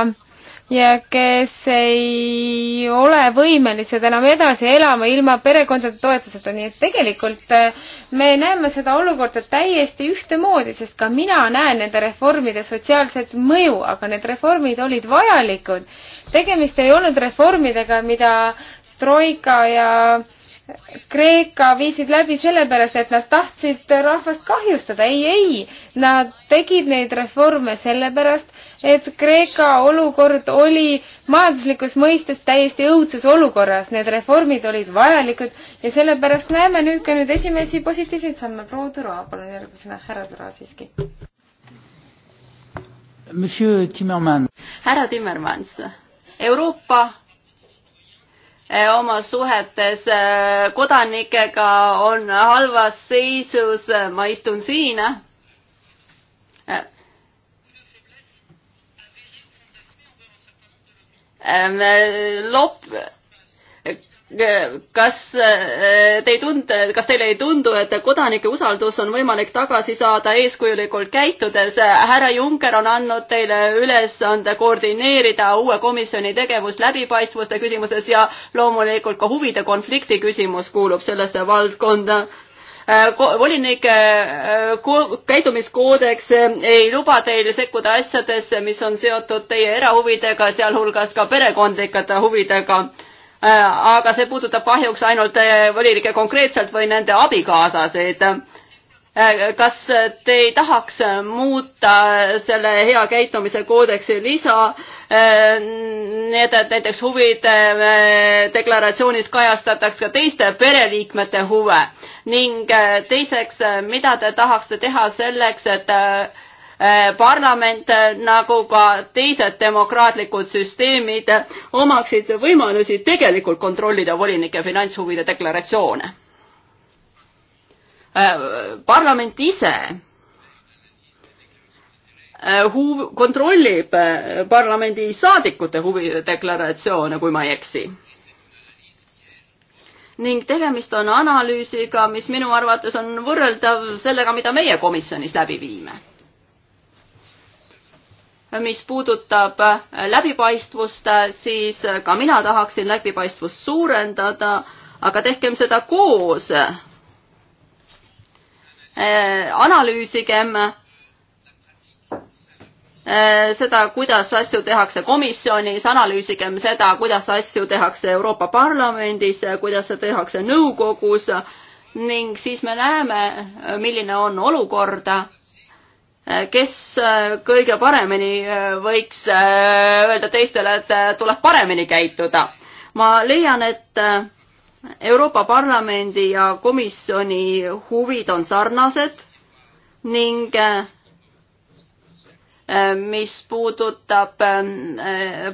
ja kes ei ole võimelised enam edasi elama ilma perekondade toetuseta, nii et tegelikult eh, me näeme seda olukorda täiesti ühtemoodi, sest ka mina näen nende reformide sotsiaalset mõju, aga need reformid olid vajalikud. tegemist ei olnud reformidega, mida Troika ja Kreeka viisid läbi sellepärast, et nad tahtsid rahvast kahjustada. ei, ei, nad tegid neid reforme sellepärast, et Kreeka olukord oli majanduslikus mõistes täiesti õudses olukorras, need reformid olid vajalikud ja sellepärast näeme nüüd ka nüüd esimesi positiivseid samme. proua Turo, palun järgmisena, härra Turo siiski. härra Timmermans, Euroopa eh, oma suhetes eh, kodanikega on halvas seisus, ma istun siin eh, Ähm, äh, lop-, äh, kas äh, te ei tunde, kas teile ei tundu, et kodanike usaldus on võimalik tagasi saada eeskujulikult käitudes? härra Juncker on andnud teile ülesande koordineerida uue komisjoni tegevust läbipaistvuste küsimuses ja loomulikult ka huvide konflikti küsimus kuulub sellesse valdkonda Äh, volinike äh, äh, käitumiskoodeks ei luba teil sekkuda asjadesse, mis on seotud teie erahuvidega, sealhulgas ka perekondlikete huvidega. aga see puudutab kahjuks ainult volinikke konkreetselt või nende abikaasasid Äh, kas te ei tahaks muuta selle hea käitumise koodeksi lisa, äh, need, et näiteks huvide äh, deklaratsioonis kajastatakse ka teiste pereliikmete huve ning teiseks, mida te tahaksite teha selleks, et parlament nagu ka teised demokraatlikud süsteemid omaksid võimalusi tegelikult kontrollida volinike finantshuvide deklaratsioone Äh, parlament ise äh, huv-, kontrollib äh, parlamendi saadikute huvideklaratsioone, kui ma ei eksi. ning tegemist on analüüsiga, mis minu arvates on võrreldav sellega, mida meie komisjonis läbi viime. mis puudutab läbipaistvust, siis ka mina tahaksin läbipaistvust suurendada, aga tehkem seda koos Äh, analüüsigem äh, seda, kuidas asju tehakse komisjonis, analüüsigem seda, kuidas asju tehakse Euroopa Parlamendis, kuidas seda tehakse nõukogus ning siis me näeme, milline on olukord, kes kõige paremini äh, võiks öelda teistele, et tuleb paremini käituda. ma leian, et Euroopa Parlamendi ja komisjoni huvid on sarnased ning äh, mis puudutab äh,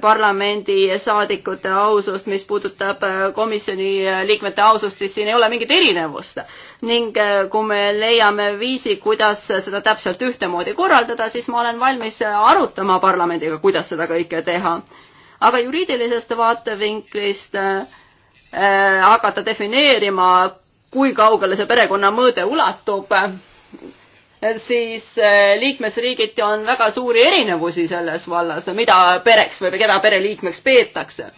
parlamendi saadikute ausust, mis puudutab äh, komisjoni liikmete ausust, siis siin ei ole mingit erinevust. ning kui me leiame viisi, kuidas seda täpselt ühtemoodi korraldada, siis ma olen valmis arutama parlamendiga, kuidas seda kõike teha. aga juriidilisest vaatevinklist äh, Äh, hakata defineerima, kui kaugele see perekonna mõõde ulatub, siis äh, liikmesriigiti on väga suuri erinevusi selles vallas, mida pereks või keda pereliikmeks peetakse.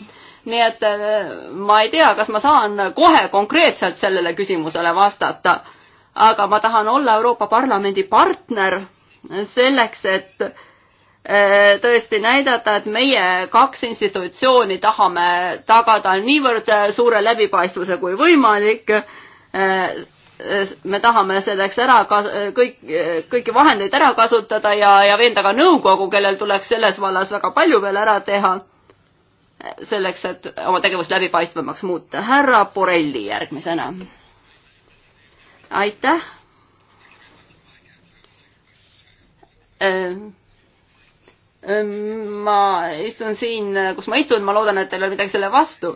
nii et äh, ma ei tea, kas ma saan kohe konkreetselt sellele küsimusele vastata, aga ma tahan olla Euroopa Parlamendi partner selleks, et Äh, tõesti näidata, et meie kaks institutsiooni tahame tagada niivõrd äh, suure läbipaistvuse kui võimalik. Äh, me tahame selleks ära kas-, kõik, kõiki vahendeid ära kasutada ja, ja veenda ka nõukogu, kellel tuleks selles vallas väga palju veel ära teha, selleks, et oma tegevust läbipaistvamaks muuta. härra Borrelli järgmisena. aitäh äh Ehm, ma istun siin, kus ma istun, ma loodan, et teil ei ole midagi selle vastu.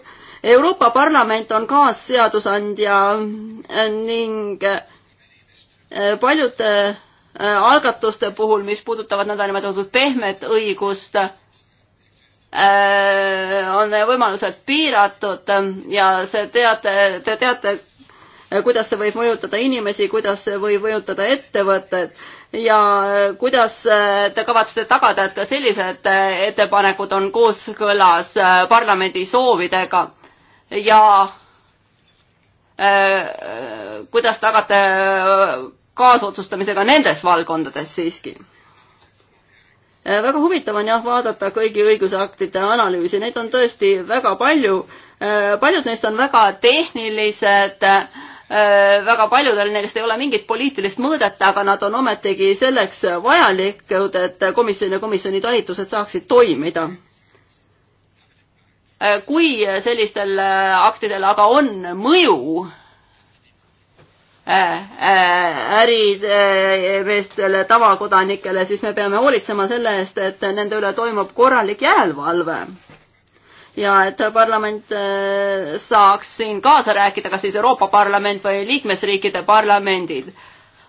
Euroopa Parlament on kaasseadusandja ehm, ning ehm, paljude algatuste puhul, mis puudutavad nõndanimetatud pehmet õigust, on meie võimalused piiratud ja see teate, te teate, kuidas see võib mõjutada inimesi, kuidas see võib mõjutada ettevõtteid et ja äh, kuidas äh, te kavatsete tagada, et ka sellised äh, ettepanekud on kooskõlas parlamendi soovidega ja kuidas tagate kaasotsustamisega nendes valdkondades siiski? väga huvitav on jah vaadata kõigi õigusaktide analüüsi, neid on tõesti väga palju. paljud neist on väga tehnilised Äh, väga paljudel neist ei ole mingit poliitilist mõõdet, aga nad on ometigi selleks vajalikud, et komisjon ja komisjoni talitused saaksid toimida. Äh, kui sellistel äh, aktidel aga on mõju ärimeestele, tavakodanikele, siis me peame hoolitsema selle eest, et nende üle toimub korralik järelevalve ja et parlament äh, saaks siin kaasa rääkida, kas siis Euroopa Parlament või liikmesriikide parlamendid.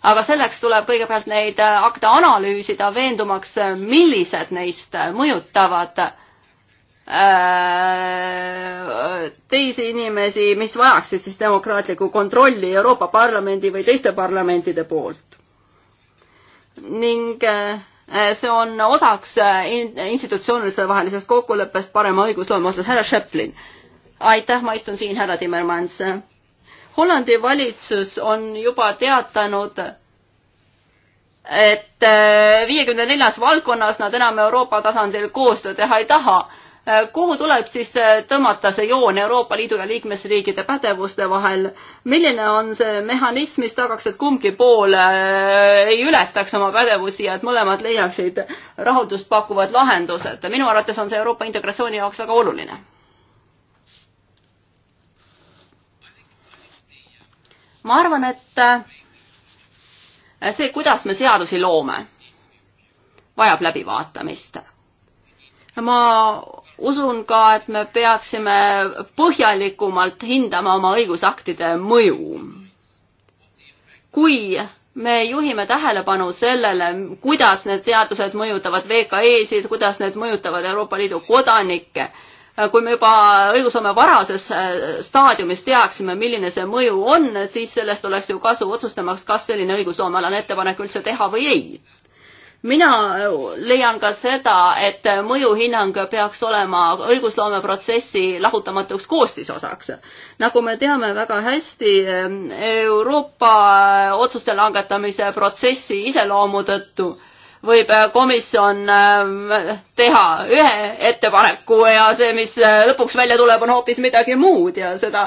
aga selleks tuleb kõigepealt neid äh, akte analüüsida, veendumaks, äh, millised neist mõjutavad teisi inimesi, mis vajaksid siis demokraatlikku kontrolli Euroopa Parlamendi või teiste parlamentide poolt. ning äh, Eh, see on osaks eh, institutsioonilise vahelisest kokkuleppest parema õigusloome osas. härra Schöpflin. aitäh, ma istun siin, härra Timmermans. Hollandi valitsus on juba teatanud, et eh, viiekümne neljas valdkonnas nad enam Euroopa tasandil koostöö teha ei taha Äh, kuhu tuleb siis äh, tõmmata see joon Euroopa Liidu ja liikmesriigide pädevuste vahel? milline on see mehhanism, mis tagaks, et kumbki pool äh, ei ületaks oma pädevusi ja et mõlemad leiaksid rahuldust pakkuvad lahendused? minu arvates on see Euroopa integratsiooni jaoks väga oluline. ma arvan, et see, kuidas me seadusi loome, vajab läbivaatamist ma usun ka, et me peaksime põhjalikumalt hindama oma õigusaktide mõju. kui me juhime tähelepanu sellele, kuidas need seadused mõjutavad VKE-sid, kuidas need mõjutavad Euroopa Liidu kodanikke, kui me juba õigusloome varases äh, staadiumis teaksime, milline see mõju on, siis sellest oleks ju kasu otsustamaks, kas selline õigusloomealane ettepanek üldse teha või ei mina äh, leian ka seda, et äh, mõjuhinnang peaks olema õigusloomeprotsessi lahutamatuks koostisosaks. nagu me teame väga hästi, ähm, Euroopa äh, otsuste langetamise protsessi iseloomu tõttu võib komisjon ähm, teha ühe ettepaneku ja see, mis lõpuks välja tuleb, on hoopis midagi muud ja seda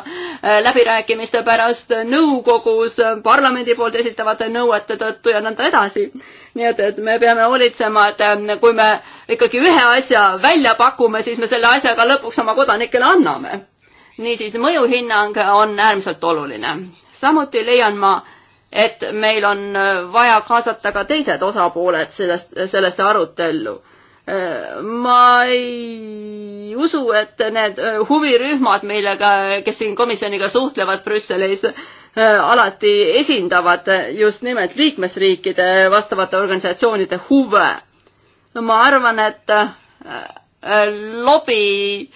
läbirääkimiste pärast nõukogus parlamendi poolt esitavate nõuete tõttu ja nõnda edasi nii et, et me peame hoolitsema, et kui me ikkagi ühe asja välja pakume, siis me selle asja ka lõpuks oma kodanikele anname. niisiis, mõjuhinnang on äärmiselt oluline. samuti leian ma, et meil on vaja kaasata ka teised osapooled sellest, sellesse arutellu ma ei usu, et need huvirühmad, millega, kes siin komisjoniga suhtlevad Brüsselis, Äh, alati esindavad just nimelt liikmesriikide vastavate organisatsioonide huve. ma arvan, et äh, äh, lobi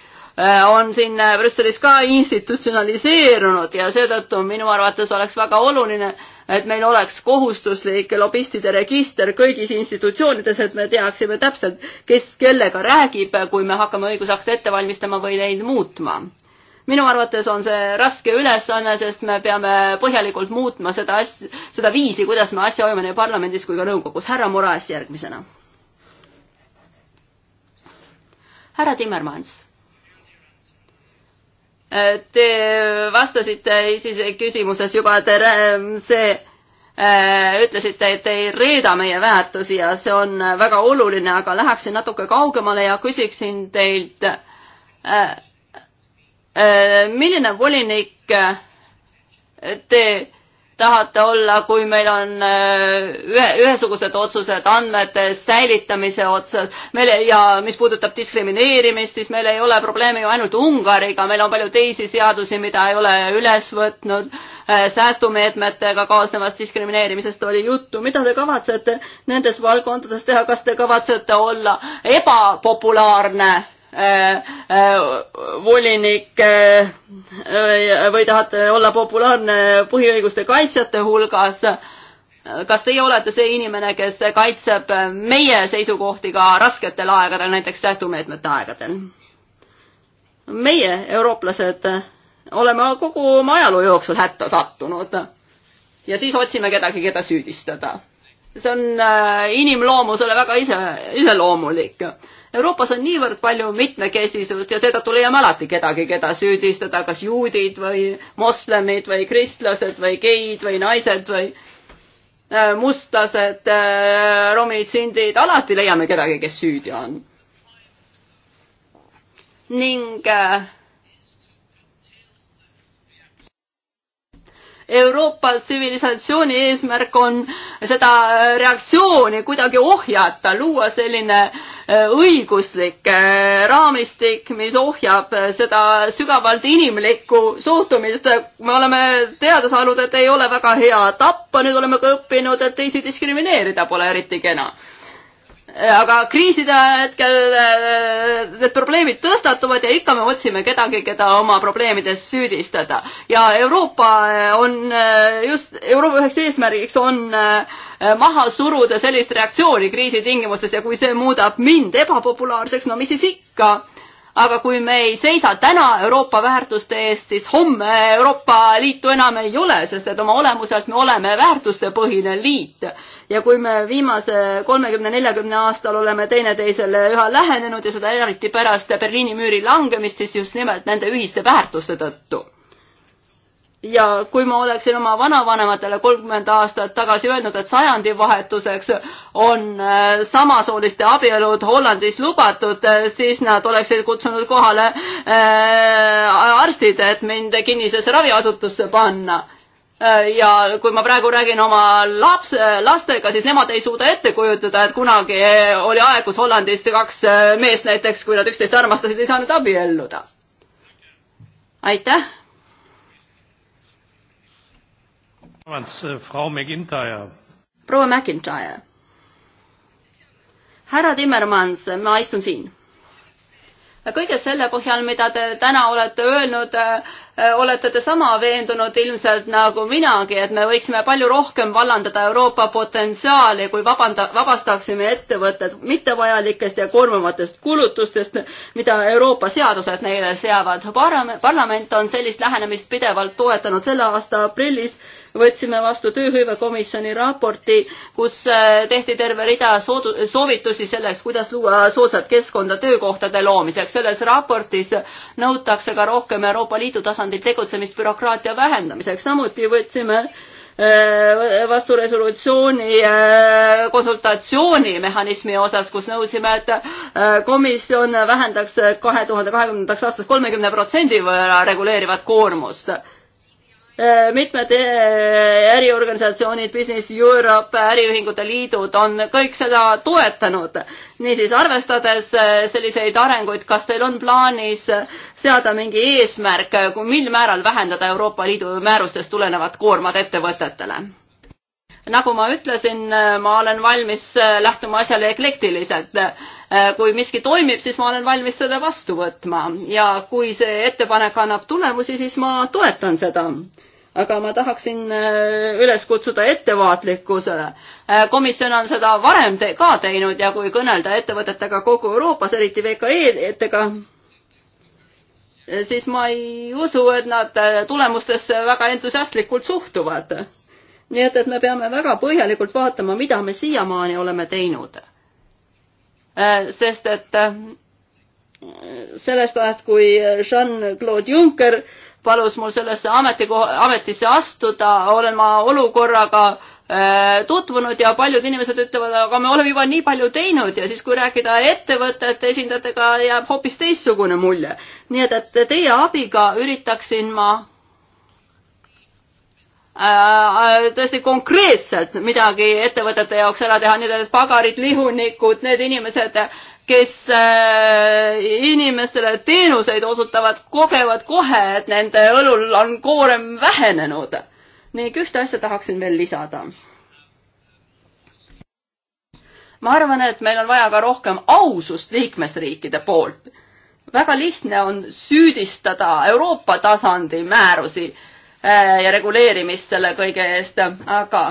on siin Brüsselis ka institutsionaliseerunud ja seetõttu minu arvates oleks väga oluline, et meil oleks kohustuslik lobistide register kõigis institutsioonides, et me teaksime täpselt, kes kellega räägib, kui me hakkame õigusakte ette valmistama või neid muutma minu arvates on see raske ülesanne, sest me peame põhjalikult muutma seda asja, seda viisi, kuidas me asja hoiame nii parlamendis kui ka nõukogus. härra Moraes järgmisena. härra Timmermans. Te vastasite isise küsimuses juba, et see äh, ütlesite, et ei reeda meie väärtusi ja see on väga oluline, aga läheksin natuke kaugemale ja küsiksin teilt äh, Äh, milline volinik äh, te tahate olla, kui meil on äh, ühe, ühesugused otsused andmete säilitamise otsas, meil ja mis puudutab diskrimineerimist, siis meil ei ole probleeme ju ainult Ungariga, meil on palju teisi seadusi, mida ei ole üles võtnud. säästumeetmetega kaasnevast diskrimineerimisest oli juttu, mida te kavatsete nendes valdkondades teha, kas te kavatsete olla ebapopulaarne Äh, äh, volinik äh, või tahate olla populaarne põhiõiguste kaitsjate hulgas. kas teie olete see inimene, kes kaitseb meie seisukohti ka rasketel aegadel, näiteks säästumeetmete aegadel? meie, eurooplased, oleme kogu oma ajaloo jooksul hätta sattunud ja siis otsime kedagi, keda süüdistada see on inimloomusele väga ise, iseloomulik. Euroopas on niivõrd palju mitmekesisust ja seetõttu leiame alati kedagi, keda süüdistada, kas juudid või moslemid või kristlased või geid või naised või äh, mustlased, äh, romid, sindid, alati leiame kedagi, kes süüdi on. ning äh, Euroopa tsivilisatsiooni eesmärk on seda äh, reaktsiooni kuidagi ohjata, luua selline äh, õiguslik äh, raamistik, mis ohjab seda sügavalt inimlikku suhtumist. me oleme teada saanud, et ei ole väga hea tappa, nüüd oleme ka õppinud, et teisi diskrimineerida pole eriti kena aga kriiside hetkel äh, need probleemid tõstatuvad ja ikka me otsime kedagi, keda oma probleemides süüdistada. ja Euroopa äh, on äh, just, Euroopa üheks eesmärgiks on maha suruda sellist reaktsiooni kriisi tingimustes ja kui see muudab mind ebapopulaarseks, no mis siis ikka aga kui me ei seisa täna Euroopa väärtuste eest, siis homme Euroopa Liitu enam ei ole, sest et oma olemuselt me oleme väärtustepõhine liit ja kui me viimase kolmekümne, neljakümne aastal oleme teineteisele üha lähenenud ja seda eriti pärast Berliini müüri langemist, siis just nimelt nende ühiste väärtuste tõttu ja kui ma oleksin oma vanavanematele kolmkümmend aastat tagasi öelnud, et sajandivahetuseks on äh, samasooliste abielud Hollandis lubatud, äh, siis nad oleksid kutsunud kohale äh, arstid, et mind kinnisesse raviasutusse panna Äh, ja kui ma praegu räägin oma laps, äh, lastega, siis nemad ei suuda ette kujutada, et kunagi äh, oli aeg, kus Hollandis kaks meest näiteks, kui nad üksteist armastasid, ei saanud abielluda. aitäh. proua McIntyre. härra Timmermans, ma istun siin kõige selle põhjal, mida te täna olete öelnud, äh, olete te sama veendunud ilmselt nagu minagi, et me võiksime palju rohkem vallandada Euroopa potentsiaali, kui vabanda, vabastaksime ettevõtted mittevajalikest ja koormavatest kulutustest, mida Euroopa seadused neile seavad. parlament on sellist lähenemist pidevalt toetanud selle aasta aprillis võtsime vastu tööhõivekomisjoni raporti, kus äh, tehti terve rida soodu-, soovitusi selleks, kuidas luua soodsat keskkonda töökohtade loomiseks. selles raportis nõutakse ka rohkem Euroopa Liidu tasandil tegutsemist bürokraatia vähendamiseks, samuti võtsime äh, vastu resolutsiooni äh, konsultatsioonimehhanismi osas, kus nõudsime, et komisjon vähendaks kahe tuhande kahekümnendaks aastaks kolmekümne protsendi võrra reguleerivat koormust Äh, mitmed äh, äriorganisatsioonid, Business Europe, Äriühingute Liidud on kõik seda toetanud. niisiis, arvestades äh, selliseid arenguid, kas teil on plaanis seada mingi eesmärk, mil määral vähendada Euroopa Liidu määrustest tulenevat koormat ettevõtetele? nagu ma ütlesin, ma olen valmis lähtuma asjale eklektiliselt. kui miski toimib, siis ma olen valmis seda vastu võtma ja kui see ettepanek annab tulemusi, siis ma toetan seda aga ma tahaksin äh, üles kutsuda ettevaatlikkusele. Äh, komisjon on seda varem te ka teinud ja kui kõnelda ettevõtetega kogu Euroopas, eriti VKE-dega, siis ma ei usu, et nad äh, tulemustesse väga entusiastlikult suhtuvad. nii et, et me peame väga põhjalikult vaatama, mida me siiamaani oleme teinud. sest et sellest ajast, kui Jean-Claude Juncker äh, palus mul sellesse ametikoha, ametisse astuda, olen ma olukorraga äh, tutvunud ja paljud inimesed ütlevad, aga me oleme juba nii palju teinud ja siis, kui rääkida ettevõtete esindajatega, jääb hoopis teistsugune mulje. nii et, et teie abiga üritaksin ma Äh, äh, tõesti konkreetselt midagi ettevõtete jaoks ära teha, nii et pagarid, lihunikud, need inimesed, kes äh, inimestele teenuseid osutavad, kogevad kohe, et nende õlul on koorem vähenenud. nii, ühte asja tahaksin veel lisada. ma arvan, et meil on vaja ka rohkem ausust liikmesriikide poolt. väga lihtne on süüdistada Euroopa tasandi määrusi Äh, ja reguleerimist selle kõige eest, aga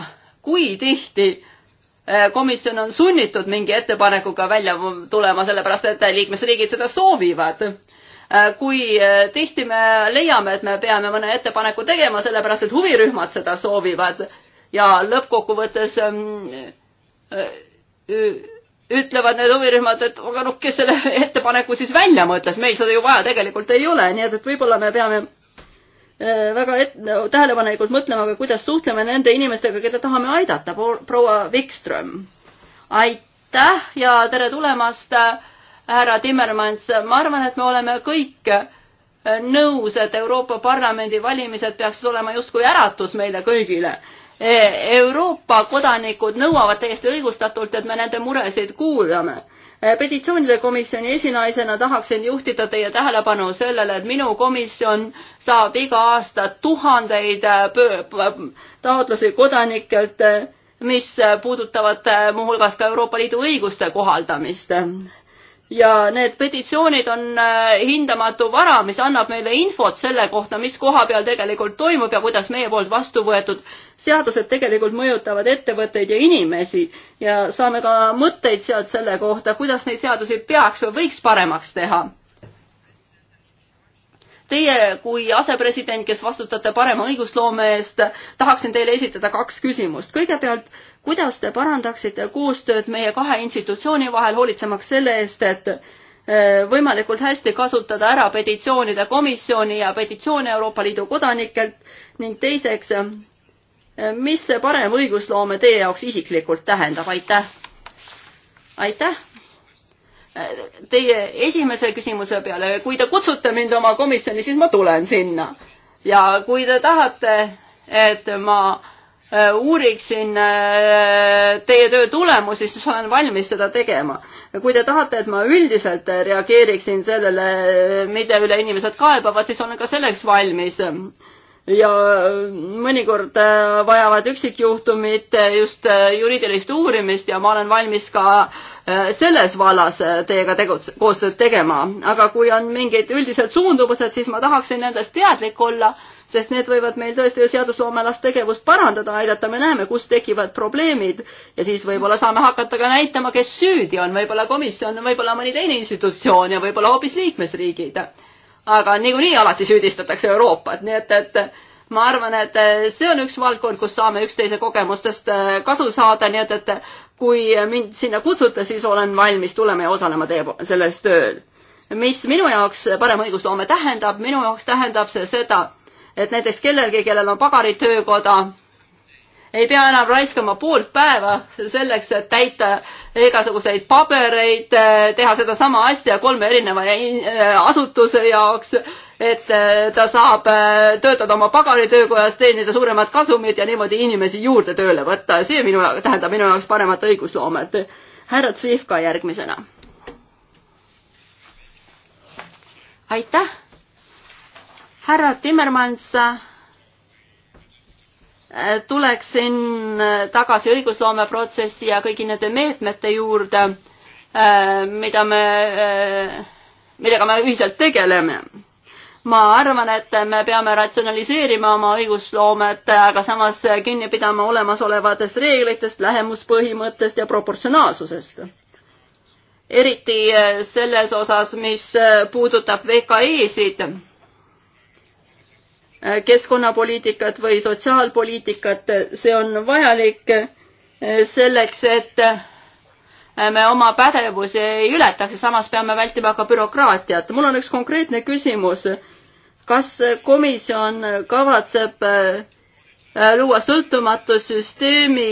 kui tihti äh, komisjon on sunnitud mingi ettepanekuga välja tulema, sellepärast et liikmesriigid seda soovivad. Äh, kui tihti me leiame, et me peame mõne ettepaneku tegema, sellepärast et huvirühmad seda soovivad ja lõppkokkuvõttes ähm, ütlevad need huvirühmad, et aga noh, kes selle ettepaneku siis välja mõtles, meil seda ju vaja tegelikult ei ole, nii et, et võib-olla me peame Äh, väga et-, tähelepanelikult mõtlema, aga kuidas suhtleme nende inimestega, keda tahame aidata, proua Wikström. aitäh ja tere tulemast, härra Timmermans. ma arvan, et me oleme kõik äh, nõus, et Euroopa Parlamendi valimised peaksid olema justkui äratus meile kõigile. Äh, Euroopa kodanikud nõuavad täiesti õigustatult, et me nende muresid kuulame Äh, petitsioonide komisjoni esinaisena tahaksin juhtida teie tähelepanu sellele, et minu komisjon saab iga aasta tuhandeid äh, taotlusi kodanikelt, äh, mis puudutavad muuhulgas ka Euroopa Liidu õiguste kohaldamist ja need petitsioonid on äh, hindamatu vara, mis annab meile infot selle kohta, mis koha peal tegelikult toimub ja kuidas meie poolt vastu võetud seadused tegelikult mõjutavad ettevõtteid ja inimesi ja saame ka mõtteid sealt selle kohta, kuidas neid seadusi peaks või võiks paremaks teha. Teie kui asepresident, kes vastutate parema õigusloome eest, tahaksin teile esitada kaks küsimust. kõigepealt, kuidas te parandaksite koostööd meie kahe institutsiooni vahel, hoolitsemaks selle eest, et eh, võimalikult hästi kasutada ära petitsioonide komisjoni ja petitsioone Euroopa Liidu kodanikelt ning teiseks, eh, mis see parem õigusloome teie jaoks isiklikult tähendab, aitäh! aitäh! Eh, teie esimese küsimuse peale, kui te kutsute mind oma komisjoni, siis ma tulen sinna. ja kui te tahate, et ma Äh, uuriksin äh, teie töö tulemusi, siis olen valmis seda tegema. kui te tahate, et ma üldiselt reageeriksin sellele, mille üle inimesed kaebavad, siis olen ka selleks valmis. ja mõnikord äh, vajavad üksikjuhtumid just juriidilist uurimist ja ma olen valmis ka selles vallas teiega tegutse-, koostööd tegema. aga kui on mingid üldised suundumused, siis ma tahaksin nendest teadlik olla sest need võivad meil tõesti seadusloomelast tegevust parandada, aidata, me näeme, kus tekivad probleemid ja siis võib-olla saame hakata ka näitama, kes süüdi on, võib-olla komisjon, võib-olla mõni teine institutsioon ja võib-olla hoopis liikmesriigid. aga niikuinii alati süüdistatakse Euroopat, nii et, et ma arvan, et see on üks valdkond, kus saame üksteise kogemustest äh, kasu saada, nii et, et kui mind sinna kutsute, siis olen valmis tulema ja osalema teie selles tööl mis minu jaoks parem õigusloome tähendab, minu jaoks tähendab see seda, et näiteks kellelgi, kellel on pagaritöökoda, ei pea enam raiskama poolt päeva selleks, et täita igasuguseid pabereid, teha sedasama asja kolme erineva asutuse jaoks, et ta saab äh, töötada oma pagaritöökojas, teenida suuremat kasumit ja niimoodi inimesi juurde tööle võtta. see minu, tähendab minu jaoks paremat õigusloomet. härra Zvivka järgmisena. aitäh härra Timmermans äh, tuleksin äh, tagasi õigusloomeprotsessi ja kõigi nende meetmete juurde, äh, mida me, millega me ühiselt tegeleme. ma arvan, et me peame ratsionaliseerima oma õigusloomet, aga samas kinni pidama olemasolevatest reeglitest, lähemuspõhimõttest ja proportsionaalsusest. eriti selles osas, mis puudutab VKE-sid Äh, keskkonnapoliitikat või sotsiaalpoliitikat, see on vajalik äh, selleks, et äh, me oma pädevusi ei ületaks ja samas peame vältima ka bürokraatiat. mul on üks konkreetne küsimus. kas komisjon kavatseb luua sõltumatu süsteemi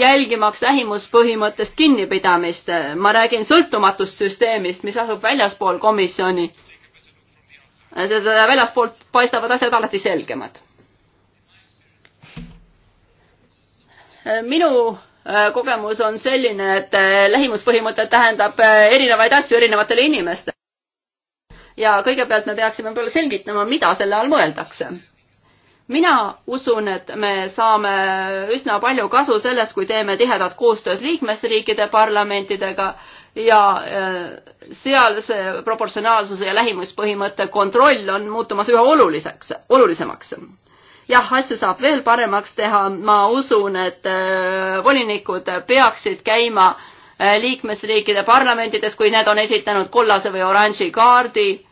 jälgimaks lähimuspõhimõttest kinnipidamist. ma räägin sõltumatust süsteemist, mis asub väljaspool komisjoni seda äh, väljaspoolt paistavad asjad alati selgemad. Äh, minu äh, kogemus on selline, et lähimuspõhimõte tähendab erinevaid asju erinevatele inimestele. ja kõigepealt me peaksime võib-olla selgitama, mida selle all mõeldakse. mina usun, et me saame üsna palju kasu sellest, kui teeme tihedat koostööd liikmesriikide parlamentidega ja äh, seal see proportsionaalsuse ja lähimuspõhimõtte kontroll on muutumas üha oluliseks, olulisemaks. jah, asja saab veel paremaks teha, ma usun, et äh, volinikud peaksid käima äh, liikmesriikide parlamendides, kui need on esitanud kollase või oranži kaardi.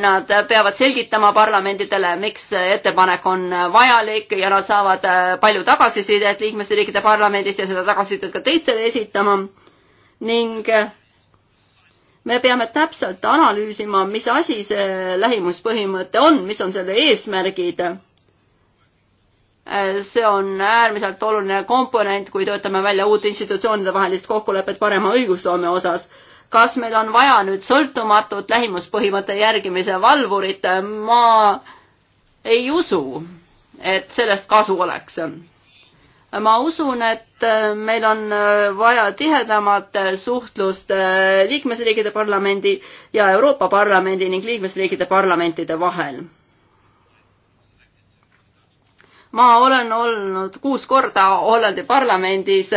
Nad peavad selgitama parlamendidele, miks ettepanek on vajalik ja nad saavad palju tagasisidet liikmesriikide parlamendist ja seda tagasisidet ka teistele esitama ning äh, me peame täpselt analüüsima, mis asi see lähimuspõhimõte on, mis on selle eesmärgid. Äh, see on äärmiselt oluline komponent, kui töötame välja uut institutsioonide vahelist kokkulepet parema õigusloome osas. kas meil on vaja nüüd sõltumatut lähimuspõhimõtte järgimise valvurit? ma ei usu, et sellest kasu oleks ma usun, et äh, meil on äh, vaja tihedamat äh, suhtlust liikmesriikide parlamendi ja Euroopa Parlamendi ning liikmesriikide parlamentide vahel. ma olen olnud kuus korda Hollandi parlamendis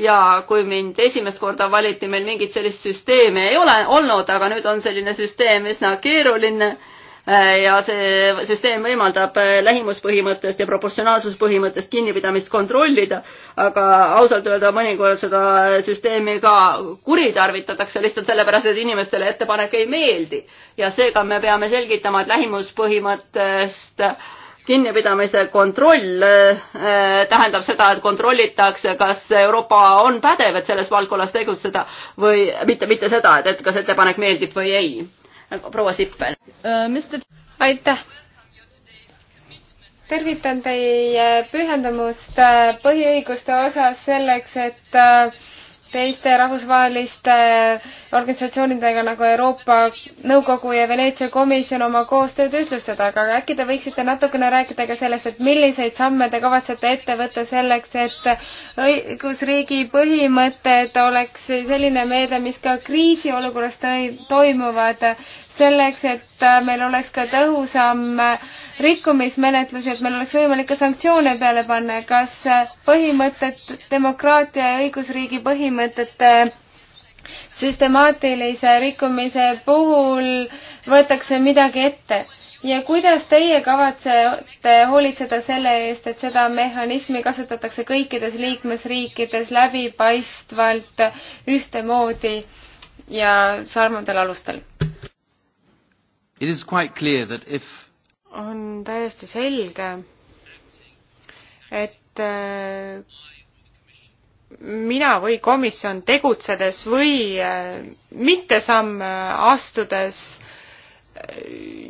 ja kui mind esimest korda valiti, meil mingit sellist süsteemi ei ole olnud, aga nüüd on selline süsteem üsna keeruline Äh, ja see süsteem võimaldab äh, lähimuspõhimõttest ja proportsionaalsuspõhimõttest kinnipidamist kontrollida, aga ausalt öelda mõnikord seda süsteemi ka kuritarvitatakse lihtsalt sellepärast, et inimestele ettepanek ei meeldi. ja seega me peame selgitama, et lähimuspõhimõttest kinnipidamise kontroll äh, tähendab seda, et kontrollitakse, kas Euroopa on pädev, et selles valdkonnas tegutseda või mitte, mitte seda, et, et kas ettepanek meeldib või ei proua Sippel. Äh, aitäh tervitan teie pühendumust äh, põhiõiguste osas selleks, et äh, teiste rahvusvaheliste organisatsioonidega nagu Euroopa Nõukogu ja Veneetsia komisjon oma koostööd ühtlustada, aga äkki te võiksite natukene rääkida ka sellest, et milliseid samme te kavatsete ette võtta selleks, et õigusriigi põhimõtted oleks selline meede, mis ka kriisiolukorras toimuvad selleks, et äh, meil oleks ka tõhusam äh, rikkumismenetlus, et meil oleks võimalik ka sanktsioone peale panna, kas äh, põhimõtted, demokraatia ja õigusriigi põhimõtete süstemaatilise rikkumise puhul võetakse midagi ette ja kuidas teie kavatsete hoolitseda selle eest, et seda mehhanismi kasutatakse kõikides liikmesriikides läbipaistvalt ühtemoodi ja sarnadel alustel? If... on täiesti selge, et äh, mina või komisjon tegutsedes või äh, mitte samme äh, astudes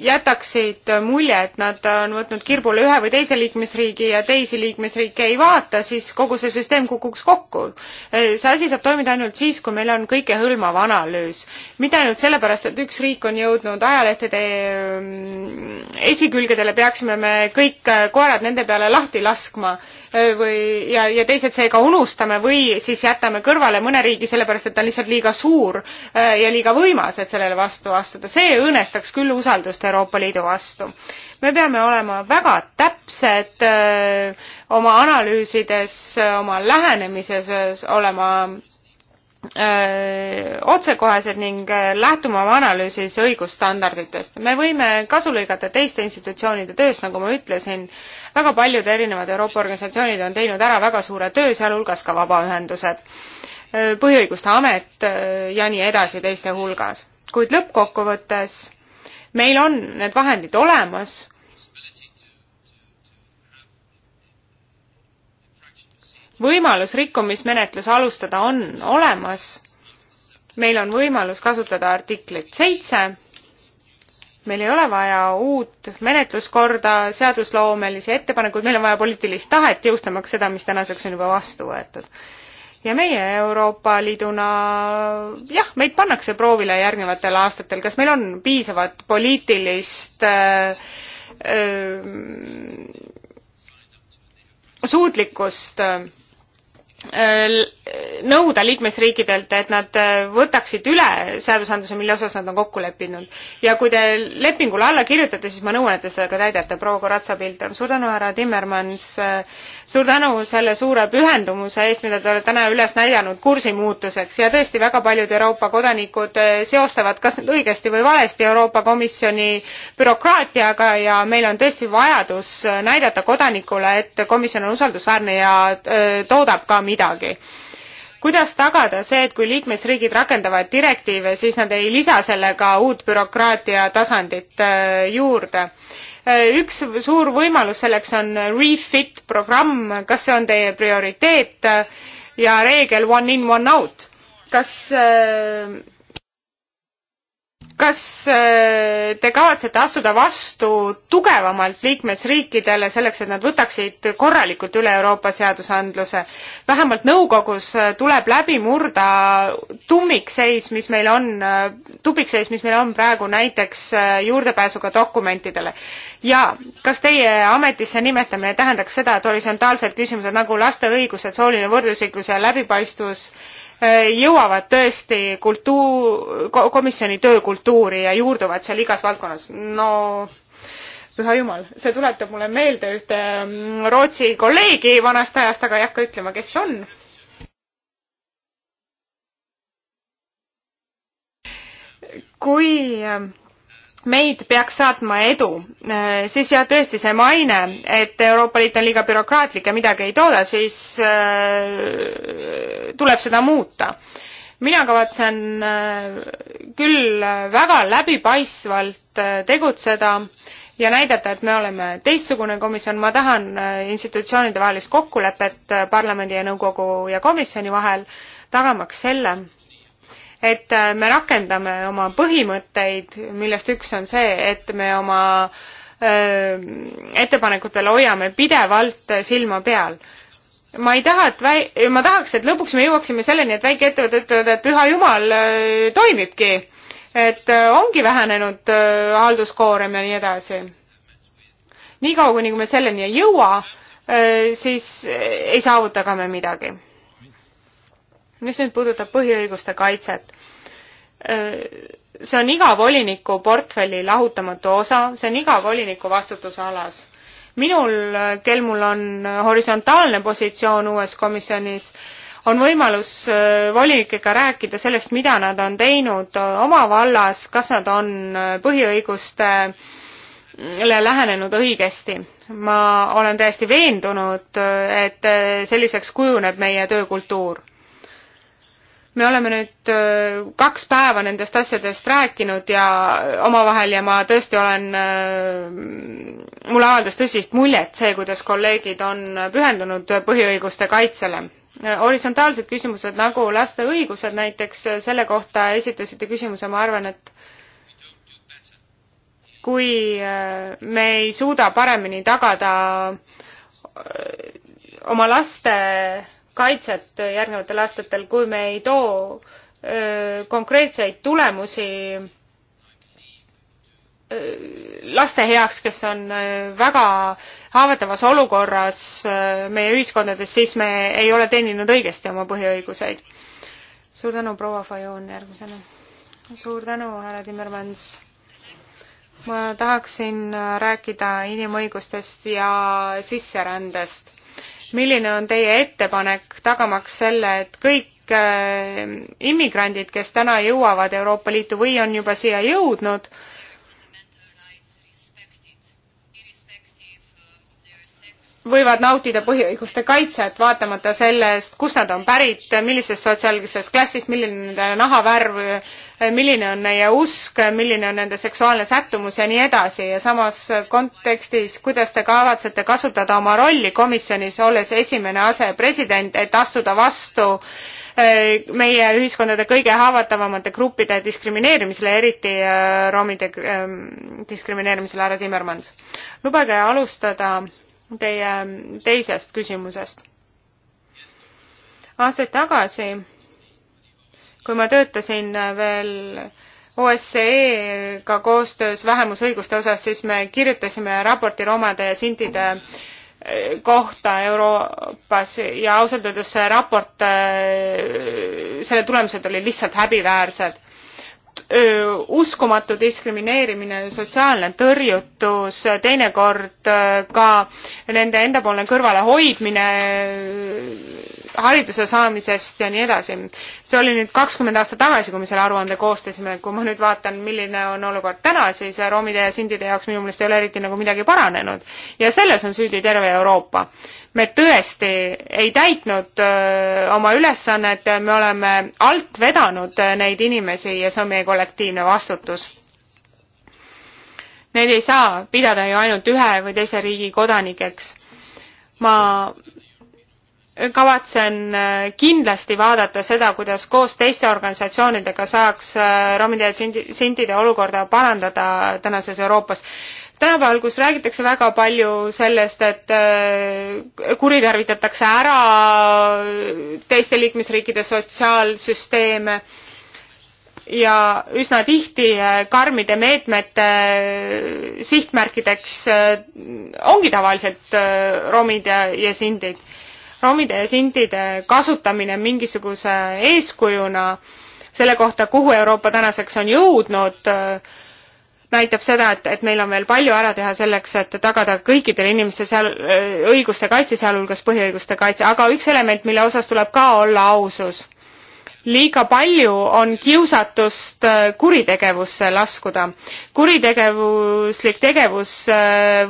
jätaksid mulje, et nad on võtnud kirbule ühe või teise liikmesriigi ja teisi liikmesriike ei vaata, siis kogu see süsteem kukuks kokku. see asi saab toimida ainult siis, kui meil on kõikehõlmav analüüs. mitte ainult sellepärast, et üks riik on jõudnud ajalehtede mm, esikülgedele, peaksime me kõik koerad nende peale lahti laskma e, või, ja, ja teised seega unustame või siis jätame kõrvale mõne riigi sellepärast, et ta on lihtsalt liiga suur e, ja liiga võimas, et sellele vastu astuda. see õõnestaks küll küll usaldust Euroopa Liidu vastu. me peame olema väga täpsed öö, äh, oma analüüsides, äh, oma lähenemises, äh, olema otsekohesed ning lähtuma oma analüüsis õigusstandarditest. me võime kasu lõigata teiste institutsioonide tööst, nagu ma ütlesin, väga paljud erinevad Euroopa organisatsioonid on teinud ära väga suure töö, sealhulgas ka vabaühendused, Põhiõiguste Amet ja nii edasi teiste hulgas. kuid lõppkokkuvõttes meil on need vahendid olemas. võimalus rikkumismenetlus alustada on olemas. meil on võimalus kasutada artiklit seitse. meil ei ole vaja uut menetluskorda, seadusloomelisi ettepanekuid, meil on vaja poliitilist tahet jõustamaks seda, mis tänaseks on juba vastu võetud ja meie Euroopa Liiduna, jah, meid pannakse proovile järgnevatel aastatel, kas meil on piisavat poliitilist äh, äh, suutlikkust äh, Äh, nõuda liikmesriikidelt, et nad äh, võtaksid üle seadusandluse, mille osas nad on kokku leppinud. ja kui te lepingule alla kirjutate, siis ma nõuan, et te seda ka täidate, proua Koratsa-Pilt. suur tänu, härra Timmermans, äh, suur tänu selle suure pühendumuse eest, mida te olete täna üles näidanud kursimuutuseks ja tõesti, väga paljud Euroopa kodanikud seostavad kas nüüd õigesti või valesti Euroopa Komisjoni bürokraatiaga ja meil on tõesti vajadus näidata kodanikule, et komisjon on usaldusväärne ja toodab ka midagi kuidas tagada see, et kui liikmesriigid rakendavad direktiive, siis nad ei lisa sellega uut bürokraatia tasandit äh, juurde? Äh, üks suur võimalus selleks on Refit programm, kas see on teie prioriteet äh, ja reegel one in, one out? kas äh, kas äh, te kavatsete astuda vastu tugevamalt liikmesriikidele selleks, et nad võtaksid korralikult üle Euroopa seadusandluse? vähemalt nõukogus äh, tuleb läbi murda tummikseis, mis meil on, äh, tupikseis, mis meil on praegu näiteks juurdepääsuga dokumentidele. ja kas teie ametisse nimetamine tähendaks seda, et horisontaalsed küsimused nagu laste õigused, sooline võrdõiguslikkus ja läbipaistvus äh, Eh, jõuavad tõesti kultuur, komisjoni töökultuuri ja juurduvad seal igas valdkonnas. no püha jumal, see tuletab mulle meelde ühte mm, Rootsi kolleegi vanast ajast, aga ei hakka ütlema, kes see on. kui eh, meid peaks saatma edu, äh, siis jah, tõesti see maine, et Euroopa Liit on liiga bürokraatlik ja midagi ei tooda, siis äh, tuleb seda muuta. mina kavatsen äh, küll väga läbipaistvalt tegutseda ja näidata, et me oleme teistsugune komisjon, ma tahan institutsioonide vahelist kokkulepet parlamendi ja nõukogu ja komisjoni vahel, tagamaks selle, et äh, me rakendame oma põhimõtteid, millest üks on see, et me oma äh, ettepanekutele hoiame pidevalt silma peal. ma ei taha, et väi-, ma tahaks, et lõpuks me jõuaksime selleni, et väikeettevõtted ütlevad, et püha jumal, äh, toimibki. et ongi vähenenud halduskoorem ja nii edasi. niikaua, kuni me selleni ei jõua, siis ei saavuta ka me midagi mis nüüd puudutab põhiõiguste kaitset, äh, see on iga voliniku portfelli lahutamatu osa, see on iga voliniku vastutusalas. minul, äh, kel mul on horisontaalne positsioon uues komisjonis, on võimalus äh, volinikega rääkida sellest, mida nad on teinud oma vallas, kas nad on põhiõigustele lähenenud õigesti. ma olen täiesti veendunud, et selliseks kujuneb meie töökultuur me oleme nüüd äh, kaks päeva nendest asjadest rääkinud ja omavahel ja ma tõesti olen, äh, mulle avaldas tõsist muljet see, kuidas kolleegid on pühendunud põhiõiguste kaitsele. horisontaalsed küsimused nagu laste õigused näiteks, äh, selle kohta esitasite küsimuse, ma arvan, et kui me ei suuda paremini tagada oma laste kaitset järgnevatel aastatel, kui me ei too öö, konkreetseid tulemusi öö, laste heaks, kes on öö, väga haavatavas olukorras meie ühiskondades, siis me ei ole teeninud õigesti oma põhiõiguseid. suur tänu, proua Fajoon järgmisena. suur tänu, härra Timmermans ma tahaksin rääkida inimõigustest ja sisserändest milline on teie ettepanek tagamaks selle, et kõik äh, immigrandid, kes täna jõuavad Euroopa Liitu või on juba siia jõudnud äh,, võivad nautida põhiõiguste kaitset, vaatamata sellest, kust nad on pärit, millisest sotsiaalsest klassist, milline on nende nahavärv, milline on neie usk, milline on nende seksuaalne sättumus ja nii edasi ja samas kontekstis, kuidas te kavatsete kasutada oma rolli komisjonis, olles esimene asepresident, et astuda vastu eh, meie ühiskondade kõige haavatavamate gruppide diskrimineerimisele, eriti eh, romide eh, diskrimineerimisele, härra Timmermans. lubage alustada teie teisest küsimusest. aastaid tagasi, kui ma töötasin veel OSCE-ga koostöös vähemusõiguste osas, siis me kirjutasime raporti romade ja sintide eh, kohta Euroopas ja ausalt öeldes see raport, eh, selle tulemused olid lihtsalt häbiväärsed uskumatu diskrimineerimine, sotsiaalne tõrjutus, teinekord ka nende endapoolne kõrvalehoidmine hariduse saamisest ja nii edasi. see oli nüüd kakskümmend aastat tagasi, kui me selle aruande koostasime, kui ma nüüd vaatan, milline on olukord täna, siis romide ja sindide jaoks minu meelest ei ole eriti nagu midagi paranenud. ja selles on süüdi terve Euroopa me tõesti ei täitnud öö, äh, oma ülesannet, me oleme alt vedanud äh, neid inimesi ja see on meie kollektiivne vastutus. Neid ei saa pidada ju ainult ühe või teise riigi kodanikeks. ma kavatsen äh, kindlasti vaadata seda, kuidas koos teiste organisatsioonidega saaks romide ja sindide olukorda parandada tänases Euroopas tänapäeval, kus räägitakse väga palju sellest, et äh, kuritarvitatakse ära teiste liikmesriikide sotsiaalsüsteeme ja üsna tihti äh, karmide meetmete äh, sihtmärkideks ongi tavaliselt romid ja, ja sindid. romide ja sindide kasutamine mingisuguse eeskujuna selle kohta, kuhu Euroopa tänaseks on jõudnud äh, näitab seda, et, et meil on veel palju ära teha selleks, et tagada kõikidele inimeste seal õiguste kaitse, sealhulgas põhiõiguste kaitse, aga üks element, mille osas tuleb ka olla ausus. liiga palju on kiusatust kuritegevusse laskuda. kuritegevuslik tegevus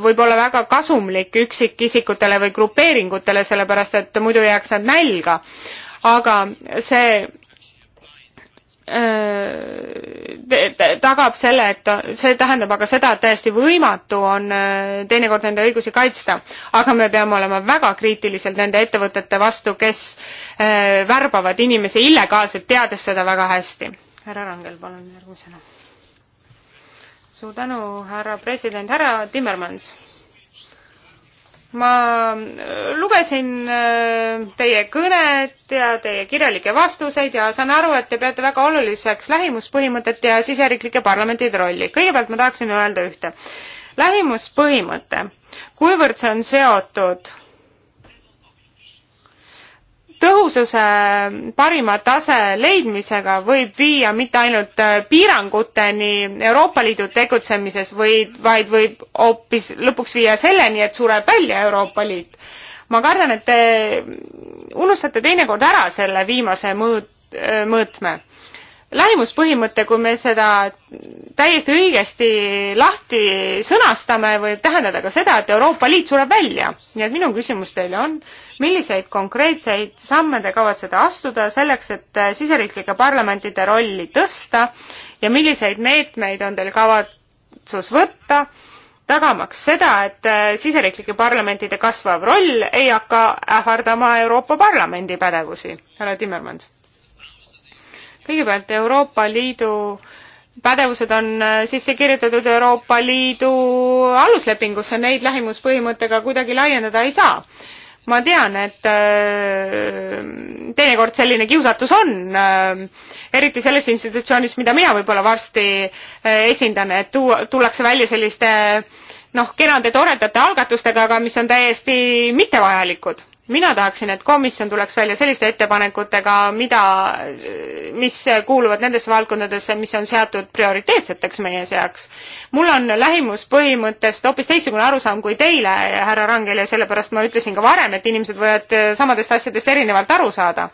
võib olla väga kasumlik üksikisikutele või grupeeringutele, sellepärast et muidu jääks nad nälga aga see tagab selle, et see tähendab aga seda, et täiesti võimatu on teinekord nende õigusi kaitsta. aga me peame olema väga kriitilised nende ettevõtete vastu, kes värbavad inimesi illegaalselt, teades seda väga hästi. härra Rangel, palun järgmisena. suur tänu, härra president, härra Timmermans ma äh, lugesin äh, teie kõnet ja teie kirjalikke vastuseid ja saan aru, et te peate väga oluliseks lähimuspõhimõtet ja siseriiklike parlamentide rolli. kõigepealt ma tahaksin öelda ühte. lähimuspõhimõte, kuivõrd see on seotud tõhususe parima tase leidmisega võib viia mitte ainult äh, piiranguteni Euroopa Liidu tegutsemises, vaid, vaid võib hoopis lõpuks viia selleni, et sureb välja Euroopa Liit. ma kardan, et te unustate teinekord ära selle viimase mõõt-, äh, mõõtme lähimuspõhimõte, kui me seda täiesti õigesti lahti sõnastame, võib tähendada ka seda, et Euroopa Liit sureb välja. nii et minu küsimus teile on, milliseid konkreetseid samme te kavatsete astuda selleks, et siseriiklike parlamentide rolli tõsta ja milliseid meetmeid on teil kavatsus võtta, tagamaks seda, et siseriiklike parlamentide kasvav roll ei hakka ähvardama Euroopa Parlamendi pädevusi? härra Timmermans kõigepealt Euroopa Liidu pädevused on äh, sisse kirjutatud Euroopa Liidu aluslepingusse, neid lähimuspõhimõttega kuidagi laiendada ei saa. ma tean, et äh, teinekord selline kiusatus on, äh, eriti selles institutsioonis, mida mina võib-olla varsti esindan, et tuua, tullakse välja selliste noh, kenade toredate algatustega, aga mis on täiesti mittevajalikud mina tahaksin, et komisjon tuleks välja selliste ettepanekutega, mida, mis kuuluvad nendesse valdkondadesse, mis on seatud prioriteetseteks meie seaks. mul on lähimuspõhimõttest hoopis teistsugune arusaam kui teile, härra Rangel, ja sellepärast ma ütlesin ka varem, et inimesed võivad samadest asjadest erinevalt aru saada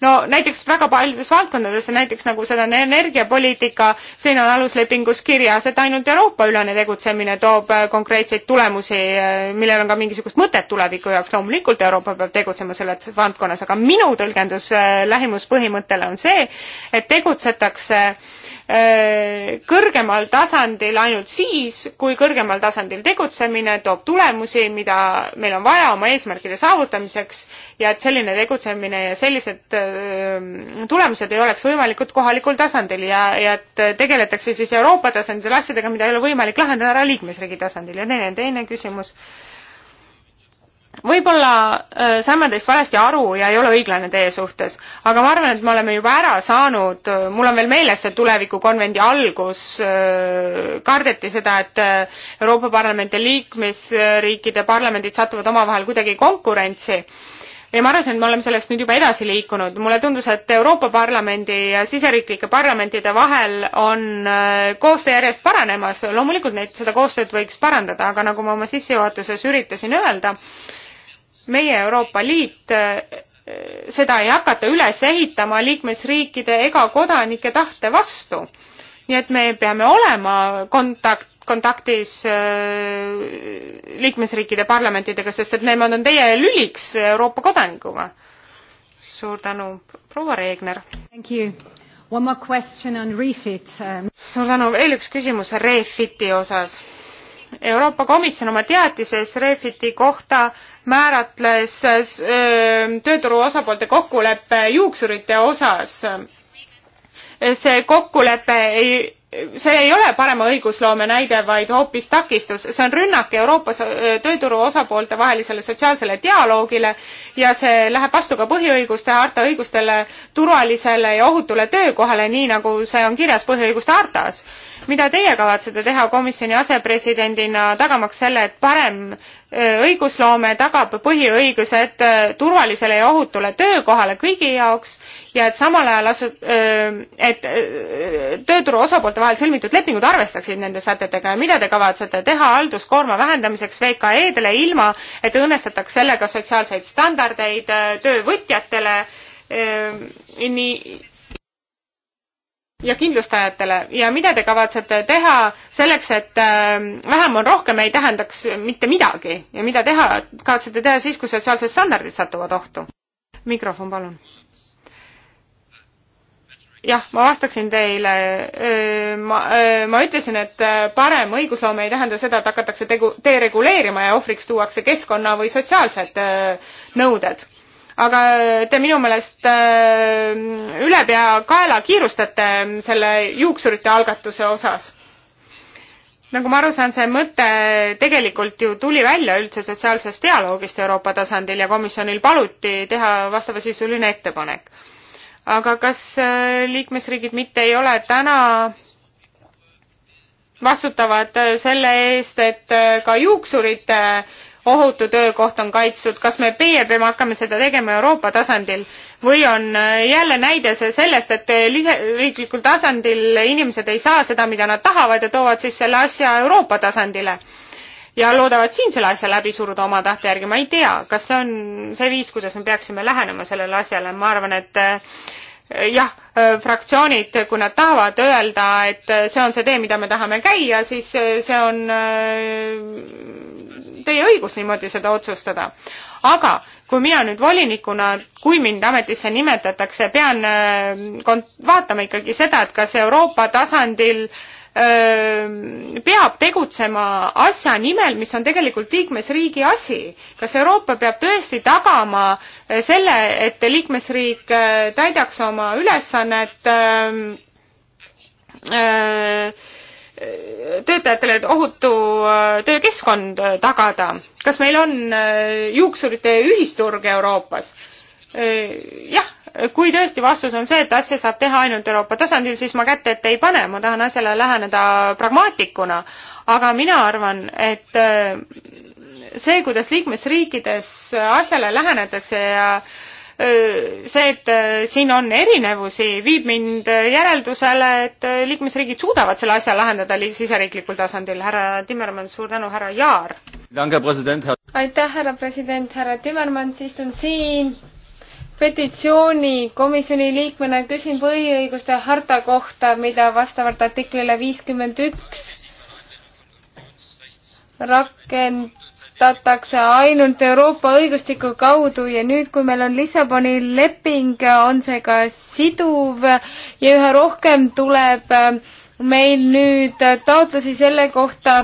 no näiteks väga paljudes valdkondades, näiteks nagu seal on energiapoliitika, siin on aluslepingus kirjas, et ainult Euroopa-ülene tegutsemine toob äh, konkreetseid tulemusi, äh, millel on ka mingisugust mõtet tuleviku jaoks. loomulikult Euroopa peab tegutsema selles valdkonnas, aga minu tõlgendus äh, lähimuspõhimõttele on see, et tegutsetakse äh, Äh, kõrgemal tasandil ainult siis, kui kõrgemal tasandil tegutsemine toob tulemusi, mida meil on vaja oma eesmärkide saavutamiseks ja et selline tegutsemine ja sellised äh, tulemused ei oleks võimalikud kohalikul tasandil ja, ja et tegeletakse siis Euroopa tasandil asjadega, mida ei ole võimalik lahendada ära liikmesriigi tasandil ja teine, teine küsimus äh, võib-olla äh, saame teist valesti aru ja ei ole õiglane teie suhtes, aga ma arvan, et me oleme juba ära saanud, äh, mul on veel meeles see tulevikukonvendi algus äh,, kardeti seda, et äh, Euroopa Parlamendi liikmesriikide parlamendid satuvad omavahel kuidagi konkurentsi ja ma arvasin, et me oleme sellest nüüd juba edasi liikunud. mulle tundus, et Euroopa Parlamendi ja siseriiklike parlamentide vahel on äh, koostöö järjest paranemas. loomulikult neid, seda koostööd võiks parandada, aga nagu ma oma sissejuhatuses üritasin öelda, meie Euroopa Liit, äh, seda ei hakata üles ehitama liikmesriikide ega kodanike tahte vastu. nii et me peame olema kontakt, kontaktis äh, liikmesriikide parlamentidega, sest et nemad on teie lüliks Euroopa kodanikuga. suur tänu, proua Reegner. Uh, suur tänu, veel üks küsimus Refiti osas Euroopa Komisjon oma teatises Refiti kohta määratles äh, tööturu osapoolte kokkuleppe juuksurite osas. see kokkulepe ei see ei ole parema õigusloome näide, vaid hoopis takistus. see on rünnak Euroopa tööturu osapoolte vahelisele sotsiaalsele dialoogile ja see läheb vastu ka põhiõiguste harta õigustele turvalisele ja ohutule töökohale, nii nagu see on kirjas põhiõiguste hartas. mida teie kavatsete teha komisjoni asepresidendina, tagamaks selle, et parem õigusloome tagab põhiõigused turvalisele ja ohutule töökohale kõigi jaoks ja et samal ajal asu-, et tööturu osapoolte vahel sõlmitud lepingud arvestaksid nende sätetega ja mida te kavatsete teha halduskoorma vähendamiseks VKE-dele ilma, et õõnestataks sellega sotsiaalseid standardeid töövõtjatele nii ja kindlustajatele ja mida te kavatsete teha selleks, et vähem on rohkem ei tähendaks mitte midagi ja mida teha, kavatsete teha siis, kui sotsiaalsed standardid satuvad ohtu? mikrofon, palun jah, ma vastaksin teile. ma, ma ütlesin, et äh, parem õigusloome ei tähenda seda, et hakatakse tegu, dereguleerima ja ohvriks tuuakse keskkonna või sotsiaalsed nõuded. aga te minu meelest ülepeakaela kiirustate selle juuksurite algatuse osas nagu ma aru saan, see mõte tegelikult ju tuli välja üldse sotsiaalsest dialoogist Euroopa tasandil ja komisjonil paluti teha vastavasisuline ettepanek aga kas äh, liikmesriigid mitte ei ole täna vastutavad äh, selle eest, et äh, ka juuksurite ohutu töökoht on kaitstud, kas me meie peame hakkama seda tegema Euroopa tasandil või on jälle näide see sellest, et riiklikul tasandil inimesed ei saa seda, mida nad tahavad ja toovad siis selle asja Euroopa tasandile ja loodavad siin selle asja läbi suruda oma tahte järgi, ma ei tea, kas see on see viis, kuidas me peaksime lähenema sellele asjale, ma arvan, et eh, jah, eh, fraktsioonid, kui nad tahavad öelda, et eh, see on see tee, mida me tahame käia, siis see on teie õigus niimoodi seda otsustada. aga kui mina nüüd volinikuna, kui mind ametisse nimetatakse, pean vaatama ikkagi seda, et kas Euroopa tasandil äh, peab tegutsema asja nimel, mis on tegelikult liikmesriigi asi. kas Euroopa peab tõesti tagama selle, et liikmesriik täidaks oma ülesannet töötajatele ohutu töökeskkond tagada? kas meil on juuksurite ühisturg Euroopas? jah, kui tõesti vastus on see, et asja saab teha ainult Euroopa tasandil, siis ma kätt ette ei pane, ma tahan asjale läheneda pragmaatikuna. aga mina arvan, et äh, see, kuidas liikmesriikides asjale lähenetakse ja äh, see, et äh, siin on erinevusi, viib mind järeldusele, et liikmesriigid suudavad selle asja lahendada siseriiklikul tasandil. härra Timmermann, suur tänu, härra Jaar! aitäh, härra president, härra Timmermann, istun siin petitsioonikomisjoni liikmena küsin põhiõiguste harta kohta, mida vastavalt artiklile viiskümmend üks rakendatakse ainult Euroopa õigustiku kaudu ja nüüd, kui meil on Lissaboni leping, on see ka siduv ja üha rohkem tuleb äh, meil nüüd taotlusi selle kohta,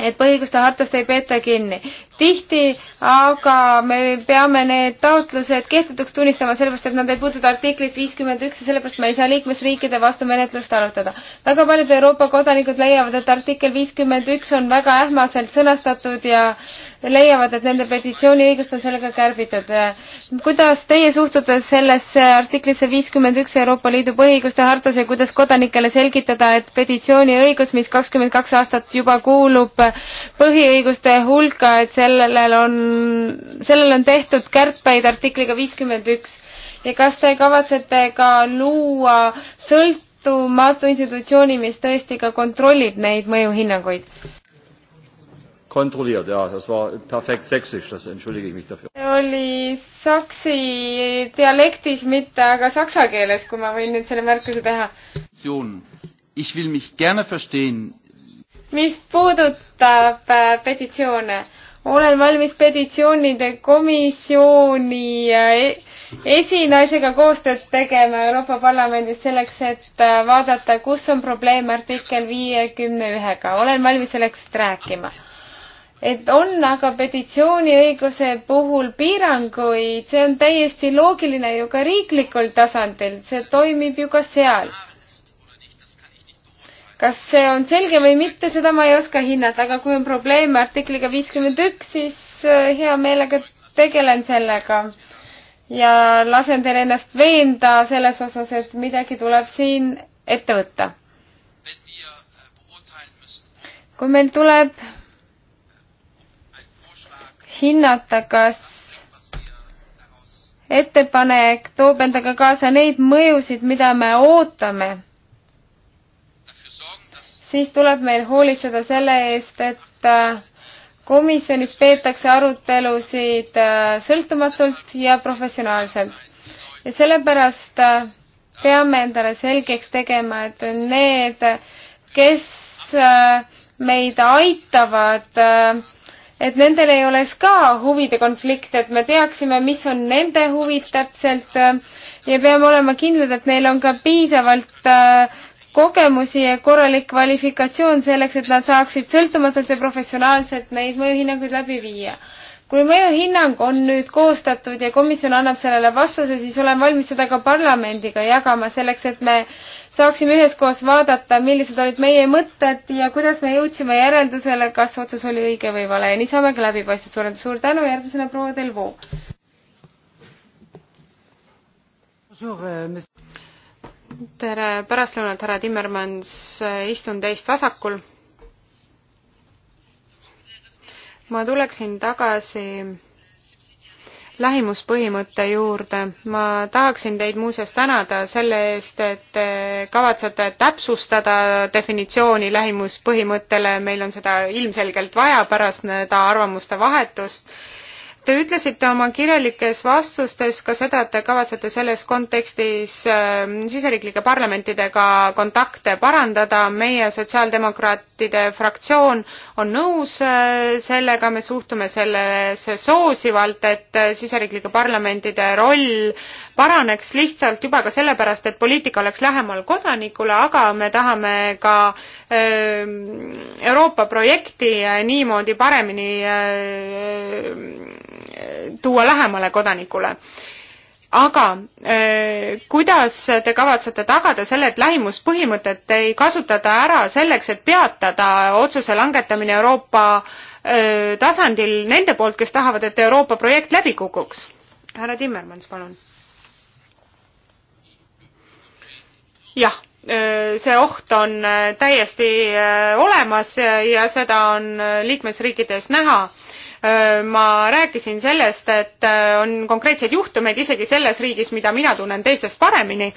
et põhiõiguste hartast ei peeta kinni tihti, aga me peame need taotlused kehtetuks tunnistama, sellepärast et nad ei puuduta artiklit viiskümmend üks ja sellepärast me ei saa liikmesriikide vastu menetlust arutada. väga paljud Euroopa kodanikud leiavad, et artikkel viiskümmend üks on väga ähmaselt sõnastatud ja leiavad, et nende petitsiooniõigust on sellega kärbitud. kuidas teie suhtute sellesse artiklisse viiskümmend üks Euroopa Liidu põhiõiguste hartas ja kuidas kodanikele selgitada, et petitsiooniõigus, mis kakskümmend kaks aastat juba kuulub põhiõiguste hulka, et see sellel on, sellel on tehtud kärpeid artikliga viiskümmend üks ja kas te kavatsete ka luua sõltumatu institutsiooni, mis tõesti ka kontrollib neid mõjuhinnanguid? kontrolliert, ja, das war perfekt sächsisch, das entschuldige ich mich dafür. oli saksi dialektis, mitte aga saksa keeles, kui ma võin nüüd selle märkuse teha. Ich will mich gerne verstehen. mis puudutab äh, petitsioone, olen valmis petitsioonide komisjoni äh, e-, esinaisega koostööd tegema Euroopa Parlamendis selleks, et äh, vaadata, kus on probleem artikkel viiekümne ühega. olen valmis selleks rääkima. et on aga petitsiooniõiguse puhul piiranguid, see on täiesti loogiline ju ka riiklikul tasandil, see toimib ju ka seal kas see on selge või mitte, seda ma ei oska hinnata, aga kui on probleeme artikliga viiskümmend üks, siis äh, hea meelega tegelen sellega. ja lasen teil ennast veenda selles osas, et midagi tuleb siin ette võtta. kui meil tuleb hinnata, kas ettepanek toob endaga kaasa neid mõjusid, mida me ootame siis tuleb meil hoolitseda selle eest, et äh, komisjonis peetakse arutelusid äh, sõltumatult ja professionaalselt. ja sellepärast äh, peame endale selgeks tegema, et need, kes meid aitavad, et nendel ei oleks ka huvide konflikt, et me teaksime, mis on nende huvid täpselt ja peame olema kindlad, et neil on ka piisavalt kogemusi ja korralik kvalifikatsioon selleks, et nad saaksid sõltumatult ja professionaalselt neid mõjuhinnanguid läbi viia. kui mõjuhinnang on nüüd koostatud ja komisjon annab sellele vastuse, siis olen valmis seda ka parlamendiga jagama, selleks et me saaksime üheskoos vaadata, millised olid meie mõtted ja kuidas me jõudsime järeldusele, kas otsus oli õige või vale ja nii saamegi läbipaistvust suurendada. suur tänu, järgmisena proua Delvaux. Euh, tere pärastlõunat, härra Timmermans, istun teist vasakul. ma tuleksin tagasi lähimuspõhimõtte juurde. ma tahaksin teid muuseas tänada selle eest, et te kavatsete täpsustada definitsiooni lähimuspõhimõttele, meil on seda ilmselgelt vaja pärast seda arvamuste vahetust Te ütlesite oma kirjalikes vastustes ka seda, et te kavatsete selles kontekstis ähm, siseriiklike parlamentidega kontakte parandada. meie sotsiaaldemokraatide fraktsioon on nõus äh, sellega, me suhtume sellesse soosivalt, et äh, siseriiklike parlamentide roll paraneks lihtsalt juba ka sellepärast, et poliitika oleks lähemal kodanikule, aga me tahame ka ähm, Euroopa projekti äh, niimoodi paremini tuua lähemale kodanikule aga äh, kuidas te kavatsete tagada selle, et lähimuspõhimõtet ei kasutata ära selleks, et peatada otsuse langetamine Euroopa äh, tasandil nende poolt, kes tahavad, et Euroopa projekt läbi kukuks? härra Timmermans, palun. jah äh,, see oht on äh, täiesti äh, olemas ja, ja seda on äh, liikmesriikides näha ma rääkisin sellest, et on konkreetseid juhtumeid isegi selles riigis, mida mina tunnen teistest paremini,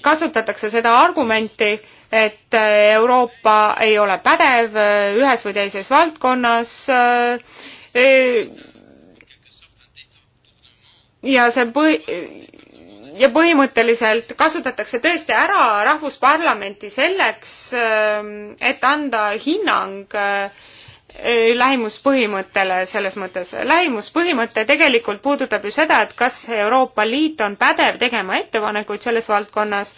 kasutatakse seda argumenti, et Euroopa ei ole pädev ühes või teises valdkonnas. ja see põhi, ja põhimõtteliselt kasutatakse tõesti ära rahvusparlamenti selleks, et anda hinnang lähimuspõhimõttele selles mõttes. lähimuspõhimõte tegelikult puudutab ju seda, et kas Euroopa Liit on pädev tegema ettepanekuid selles valdkonnas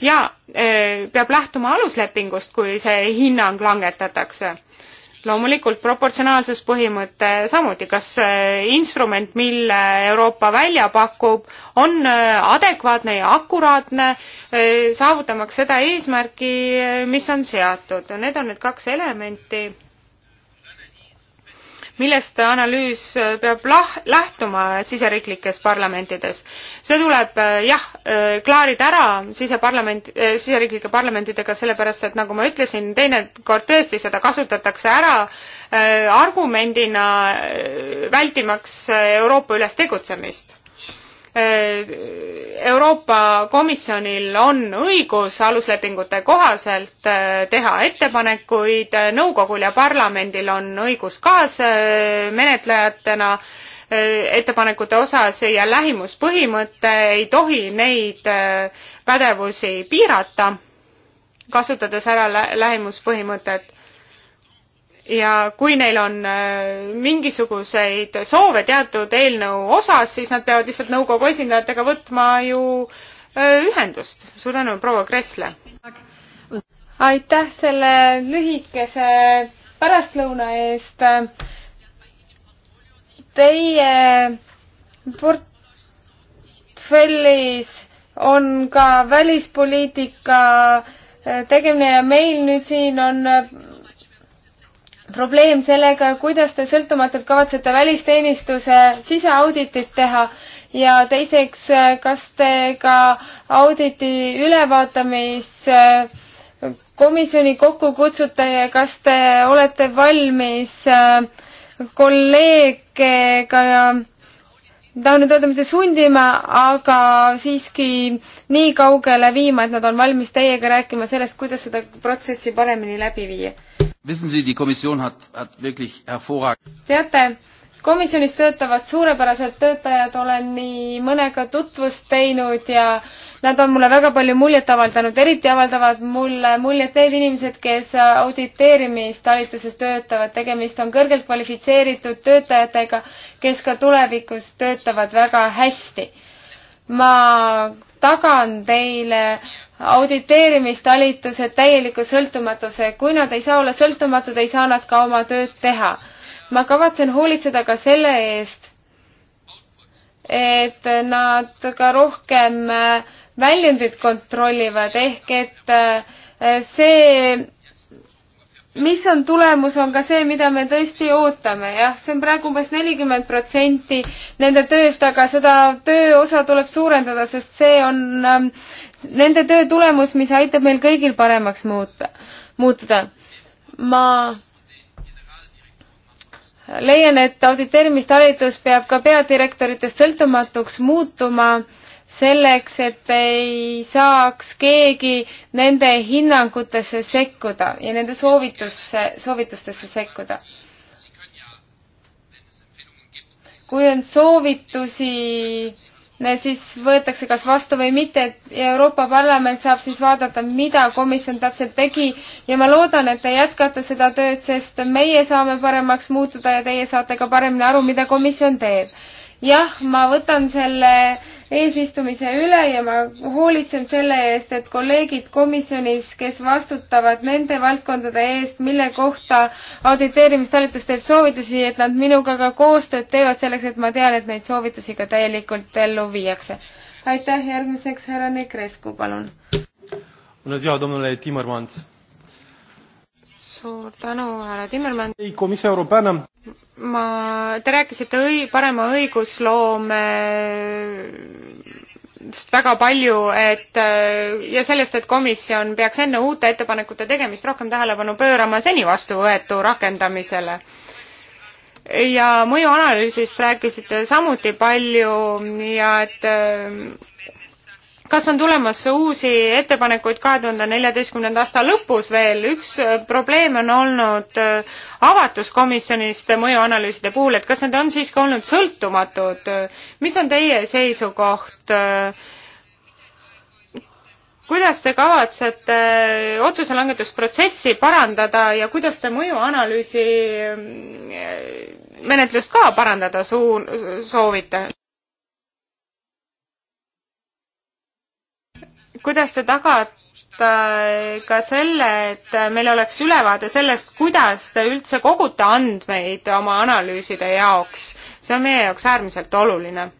ja eh, peab lähtuma aluslepingust, kui see hinnang langetatakse. loomulikult proportsionaalsuspõhimõte samuti, kas eh, instrument, mille Euroopa välja pakub, on eh, adekvaatne ja akuraatne, saavutamaks seda eesmärki, mis on seatud. Need on need kaks elementi millest analüüs äh, peab lah-, lähtuma siseriiklikes parlamentides. see tuleb äh, jah, äh, klaarida ära siseparlament, siseriiklike parlamentidega, sellepärast et nagu ma ütlesin, teinekord tõesti seda kasutatakse ära argumendina, vältimaks Euroopa üles tegutsemist Äh, Euroopa Komisjonil on õigus aluslepingute kohaselt äh, teha ettepanekuid, nõukogul ja parlamendil on õigus kaasmenetlejatena äh, ettepanekute osas ja lähimuspõhimõte ei tohi neid pädevusi piirata, kasutades ära lähimuspõhimõtet ja kui neil on äh, mingisuguseid soove teatud eelnõu osas, siis nad peavad lihtsalt nõukogu esindajatega võtma ju äh, ühendust. suur tänu, proua Kressle! aitäh selle lühikese pärastlõuna eest. Teie portfellis on ka välispoliitika tegemine ja meil nüüd siin on probleem sellega, kuidas te sõltumatult kavatsete välisteenistuse siseauditit teha ja teiseks, kas te ka auditi ülevaatamiskomisjoni äh, kokku kutsute ja kas te olete valmis äh, kolleegidega tahan nüüd öelda, mitte sundima, aga siiski nii kaugele viima, et nad on valmis teiega rääkima sellest, kuidas seda protsessi paremini läbi viia teate, komisjonis töötavad suurepärased töötajad, olen nii mõnega tutvust teinud ja nad on mulle väga palju muljet avaldanud, eriti avaldavad mulle muljet need inimesed, kes auditeerimistalituses töötavad, tegemist on kõrgelt kvalifitseeritud töötajatega, kes ka tulevikus töötavad väga hästi. ma tagan teile auditeerimistalituse täieliku sõltumatuse. kui nad ei saa olla sõltumatud, ei saa nad ka oma tööd teha. ma kavatsen hoolitseda ka selle eest, et nad ka rohkem väljundit kontrollivad, ehk et eh, see mis on tulemus, on ka see, mida me tõesti ootame, jah, see on praegu umbes nelikümmend protsenti nende tööst, aga seda tööosa tuleb suurendada, sest see on ähm, nende töö tulemus, mis aitab meil kõigil paremaks muuta, muutuda. ma leian, et auditeerimistalitus peab ka peadirektoritest sõltumatuks muutuma äh, selleks, et ei saaks keegi nende hinnangutesse sekkuda ja nende soovitusse, soovitustesse sekkuda. kui on soovitusi, need siis võetakse kas vastu või mitte ja Euroopa Parlament saab siis vaadata, mida komisjon täpselt tegi ja ma loodan, et te jätkate seda tööd, sest meie saame paremaks muutuda ja teie saate ka paremini aru, mida komisjon teeb. jah, ma võtan selle äh, eesistumise üle ja ma hoolitsen selle eest, et kolleegid komisjonis, kes vastutavad nende valdkondade eest, mille kohta auditeerimistalitus teeb soovitusi, et nad minuga ka koostööd teevad selleks, et ma tean, et neid soovitusi ka täielikult ellu viiakse. aitäh, järgmiseks härra Negrescu, palun. suur tänu, härra Timmermann. Comisia Europeană ma, te rääkisite õi-, parema õigusloome väga palju, et ja sellest, et komisjon peaks enne uute ettepanekute tegemist rohkem tähelepanu pöörama seni vastu võetu rakendamisele. ja mõjuanalüüsist rääkisite samuti palju ja et kas on tulemas uusi ettepanekuid kahe tuhande neljateistkümnenda aasta lõpus veel, üks äh, probleem on olnud äh, avatus komisjonist mõjuanalüüside puhul, et kas need on siiski olnud sõltumatud, mis on teie seisukoht? Äh, kuidas te kavatsete otsuse langetusprotsessi parandada ja kuidas te mõjuanalüüsi menetlust ka parandada suu-, soovite? kuidas te tagate äh, ka selle, et meil oleks ülevaade sellest, kuidas te üldse kogute andmeid oma analüüside jaoks. see on meie jaoks äärmiselt oluline.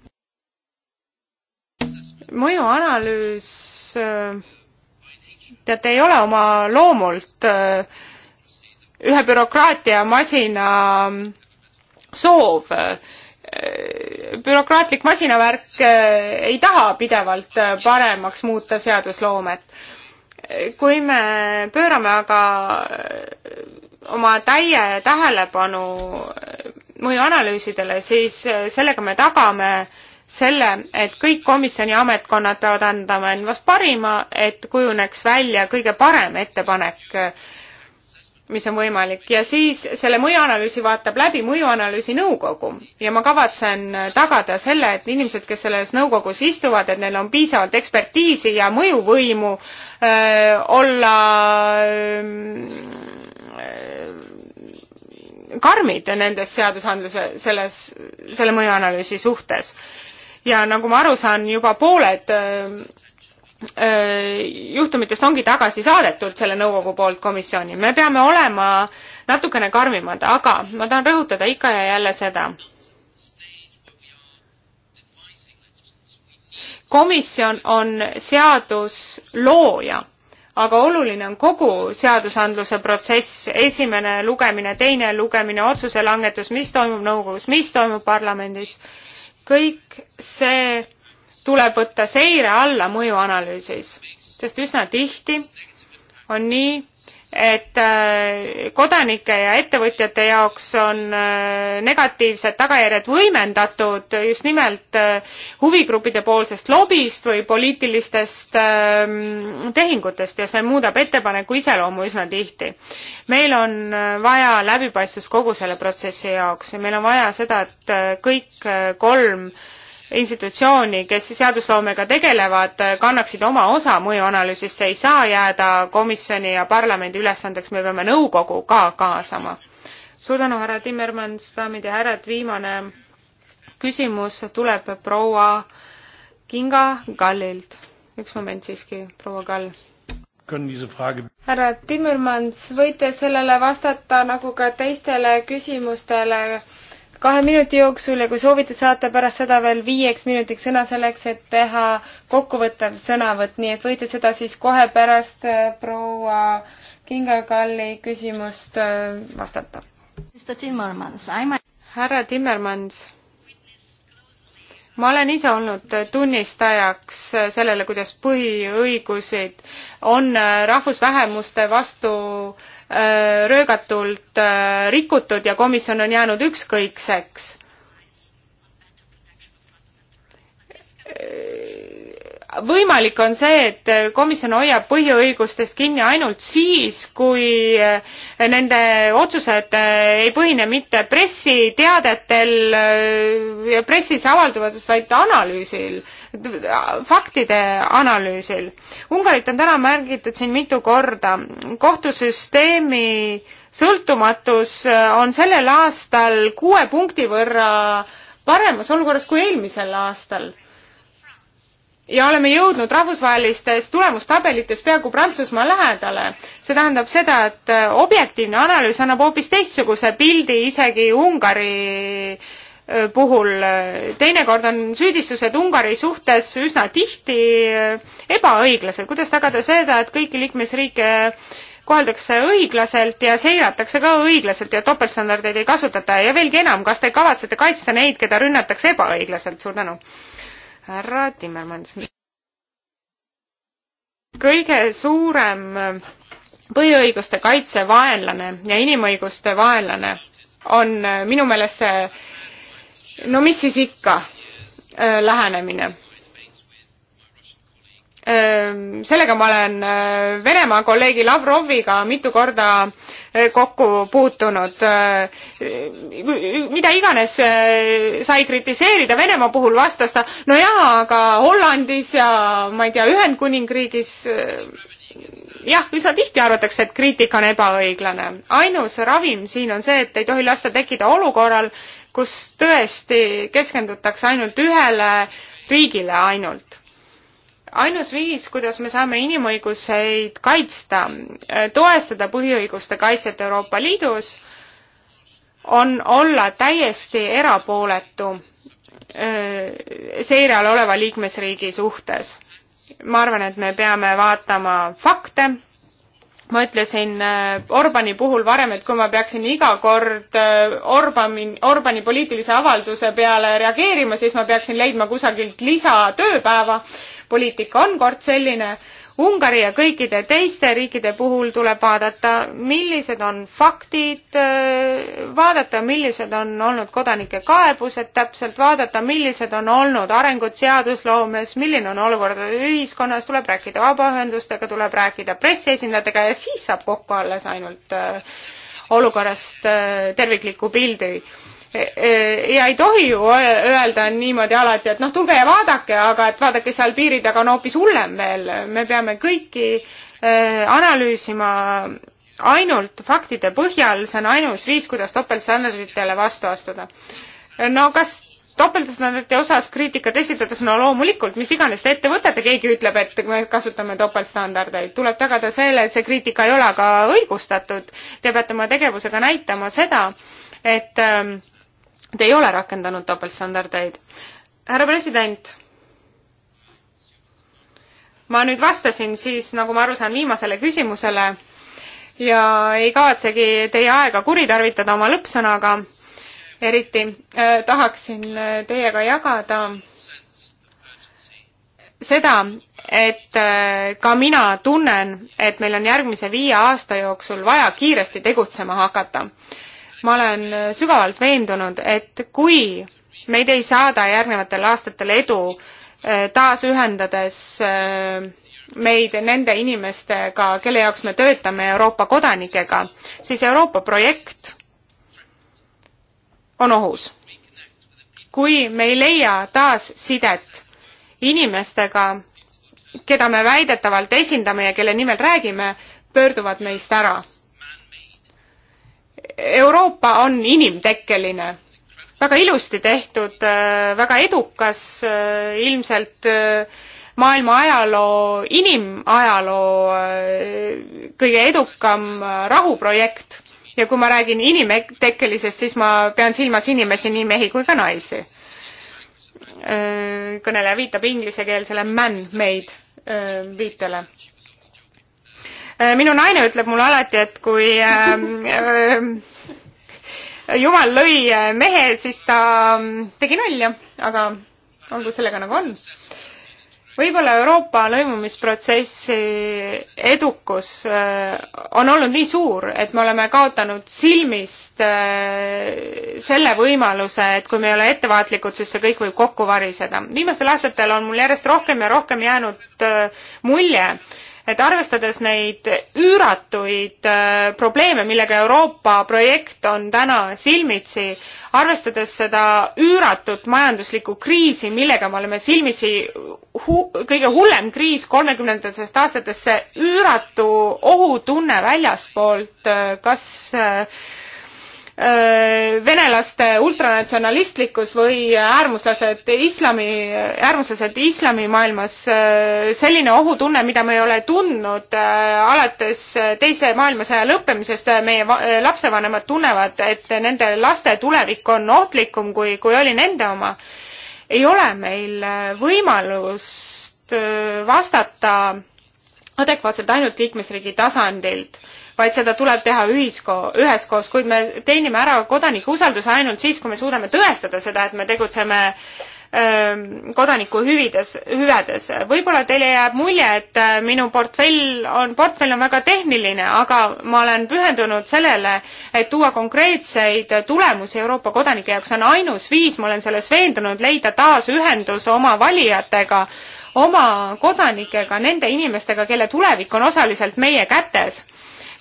mõjuanalüüs, äh, teate, ei ole oma loomult äh, ühe bürokraatiamasina soov Äh, bürokraatlik masinavärk äh, ei taha pidevalt äh, paremaks muuta seadusloomet. kui me pöörame aga oma täie tähelepanu mõjuanalüüsidele, siis sellega me tagame selle, et kõik komisjoni ametkonnad peavad andma endast parima, et kujuneks välja kõige parem ettepanek mis on võimalik ja siis selle mõjuanalüüsi vaatab läbi mõjuanalüüsi nõukogu ja ma kavatsen tagada selle, et inimesed, kes selles nõukogus istuvad, et neil on piisavalt ekspertiisi ja mõjuvõimu öö, äh, olla öö, äh, karmid nendes seadusandluse selles, selle mõjuanalüüsi suhtes. ja nagu ma aru saan, juba pooled öö, äh, Äh, juhtumitest ongi tagasi saadetud selle nõukogu poolt komisjoni. me peame olema natukene karmimad, aga ma tahan rõhutada ikka ja jälle seda. komisjon on seaduslooja, aga oluline on kogu seadusandluse protsess, esimene lugemine, teine lugemine, otsuse langetus, mis toimub nõukogus, mis toimub parlamendis, kõik see tuleb võtta seire alla mõjuanalüüsis, sest üsna tihti on nii, et äh, kodanike ja ettevõtjate jaoks on äh, negatiivsed tagajärjed võimendatud just nimelt äh, huvigruppide poolsest lobist või poliitilistest ähm, tehingutest ja see muudab ettepaneku iseloomu üsna tihti. meil on vaja läbipaistvust kogu selle protsessi jaoks ja meil on vaja seda, et kõik kolm äh, institutsiooni, kes seadusloomega tegelevad, kannaksid oma osa mõjuanalüüsist, see ei saa jääda komisjoni ja parlamendi ülesandeks, me peame nõukogu ka kaasama. suur tänu, härra Timmermans, daamid ja härrad, viimane küsimus tuleb proua Kinga Kallilt. üks moment siiski, proua Kall härra Timmermans, võite sellele vastata nagu ka teistele küsimustele kahe minuti jooksul ja kui soovite, saate pärast seda veel viieks minutiks sõna selleks, et teha kokkuvõttev sõnavõtt, nii et võite seda siis kohe pärast äh, proua Kingakalli küsimust äh, vastata. härra Timmermans, ma olen ise olnud tunnistajaks äh, sellele, kuidas põhiõigusid on rahvusvähemuste vastu äh, Äh, röögatult äh, rikutud ja komisjon on jäänud ükskõikseks äh, võimalik on see, et komisjon hoiab põhiõigustest kinni ainult siis, kui eh, nende otsused eh, ei põhine mitte pressiteadetel eh, ja pressis avalduvates, vaid analüüsil, faktide analüüsil. Ungarit on täna märgitud siin mitu korda. kohtusüsteemi sõltumatus on sellel aastal kuue punkti võrra paremas olukorras kui eelmisel aastal ja oleme jõudnud rahvusvahelistes tulemustabelites peaaegu Prantsusmaa lähedale. see tähendab seda, et äh, objektiivne analüüs annab hoopis teistsuguse pildi isegi Ungari äh, puhul. teinekord on süüdistused Ungari suhtes üsna tihti äh, ebaõiglased. kuidas tagada seda, et kõiki liikmesriike koheldakse õiglaselt ja seiratakse ka õiglaselt ja topeltstandardeid ei kasutata ja veelgi enam, kas te kavatsete kaitsta neid, keda rünnatakse ebaõiglaselt? suur tänu! härra Timmermans. kõige suurem ähm, põhiõiguste kaitse vaenlane ja inimõiguste vaenlane on äh, minu meelest see, no mis siis ikka, äh, lähenemine Ehm, sellega ma olen eh, Venemaa kolleegi Lavroviga mitu korda eh, kokku puutunud. Eh, mida iganes sai kritiseerida Venemaa puhul, vastas ta, no jaa, aga Hollandis ja ma ei tea, Ühendkuningriigis jah, üsna tihti arvatakse, et kriitika on ebaõiglane. ainus ravim siin on see, et ei tohi lasta tekkida olukorral, kus tõesti keskendutakse ainult ühele riigile ainult ainus viis, kuidas me saame inimõiguseid kaitsta, äh, toestada põhiõiguste kaitset Euroopa Liidus, on olla täiesti erapooletu äh, seire all oleva liikmesriigi suhtes. ma arvan, et me peame vaatama fakte, ma ütlesin äh, Orbani puhul varem, et kui ma peaksin iga kord Orbani, Orbani poliitilise avalduse peale reageerima, siis ma peaksin leidma kusagilt lisatööpäeva poliitika on kord selline. Ungari ja kõikide teiste riikide puhul tuleb vaadata, millised on faktid, äh, vaadata, millised on olnud kodanike kaebused täpselt, vaadata, millised on olnud arengud seadusloomes, milline on olukord ühiskonnas, tuleb rääkida vabaühendustega, tuleb rääkida pressiesindajatega ja siis saab kokku alles ainult äh, olukorrast äh, tervikliku pildi E, e, ja ei tohi ju öelda niimoodi alati, et noh, tulge ja vaadake, aga et vaadake seal piiri taga on hoopis hullem veel. me peame kõiki e, analüüsima ainult faktide põhjal, see on ainus viis, kuidas topeltstandarditele vastu astuda. no kas topeltstandardite osas kriitikat esitatakse, no loomulikult, mis iganes te ette võtate, keegi ütleb, et me kasutame topeltstandardeid, tuleb tagada selle, et see kriitika ei ole ka õigustatud. Te peate oma tegevusega näitama seda, et äh, Te ei ole rakendanud topeltstandardeid. härra president, ma nüüd vastasin siis, nagu ma aru saan, viimasele küsimusele ja ei kavatsegi teie aega kuritarvitada oma lõppsõnaga eriti eh, tahaksin äh, teiega jagada seda, et eh, ka mina tunnen, et meil on järgmise viie aasta jooksul vaja kiiresti tegutsema hakata ma olen sügavalt veendunud, et kui meid ei saada järgnevatel aastatel edu eh, taasühendades eh, meid nende inimestega, kelle jaoks me töötame, Euroopa kodanikega, siis Euroopa projekt on ohus. kui me ei leia taas sidet inimestega, keda me väidetavalt esindame ja kelle nimel räägime, pöörduvad meist ära Euroopa on inimtekkeline, väga ilusti tehtud, äh, väga edukas, äh, ilmselt äh, maailma ajaloo, inimajaloo kõige edukam rahuprojekt ja kui ma räägin inimtekkelisest, siis ma pean silmas inimesi, nii mehi kui ka naisi. kõneleja viitab inglisekeelsele man-made viitele Äh, minu naine ütleb mulle alati, et kui ähm, äh, jumal lõi äh, mehe, siis ta mm, tegi nalja, aga olgu sellega nagu on. võib-olla Euroopa lõimumisprotsessi edukus äh, on olnud nii suur, et me oleme kaotanud silmist selle võimaluse, et kui me ei ole ettevaatlikud, siis see kõik võib kokku variseda. viimastel aastatel on mul järjest rohkem ja rohkem jäänud mulje, et arvestades neid üüratuid äh, probleeme, millega Euroopa projekt on täna silmitsi, arvestades seda üüratut majanduslikku kriisi, millega me oleme silmitsi hu, kõige hullem kriis kolmekümnendatest aastatest, see üüratu ohutunne väljaspoolt, äh, kas äh, Äh, venelaste ultranatsionalistlikkus või äärmuslased islami, äärmuslased islamimaailmas, äh, selline ohutunne, mida me ei ole tundnud äh, alates Teise maailmasõja lõppemisest, meie lapsevanemad tunnevad, et nende laste tulevik on ohtlikum, kui, kui oli nende oma. ei ole meil võimalust vastata adekvaatselt ainult liikmesriigi tasandilt vaid seda tuleb teha ühisko-, üheskoos, kuid me teenime ära kodanike usalduse ainult siis, kui me suudame tõestada seda, et me tegutseme ähm, kodaniku hüvides, hüvedes. võib-olla teile jääb mulje, et äh, minu portfell on, portfell on väga tehniline, aga ma olen pühendunud sellele, et tuua konkreetseid tulemusi Euroopa kodanike jaoks. see on ainus viis, ma olen selles veendunud, leida taas ühendus oma valijatega, oma kodanikega, nende inimestega, kelle tulevik on osaliselt meie kätes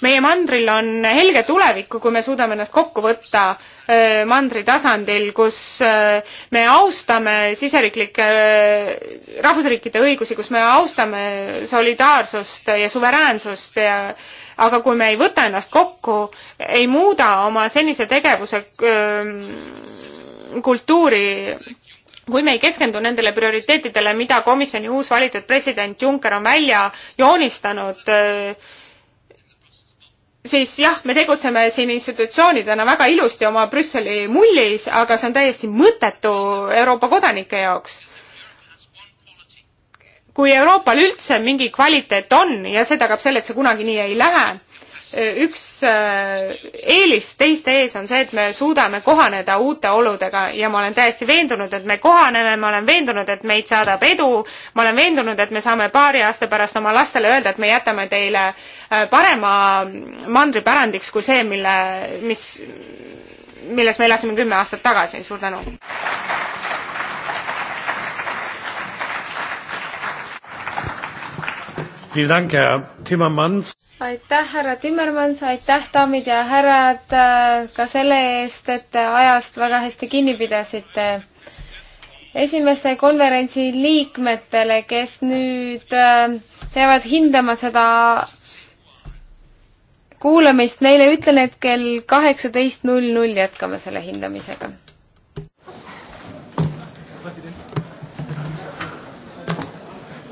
meie mandril on helge tulevikku, kui me suudame ennast kokku võtta mandri tasandil, kus me austame siseriiklikke, rahvusriikide õigusi, kus me austame solidaarsust ja suveräänsust ja aga kui me ei võta ennast kokku, ei muuda oma senise tegevuse kultuuri kui me ei keskendu nendele prioriteetidele, mida komisjoni uus valitud president Juncker on välja joonistanud äh, siis jah, me tegutseme siin institutsioonidena väga ilusti oma Brüsseli mullis, aga see on täiesti mõttetu Euroopa kodanike jaoks. kui Euroopal üldse mingi kvaliteet on ja see tagab selle, et see kunagi nii ei lähe, üks äh, eelis teiste ees on see, et me suudame kohaneda uute oludega ja ma olen täiesti veendunud, et me kohaneme, ma olen veendunud, et meid saadab edu, ma olen veendunud, et me saame paari aasta pärast oma lastele öelda, et me jätame teile äh, parema mandripärandiks kui see, mille, mis, milles me elasime kümme aastat tagasi, suur tänu! aitäh, härra Timmermans, aitäh, daamid ja härrad, äh, ka selle eest, et te ajast väga hästi kinni pidasite esimeste konverentsi liikmetele, kes nüüd äh, peavad hindama seda kuulamist, neile ütlen, et kell kaheksateist null null jätkame selle hindamisega